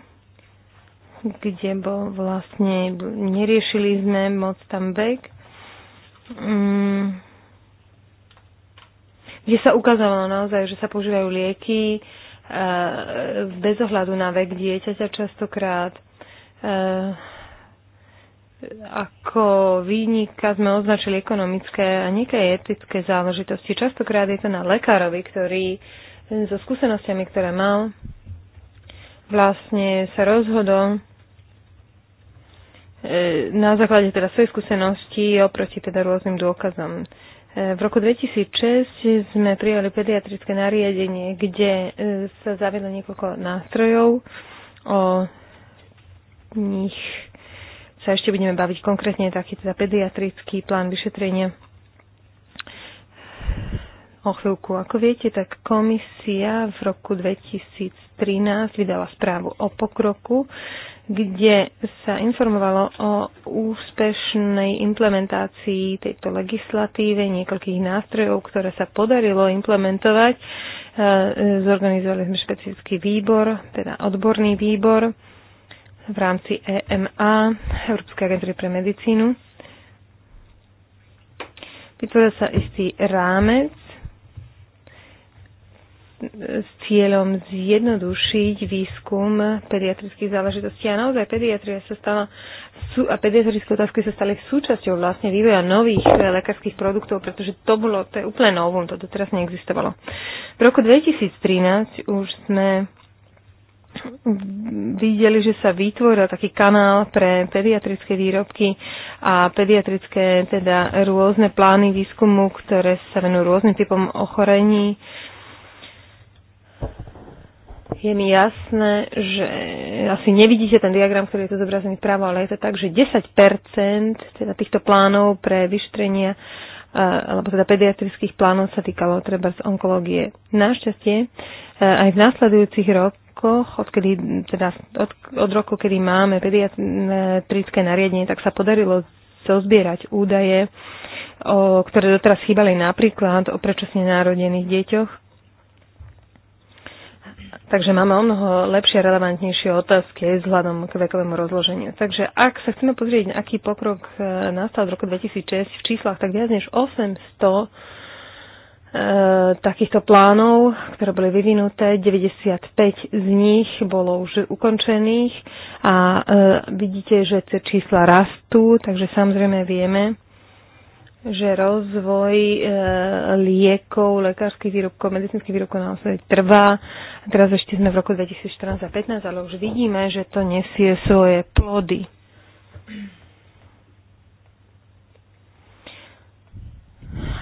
Speaker 3: kde bol vlastne, neriešili sme moc tam vek, mm, kde sa ukázalo naozaj, že sa používajú lieky, E, bez ohľadu na vek dieťaťa častokrát. E, ako výnika sme označili ekonomické a nejaké etické záležitosti. Častokrát je to na lekárovi, ktorý so skúsenostiami, ktoré mal, vlastne sa rozhodol e, na základe teda svojej skúsenosti oproti teda rôznym dôkazom. V roku 2006 sme prijali pediatrické nariadenie, kde e, sa zavedlo niekoľko nástrojov. O nich sa ešte budeme baviť konkrétne taký teda pediatrický plán vyšetrenia. O chvíľku, ako viete, tak komisia v roku 2013 vydala správu o pokroku kde sa informovalo o úspešnej implementácii tejto legislatíve, niekoľkých nástrojov, ktoré sa podarilo implementovať. E, e, zorganizovali sme špecifický výbor, teda odborný výbor v rámci EMA, Európskej agentúry pre medicínu. Vytvoril sa istý rámec s cieľom zjednodušiť výskum pediatrických záležitostí. A naozaj pediatria sa stala, a pediatrické otázky sa stali súčasťou vlastne vývoja nových lekárskych produktov, pretože to bolo, to je úplne novom, to doteraz neexistovalo. V roku 2013 už sme videli, že sa vytvoril taký kanál pre pediatrické výrobky a pediatrické teda rôzne plány výskumu, ktoré sa venujú rôznym typom ochorení je mi jasné, že asi nevidíte ten diagram, ktorý je tu zobrazený vpravo, ale je to tak, že 10% teda týchto plánov pre vyšetrenia eh, alebo teda pediatrických plánov sa týkalo treba z onkológie. Našťastie eh, aj v následujúcich rokoch, odkedy, teda od, od roku, kedy máme pediatrické nariadenie, tak sa podarilo zozbierať údaje, o, ktoré doteraz chýbali napríklad o prečasne narodených deťoch, Takže máme o mnoho lepšie, a relevantnejšie otázky aj vzhľadom k vekovému rozloženiu. Takže ak sa chceme pozrieť, aký pokrok e, nastal v roku 2006 v číslach, tak viac než 800 e, takýchto plánov, ktoré boli vyvinuté, 95 z nich bolo už ukončených a e, vidíte, že tie čísla rastú, takže samozrejme vieme, že rozvoj e, liekov, lekárskych výrobkov, medicínskych výrobkov naozaj trvá. Teraz ešte sme v roku 2014 a 2015, ale už vidíme, že to nesie svoje plody.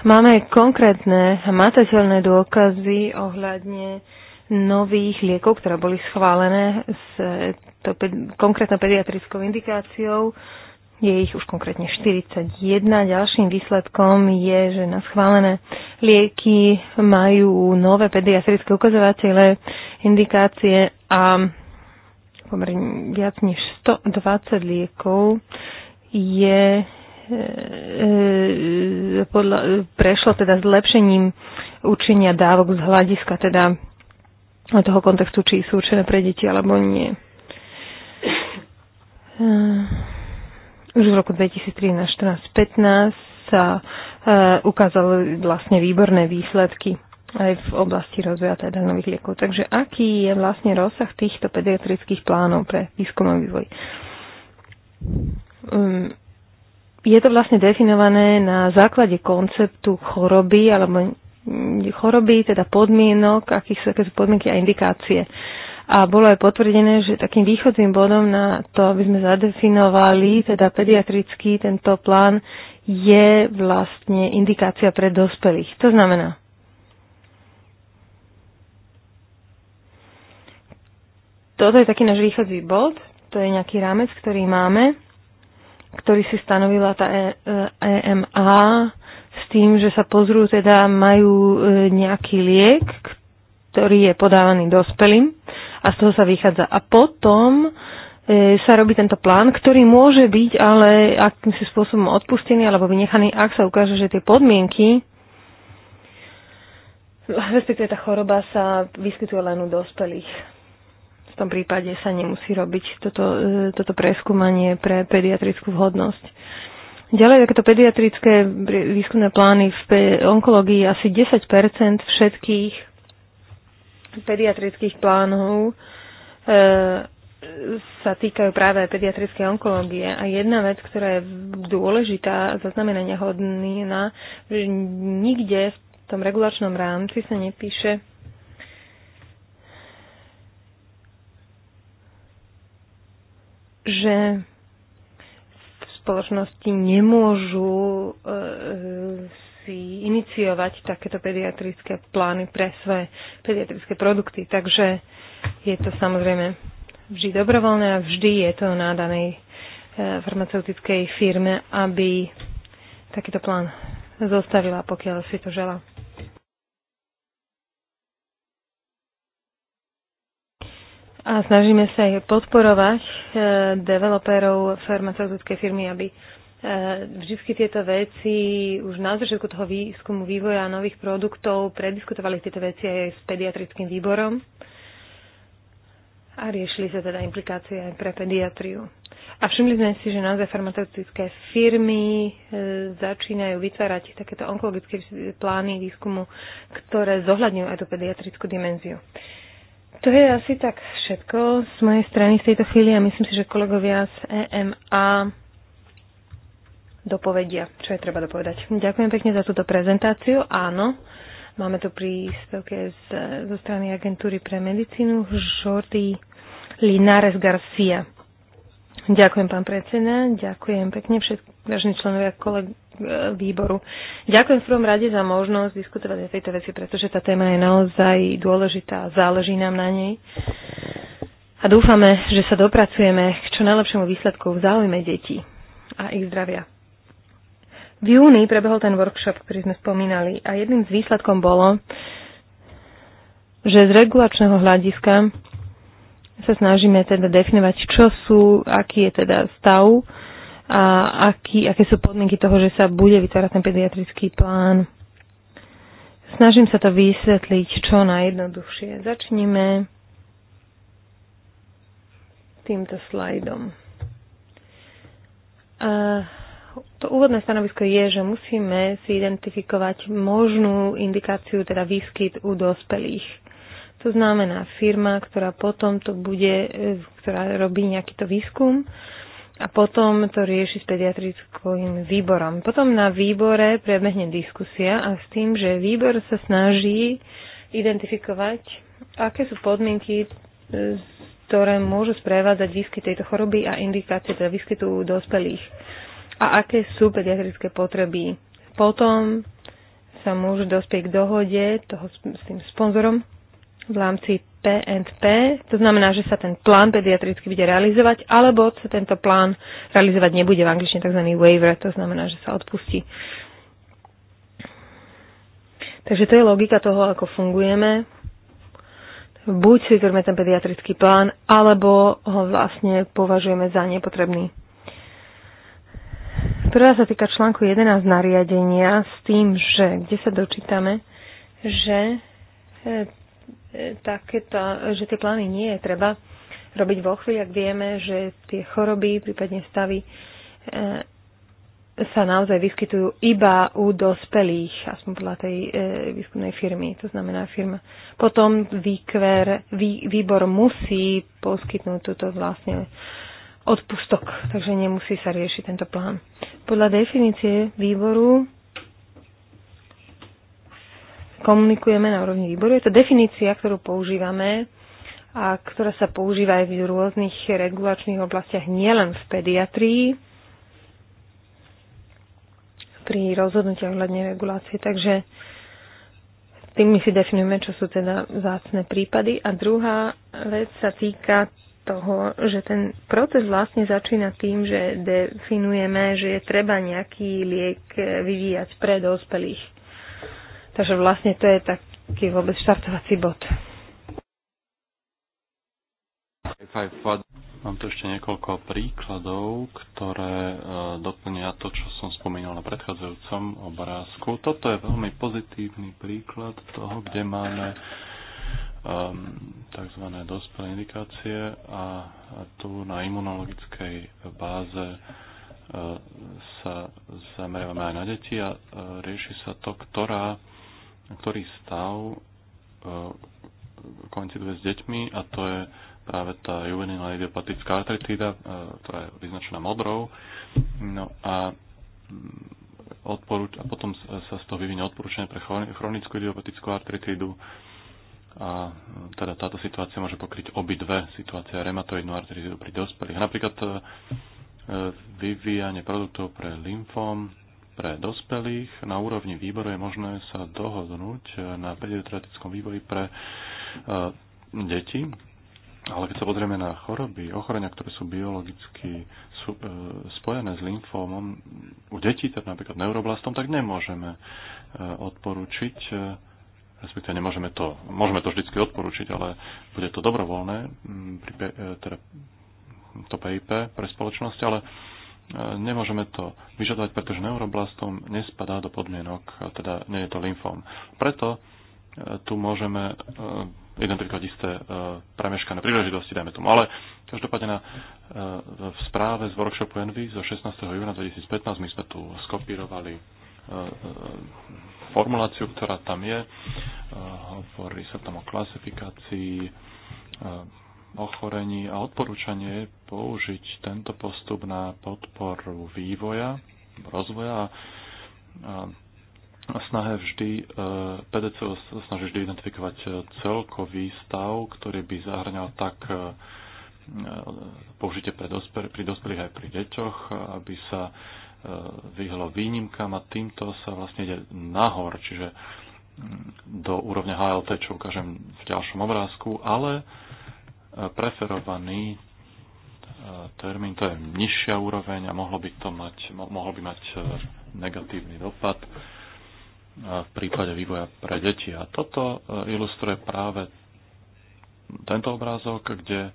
Speaker 3: Máme konkrétne matateľné dôkazy ohľadne nových liekov, ktoré boli schválené s e, to, konkrétnou pediatrickou indikáciou. E, je ich už konkrétne 41. Ďalším výsledkom je, že na schválené lieky majú nové pediatrické ukazovatele, indikácie a pomerne viac než 120 liekov je e, e, podľa, prešlo teda zlepšením učenia dávok z hľadiska teda toho kontextu, či sú určené pre deti alebo nie. E, už v roku 2013, 2014 2015 sa e, ukázali vlastne výborné výsledky aj v oblasti rozvoja teda nových liekov. Takže aký je vlastne rozsah týchto pediatrických plánov pre výskum a vývoj? Um, je to vlastne definované na základe konceptu choroby alebo choroby, teda podmienok, akých sú, aké sú podmienky a indikácie. Uh, a bolo aj potvrdené, že takým východným bodom na to, aby sme zadefinovali teda pediatrický tento plán, je vlastne indikácia pre dospelých. To znamená, toto je taký náš východný bod, to je nejaký rámec, ktorý máme, ktorý si stanovila tá EMA e, e s tým, že sa pozrú, teda majú e, nejaký liek, ktorý je podávaný dospelým a z toho sa vychádza. A potom e, sa robí tento plán, ktorý môže byť ale akýmsi spôsobom odpustený alebo vynechaný, ak sa ukáže, že tie podmienky, respektíve tá choroba sa vyskytuje len u dospelých. V tom prípade sa nemusí robiť toto, e, toto preskúmanie pre pediatrickú vhodnosť. Ďalej, takéto pediatrické výskumné plány v onkológii asi 10 všetkých pediatrických plánov e, sa týkajú práve pediatrickej onkológie. A jedna vec, ktorá je dôležitá a zaznamenania hodná, že nikde v tom regulačnom rámci sa nepíše že spoločnosti nemôžu e, si iniciovať takéto pediatrické plány pre svoje pediatrické produkty. Takže je to samozrejme vždy dobrovoľné a vždy je to na danej e, farmaceutickej firme, aby takýto plán zostavila, pokiaľ si to žela. A snažíme sa aj podporovať e, developerov farmaceutickej firmy, aby E, vždy tieto veci už na začiatku toho výskumu vývoja nových produktov prediskutovali tieto veci aj s pediatrickým výborom a riešili sa teda implikácie aj pre pediatriu. A všimli sme si, že naozaj farmaceutické firmy e, začínajú vytvárať takéto onkologické plány výskumu, ktoré zohľadňujú aj tú pediatrickú dimenziu. To je asi tak všetko z mojej strany z tejto chvíli a myslím si, že kolegovia z EMA dopovedia, čo je treba dopovedať. Ďakujem pekne za túto prezentáciu. Áno, máme tu príspevke zo strany agentúry pre medicínu Jordi Linares Garcia. Ďakujem, pán predseda. Ďakujem pekne všetkým vážení členovia koleg- e, výboru. Ďakujem v prvom rade za možnosť diskutovať o tejto veci, pretože tá téma je naozaj dôležitá a záleží nám na nej. A dúfame, že sa dopracujeme k čo najlepšiemu výsledku v záujme detí a ich zdravia. V júni prebehol ten workshop, ktorý sme spomínali a jedným z výsledkom bolo, že z regulačného hľadiska sa snažíme teda definovať, čo sú, aký je teda stav a aký, aké sú podmienky toho, že sa bude vytvárať ten pediatrický plán. Snažím sa to vysvetliť čo najjednoduchšie. Začnime týmto slajdom. Uh, to úvodné stanovisko je, že musíme si identifikovať možnú indikáciu, teda výskyt u dospelých. To znamená firma, ktorá potom to bude, ktorá robí nejakýto výskum a potom to rieši s pediatrickým výborom. Potom na výbore prebehne diskusia a s tým, že výbor sa snaží identifikovať, aké sú podmienky, e, ktoré môžu sprevádzať výskyt tejto choroby a indikácie teda výskytu dospelých a aké sú pediatrické potreby. Potom sa môže dospieť k dohode toho, s tým sponzorom v rámci PNP, to znamená, že sa ten plán pediatricky bude realizovať, alebo sa tento plán realizovať nebude v angličtine tzv. waiver, to znamená, že sa odpustí. Takže to je logika toho, ako fungujeme. Buď si vytvoríme ten pediatrický plán, alebo ho vlastne považujeme za nepotrebný. Prvá sa týka článku 11 nariadenia s tým, že kde sa dočítame, že, e, e, to, že tie plány nie je treba robiť vo chvíli, ak vieme, že tie choroby, prípadne stavy e, sa naozaj vyskytujú iba u dospelých, aspoň podľa tej e, výskumnej firmy, to znamená firma. Potom výkver, vý, výbor musí poskytnúť túto vlastne odpustok, takže nemusí sa riešiť tento plán. Podľa definície výboru komunikujeme na úrovni výboru. Je to definícia, ktorú používame a ktorá sa používa aj v rôznych regulačných oblastiach, nielen v pediatrii, pri rozhodnutiach hľadne regulácie. Takže tým my si definujeme, čo sú teda zácne prípady. A druhá vec sa týka toho, že ten proces vlastne začína tým, že definujeme, že je treba nejaký liek vyvíjať pre dospelých. Takže vlastne to je taký vôbec štartovací bod.
Speaker 2: Mám tu ešte niekoľko príkladov, ktoré e, doplnia to, čo som spomínal na predchádzajúcom obrázku. Toto je veľmi pozitívny príklad toho, kde máme Ehm, tzv. dospelé indikácie a tu na imunologickej báze e, sa zameriavame aj na deti a e, rieši sa to, ktorá, ktorý stav e, koinciduje s deťmi a to je práve tá juvenilná idiopatická artritída, ktorá je vyznačená modrou. No a mm, a potom sa z toho vyvinie odporúčanie pre chronickú idiopatickú artritídu a e, teda táto situácia môže pokryť obidve situácie reumatoidnú artritídu pri dospelých. Napríklad e, e, vyvíjanie produktov pre lymfóm pre dospelých. Na úrovni výboru je možné sa dohodnúť na pediatratickom vývoji pre deti, ale keď sa pozrieme na choroby, ochorenia, ktoré sú biologicky sú, e, spojené s lymfómom, u detí, teda napríklad neuroblastom, tak nemôžeme e, odporučiť e, respektíve nemôžeme to, môžeme to vždy odporučiť, ale bude to dobrovoľné, mm, pri, e, teda to PIP pre spoločnosť, ale e, nemôžeme to vyžadovať, pretože neuroblastom nespadá do podmienok, teda nie je to lymfom. Preto e, tu môžeme identifikovať isté premeškané príležitosti, dajme tomu. Ale každopádne na, v správe z workshopu Envy zo 16. júna 2015 my sme tu skopírovali Eh, formuláciu, ktorá tam je. Eh, hovorí sa tam o klasifikácii eh, ochorení a odporúčanie je použiť tento postup na podporu vývoja, rozvoja a snahe vždy, PDC snaží vždy identifikovať celkový stav, ktorý by zahrňal tak použitie pre pri dospelých aj pri deťoch, aby sa vyhlo výnimkám a týmto sa vlastne ide nahor, čiže mm, do úrovne HLT, čo ukážem v ďalšom obrázku, ale e, preferovaný e, termín, to je nižšia úroveň a mohlo by to mať, mohlo by mať e, negatívny dopad v prípade vývoja pre deti. A toto ilustruje práve tento obrázok, kde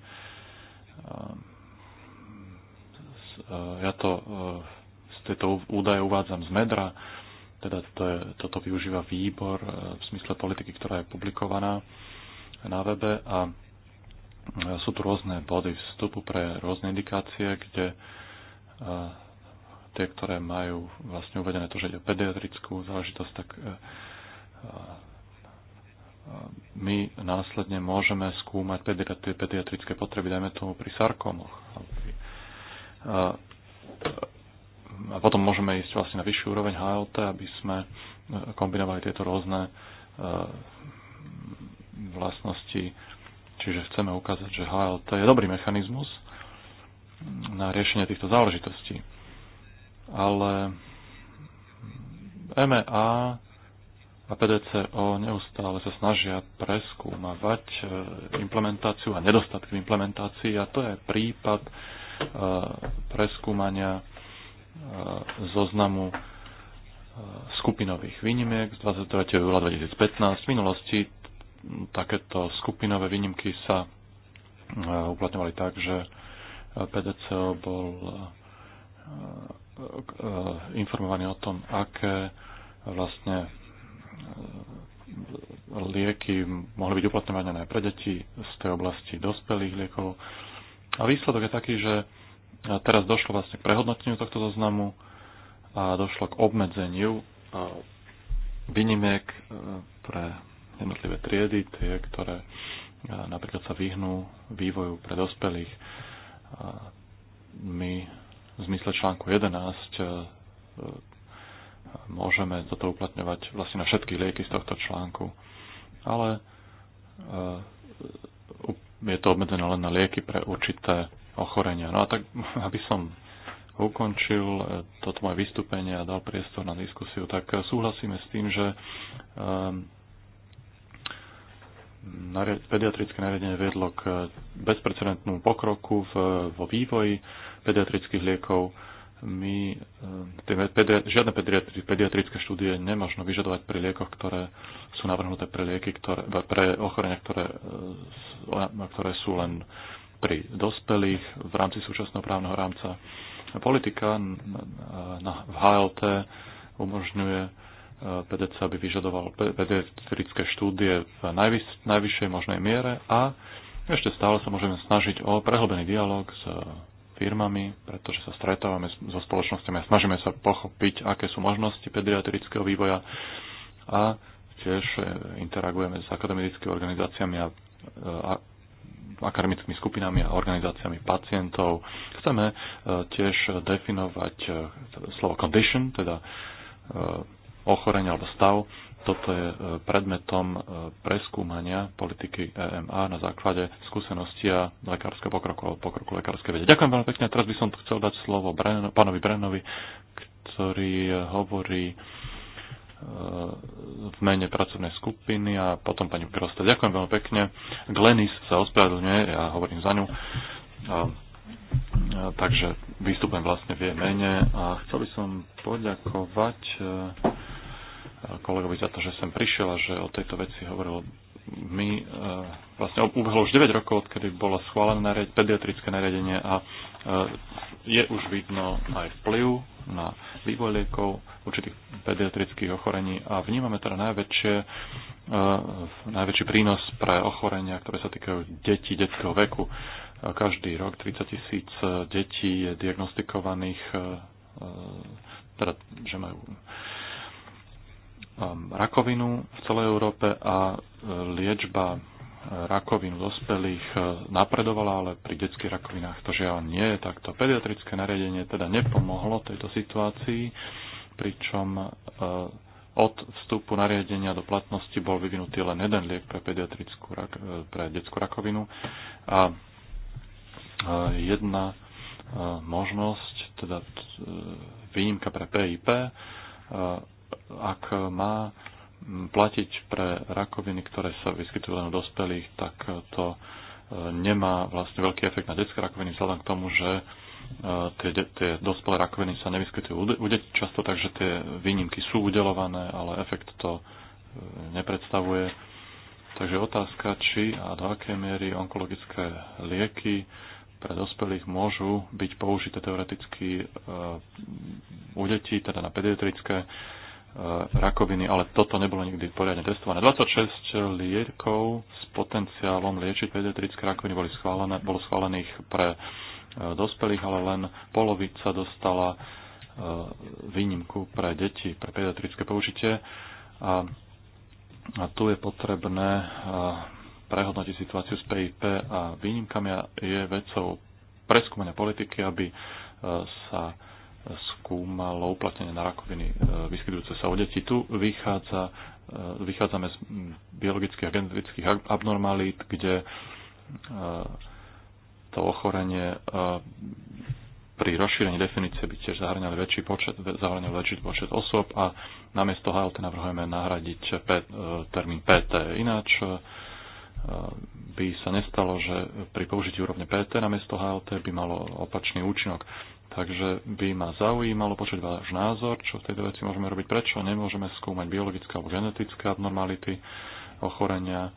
Speaker 2: ja to tieto údaje uvádzam z Medra, teda to je, toto využíva výbor e, v smysle politiky, ktorá je publikovaná na webe a e, sú tu rôzne body vstupu pre rôzne indikácie, kde e, tie, ktoré majú vlastne uvedené to, že ide o pediatrickú záležitosť, tak my následne môžeme skúmať pediatrické potreby, dajme tomu pri sarkomoch a potom môžeme ísť vlastne na vyššiu úroveň HLT, aby sme e, kombinovali tieto rôzne e, vlastnosti. Čiže chceme ukázať, že HLT je dobrý mechanizmus na riešenie týchto záležitostí. Ale MEA a PDCO neustále sa snažia preskúmavať e, implementáciu a nedostatky v implementácii a to je prípad preskúmania E, zoznamu e, skupinových výnimiek z 23. júla 2015. V minulosti takéto skupinové výnimky sa e, uplatňovali tak, že PDCO bol informovaný o tom, aké vlastne lieky mohli byť uplatňované pre deti z tej oblasti dospelých liekov. A výsledok je taký, že a teraz došlo vlastne k prehodnoteniu tohto zoznamu a došlo k obmedzeniu výnimiek e, pre jednotlivé triedy, tie, ktoré e, napríklad sa vyhnú vývoju pre dospelých. My v zmysle článku 11 e, môžeme toto uplatňovať vlastne na všetky lieky z tohto článku, ale je to obmedzené len na lieky pre určité ochorenia. No a tak, aby som ukončil e, toto moje vystúpenie a dal priestor na diskusiu, tak e, súhlasíme s tým, že ehm, pediatrické nariadenie viedlo k e, bezprecedentnému pokroku vo vývoji pediatrických liekov. My, tým, pedi- žiadne pediatri- pediatrické štúdie nemôžno vyžadovať pri liekoch, ktoré sú navrhnuté pre lieky, ktoré, pre ochorenia, ktoré, ktoré sú len pri dospelých v rámci súčasného právneho rámca. Politika na, v HLT umožňuje e, PDC, aby vyžadoval pediatrické štúdie v najvyš, najvyššej možnej miere a ešte stále sa môžeme snažiť o prehlbený dialog s firmami, pretože sa stretávame so spoločnosťami a snažíme sa pochopiť, aké sú možnosti pediatrického vývoja a tiež e, interagujeme s akademickými organizáciami a, e, a akademickými skupinami a organizáciami pacientov. Chceme e, tiež definovať e, slovo condition, teda e, ochorenie alebo stav. Toto je predmetom preskúmania politiky EMA na základe skúsenosti a lekárskeho pokroku, pokroku lekárskej vede. Ďakujem veľmi pekne. Teraz by som chcel dať slovo Brenno, pánovi Brenovi, ktorý hovorí v mene pracovnej skupiny a potom pani Krosta. Ďakujem veľmi pekne. Glenis sa ospravedlňuje, ja hovorím za ňu. A, a, takže vystupujem vlastne v jej mene a chcel by som poďakovať e, kolegovi za to, že som prišiel a že o tejto veci hovoril my e, vlastne ubehlo už 9 rokov, odkedy bolo schválené nariad, pediatrické nariadenie a e, je už vidno aj vplyv na vývoj liekov, určitých pediatrických ochorení a vnímame teda najväčšie, e, najväčší prínos pre ochorenia, ktoré sa týkajú detí, detského veku. E, každý rok 30 tisíc e, detí je diagnostikovaných, teda, že majú rakovinu v celej Európe a liečba rakovinu dospelých e, napredovala, ale pri detských rakovinách to žiaľ nie je takto. Pediatrické nariadenie teda nepomohlo tejto situácii, pričom e, od vstupu nariadenia do platnosti bol vyvinutý len jeden liek pre, pediatrickú, e, pre detskú rakovinu a jedna možnosť, teda výnimka pre PIP, ak má platiť pre rakoviny, ktoré sa vyskytujú len u dospelých, tak to e, nemá vlastne veľký efekt na detské rakoviny vzhľadom k tomu, že e, tie, tie dospelé rakoviny sa nevyskytujú u detí často, takže tie výnimky sú udelované, ale efekt to e, nepredstavuje. Takže otázka, či a do akej miery onkologické lieky pre dospelých môžu byť použité teoreticky u detí, teda na pediatrické rakoviny, ale toto nebolo nikdy poriadne testované. 26 liekov s potenciálom liečiť pediatrické rakoviny boli schválené, bolo schválených pre e, dospelých, ale len polovica dostala e, výnimku pre deti, pre pediatrické použitie. A, a tu je potrebné e, prehodnotiť situáciu s PIP a výnimkami a je vecou preskúmania politiky, aby sa skúmalo uplatnenie na rakoviny e, vyskytujúce sa u detí. Tu vychádza, e, vychádzame z biologických a genetických abnormalít, kde e, to ochorenie pri rozšírení definície by tiež zahrňali väčší počet, zahrňal väčší počet osôb a namiesto HLT navrhujeme nahradiť P, termín PT. Ináč by sa nestalo, že pri použití úrovne PT namiesto HLT by malo opačný účinok. Takže by ma zaujímalo počuť váš názor, čo v tejto veci môžeme robiť, prečo nemôžeme skúmať biologické alebo genetické abnormality ochorenia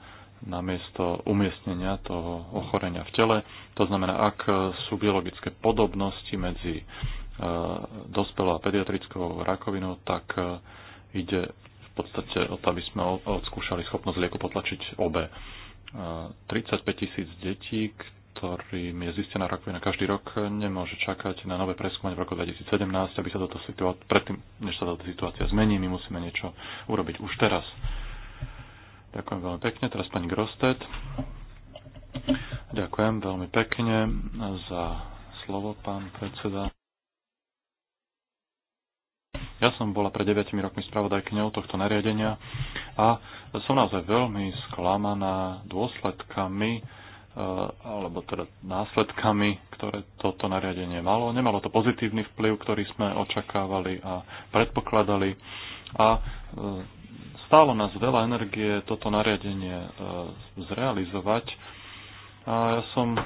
Speaker 2: namiesto umiestnenia toho ochorenia v tele. To znamená, ak sú biologické podobnosti medzi e, dospelou a pediatrickou rakovinou, tak e, ide v podstate o to, aby sme odskúšali schopnosť lieku potlačiť obe. 35 e, tisíc detí, ktorým je zistená rakovina každý rok, nemôže čakať na nové preskúmanie v roku 2017, aby sa táto situácia, predtým, než sa táto situácia zmení, my musíme niečo urobiť už teraz. Ďakujem veľmi pekne. Teraz pani Grostet. Ďakujem veľmi pekne za slovo, pán predseda. Ja som bola pred 9 rokmi spravodajkňou tohto nariadenia a som naozaj veľmi sklamaná dôsledkami alebo teda následkami, ktoré toto nariadenie malo. Nemalo to pozitívny vplyv, ktorý sme očakávali a predpokladali a e, stálo nás veľa energie toto nariadenie e, zrealizovať a ja som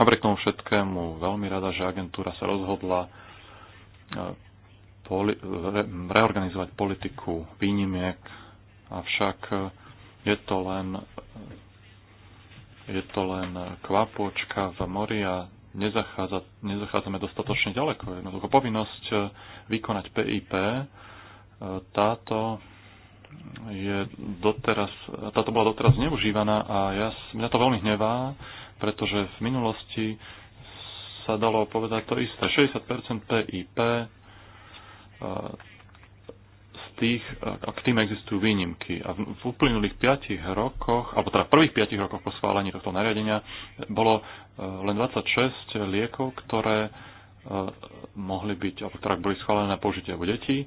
Speaker 2: napriek tomu všetkému veľmi rada, že agentúra sa rozhodla e, poli- re- reorganizovať politiku výnimiek, avšak je to len je to len kvapôčka v mori a nezachádza, nezachádzame dostatočne ďaleko. Jednoducho povinnosť eh, vykonať PIP, eh, táto, je doteraz, táto bola doteraz neužívaná a ja, mňa to veľmi hnevá, pretože v minulosti sa dalo povedať to isté. 60% PIP tých, a k tým existujú výnimky. A v uplynulých 5 rokoch, alebo teda v prvých 5 rokoch po schválení tohto nariadenia, bolo e, len 26 liekov, ktoré e, mohli byť, alebo ktoré boli schválené na použitie u detí, e,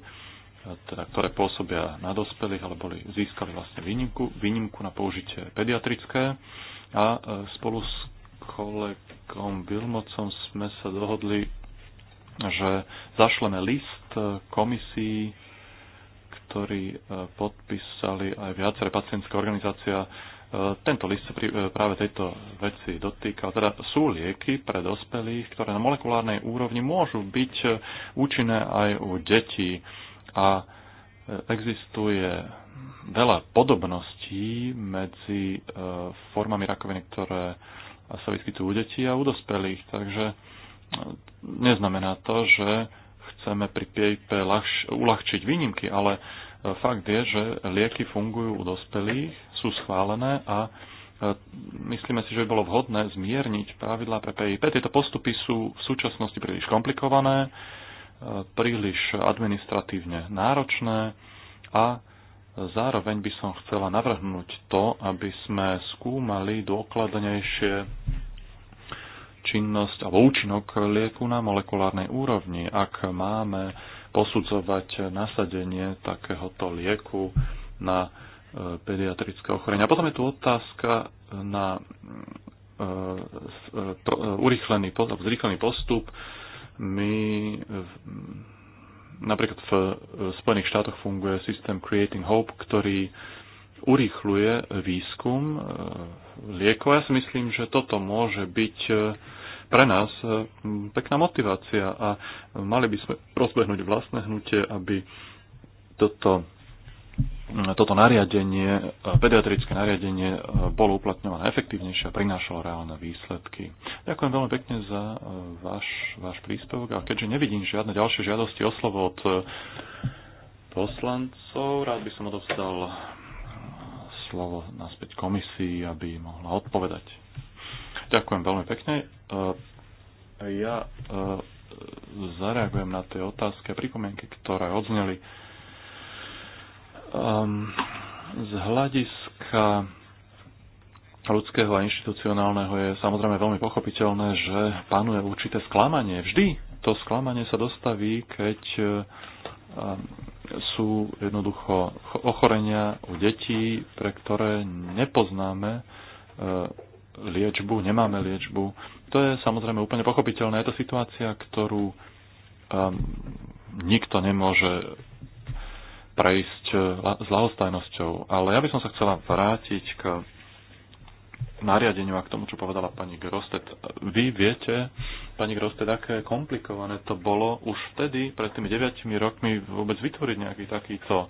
Speaker 2: teda ktoré pôsobia na dospelých, ale boli, získali vlastne výnimku, výnimku na použitie pediatrické. A spolu s kolegom Vilmocom sme sa dohodli, že zašleme list komisii ktorý e, podpísali aj viaceré pacientské organizácia. E, tento list sa e, práve tejto veci dotýkal. Teda sú lieky pre dospelých, ktoré na molekulárnej úrovni môžu byť účinné aj u detí a existuje veľa podobností medzi formami rakoviny, ktoré sa vyskytujú u detí a u dospelých. Takže neznamená to, že chceme pri PIP uľahčiť výnimky, ale e, fakt je, že lieky fungujú u dospelých, sú schválené a e, myslíme si, že by bolo vhodné zmierniť pravidlá pre PIP. Tieto postupy sú v súčasnosti príliš komplikované, e, príliš administratívne náročné a zároveň by som chcela navrhnúť to, aby sme skúmali dôkladnejšie činnosť alebo účinok lieku na molekulárnej úrovni. Ak máme posudzovať nasadenie takéhoto lieku na e, pediatrické ochorenia. Potom je tu otázka na e, e, urýchlený, zrýchlený postup. My napríklad v Spojených štátoch funguje systém Creating Hope, ktorý urýchluje výskum liekov. Ja si myslím, že toto môže byť e, pre nás e, pekná motivácia a mali by sme rozbehnúť vlastné hnutie, aby toto, toto nariadenie, e, pediatrické nariadenie bolo uplatňované efektívnejšie a prinášalo reálne výsledky. Ďakujem veľmi pekne za váš, váš príspevok a keďže nevidím žiadne ďalšie žiadosti o slovo od poslancov, rád by som odovzdal slovo naspäť komisii, aby mohla odpovedať. Ďakujem veľmi pekne. E, ja e, zareagujem na tie otázky a pripomienky, ktoré odzneli. Ehm, z hľadiska ľudského a inštitucionálneho je samozrejme veľmi pochopiteľné, že panuje určité sklamanie. Vždy to sklamanie sa dostaví, keď Ehm, sú jednoducho ochorenia u detí, pre ktoré nepoznáme ehm, liečbu, nemáme liečbu. To je samozrejme úplne pochopiteľné. Je to situácia, ktorú ehm, nikto nemôže prejsť eh, s ľahostajnosťou. Ale ja by som sa chcela vrátiť k nariadeniu a k tomu, čo povedala pani Grostet. Vy viete, pani Grostet, aké komplikované to bolo už vtedy, pred tými deviatimi rokmi, vôbec vytvoriť nejaký takýto e,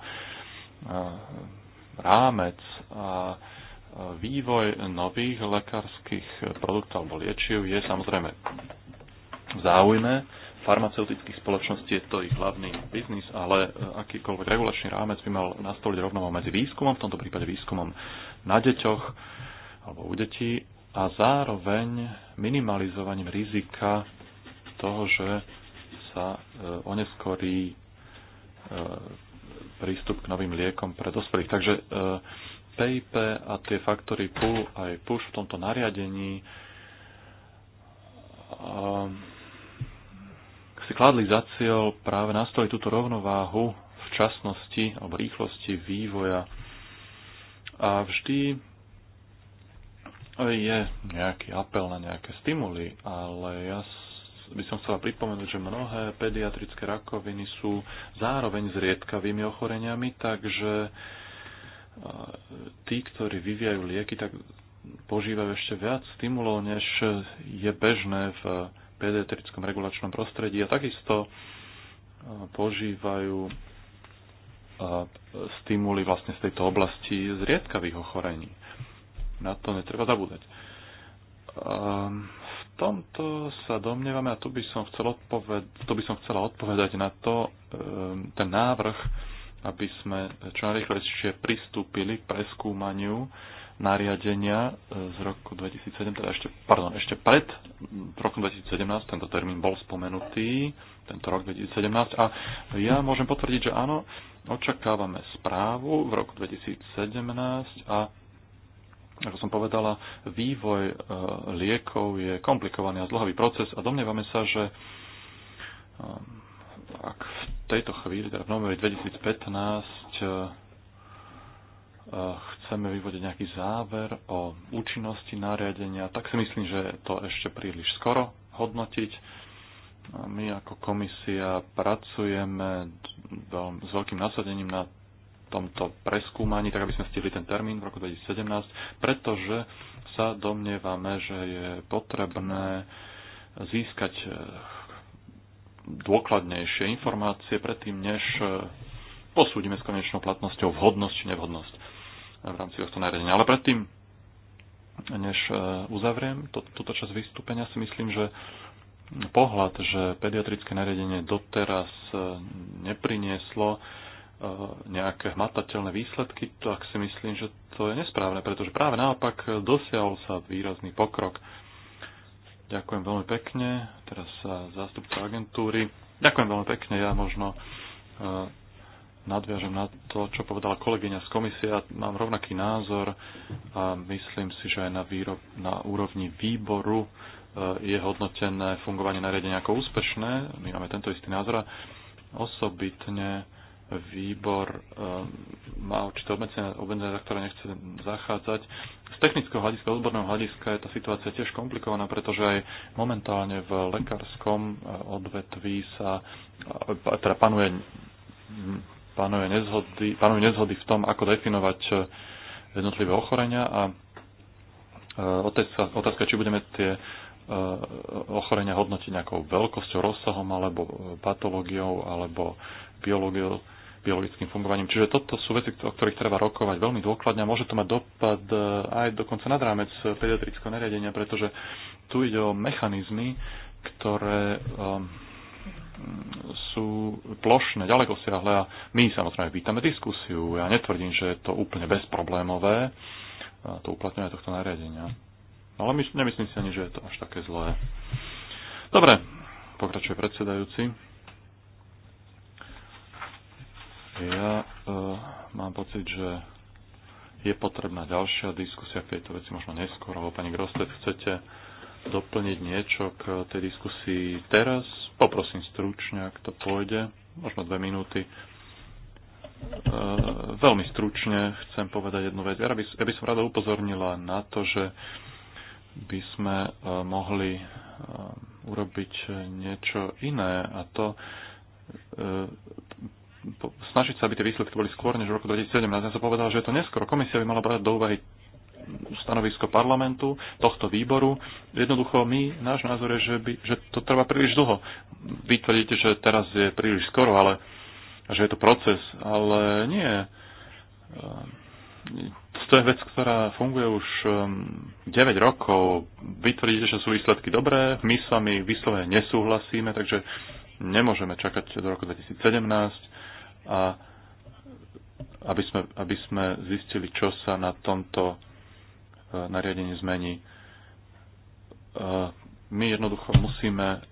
Speaker 2: rámec a e, vývoj nových lekárskych produktov alebo liečiv je samozrejme v záujme farmaceutických spoločností je to ich hlavný biznis, ale e, akýkoľvek regulačný rámec by mal nastoliť rovnovo medzi výskumom, v tomto prípade výskumom na deťoch, alebo u detí a zároveň minimalizovaním rizika toho, že sa e, oneskorí e, prístup k novým liekom pre dospelých. Takže PIP e, a tie faktory pull aj push v tomto nariadení si kladli za cieľ práve nastaviť túto rovnováhu včasnosti alebo rýchlosti vývoja a vždy je nejaký apel na nejaké stimuly, ale ja by som chcela pripomenúť, že mnohé pediatrické rakoviny sú zároveň zriedkavými ochoreniami, takže e, tí, ktorí vyvíjajú lieky, tak požívajú ešte viac stimulov, než je bežné v pediatrickom regulačnom prostredí a takisto e, požívajú e, stimuly vlastne z tejto oblasti zriedkavých ochorení. Na to netreba zabúdať. Ehm, v tomto sa domnievame, a tu by som, chcel odpoved- tu by som chcela odpovedať na to, ehm, ten návrh, aby sme čo najrychlejšie pristúpili k preskúmaniu nariadenia e, z roku 2007, teda ešte, pardon, ešte pred rokom 2017, tento termín bol spomenutý, tento rok 2017, a ja môžem potvrdiť, že áno, očakávame správu v roku 2017 a ako som povedala, vývoj e, liekov je komplikovaný a zlohavý proces a domnievame sa, že e, ak v tejto chvíli, teda v novembri 2015, e, chceme vyvodiť nejaký záver o účinnosti nariadenia, tak si myslím, že je to ešte príliš skoro hodnotiť. My ako komisia pracujeme s veľkým nasadením na tomto preskúmaní, tak aby sme stihli ten termín v roku 2017, pretože sa domnievame, že je potrebné získať eh, dôkladnejšie informácie predtým, než eh, posúdime s konečnou platnosťou vhodnosť či nevhodnosť eh, v rámci tohto nariadenia. Ale predtým, než uzavriem to, túto časť vystúpenia, si myslím, že pohľad, že pediatrické nariadenie doteraz neprinieslo Eh, nejaké hmatateľné výsledky, tak si myslím, že to je nesprávne, pretože práve naopak eh, dosiahol sa výrazný pokrok. Ďakujem veľmi pekne. Teraz eh, zástupca agentúry. Ďakujem veľmi pekne. Ja možno nadviažem na to, čo povedala kolegyňa z komisie. Ja mám rovnaký názor a myslím si, že aj na, výrob, na úrovni výboru je hodnotené fungovanie nariadenia ako úspešné. My máme tento istý názor. Osobitne výbor ehm, má určité obmedzenia, obmedzenia, za ktoré nechce zachádzať. Z technického hľadiska, odborného hľadiska je tá situácia tiež komplikovaná, pretože aj momentálne v lekárskom eh, odvetví sa eh, teda panuje, hm, panuje nezhody, panuje nezhody v tom, ako definovať eh, jednotlivé ochorenia a otázka, otázka či budeme tie ochorenia hodnotiť nejakou veľkosťou, rozsahom alebo patológiou alebo biológiou biologickým fungovaním. Čiže toto sú veci, o ktorých treba rokovať veľmi dôkladne a môže to mať dopad e, aj dokonca nad rámec e, pediatrického nariadenia, pretože tu ide o mechanizmy, ktoré um, sú plošné, ďaleko siahle a my samozrejme vítame diskusiu. Ja netvrdím, že je to úplne bezproblémové, to uplatňovanie tohto nariadenia. Ale my, nemyslím si ani, že je to až také zlé. Dobre, pokračuje predsedajúci. Ja e, mám pocit, že je potrebná ďalšia diskusia k tejto veci, možno neskôr, alebo pani Grostet, chcete doplniť niečo k tej diskusii teraz? Poprosím stručne, ak to pôjde, možno dve minúty. E, veľmi stručne chcem povedať jednu vec. Ja by, ja by som rada upozornila na to, že by sme e, mohli e, urobiť niečo iné a to e, snažiť sa, aby tie výsledky boli skôr než v roku 2017. Ja som povedal, že je to neskoro. Komisia by mala brať do úvahy stanovisko parlamentu, tohto výboru. Jednoducho my, náš názor je, že, by, že to trvá príliš dlho. Vy tvrdíte, že teraz je príliš skoro, ale že je to proces, ale nie. Ehm, to je vec, ktorá funguje už 9 ehm, rokov. Vy tvrdíte, že sú výsledky dobré, my s vami vyslovene nesúhlasíme, takže nemôžeme čakať do roku 2017 a aby sme, aby sme zistili, čo sa na tomto e, nariadení zmení. E, my jednoducho musíme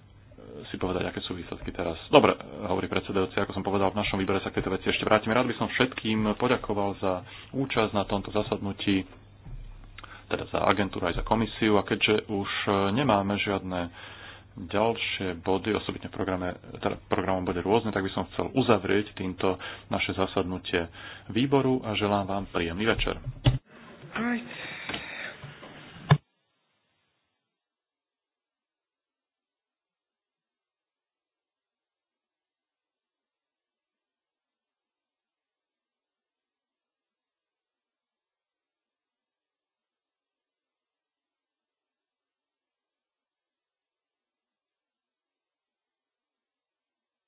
Speaker 2: si povedať, aké sú výsledky teraz. Dobre, hovorí predsedajúci, ako som povedal, v našom výbere sa k tejto veci ešte vrátime. Rád by som všetkým poďakoval za účasť na tomto zasadnutí, teda za agentúru aj za komisiu. A keďže už e, nemáme žiadne ďalšie body, osobitne programe, teda programom bude rôzne, tak by som chcel uzavrieť týmto naše zasadnutie výboru a želám vám príjemný večer.
Speaker 1: Right.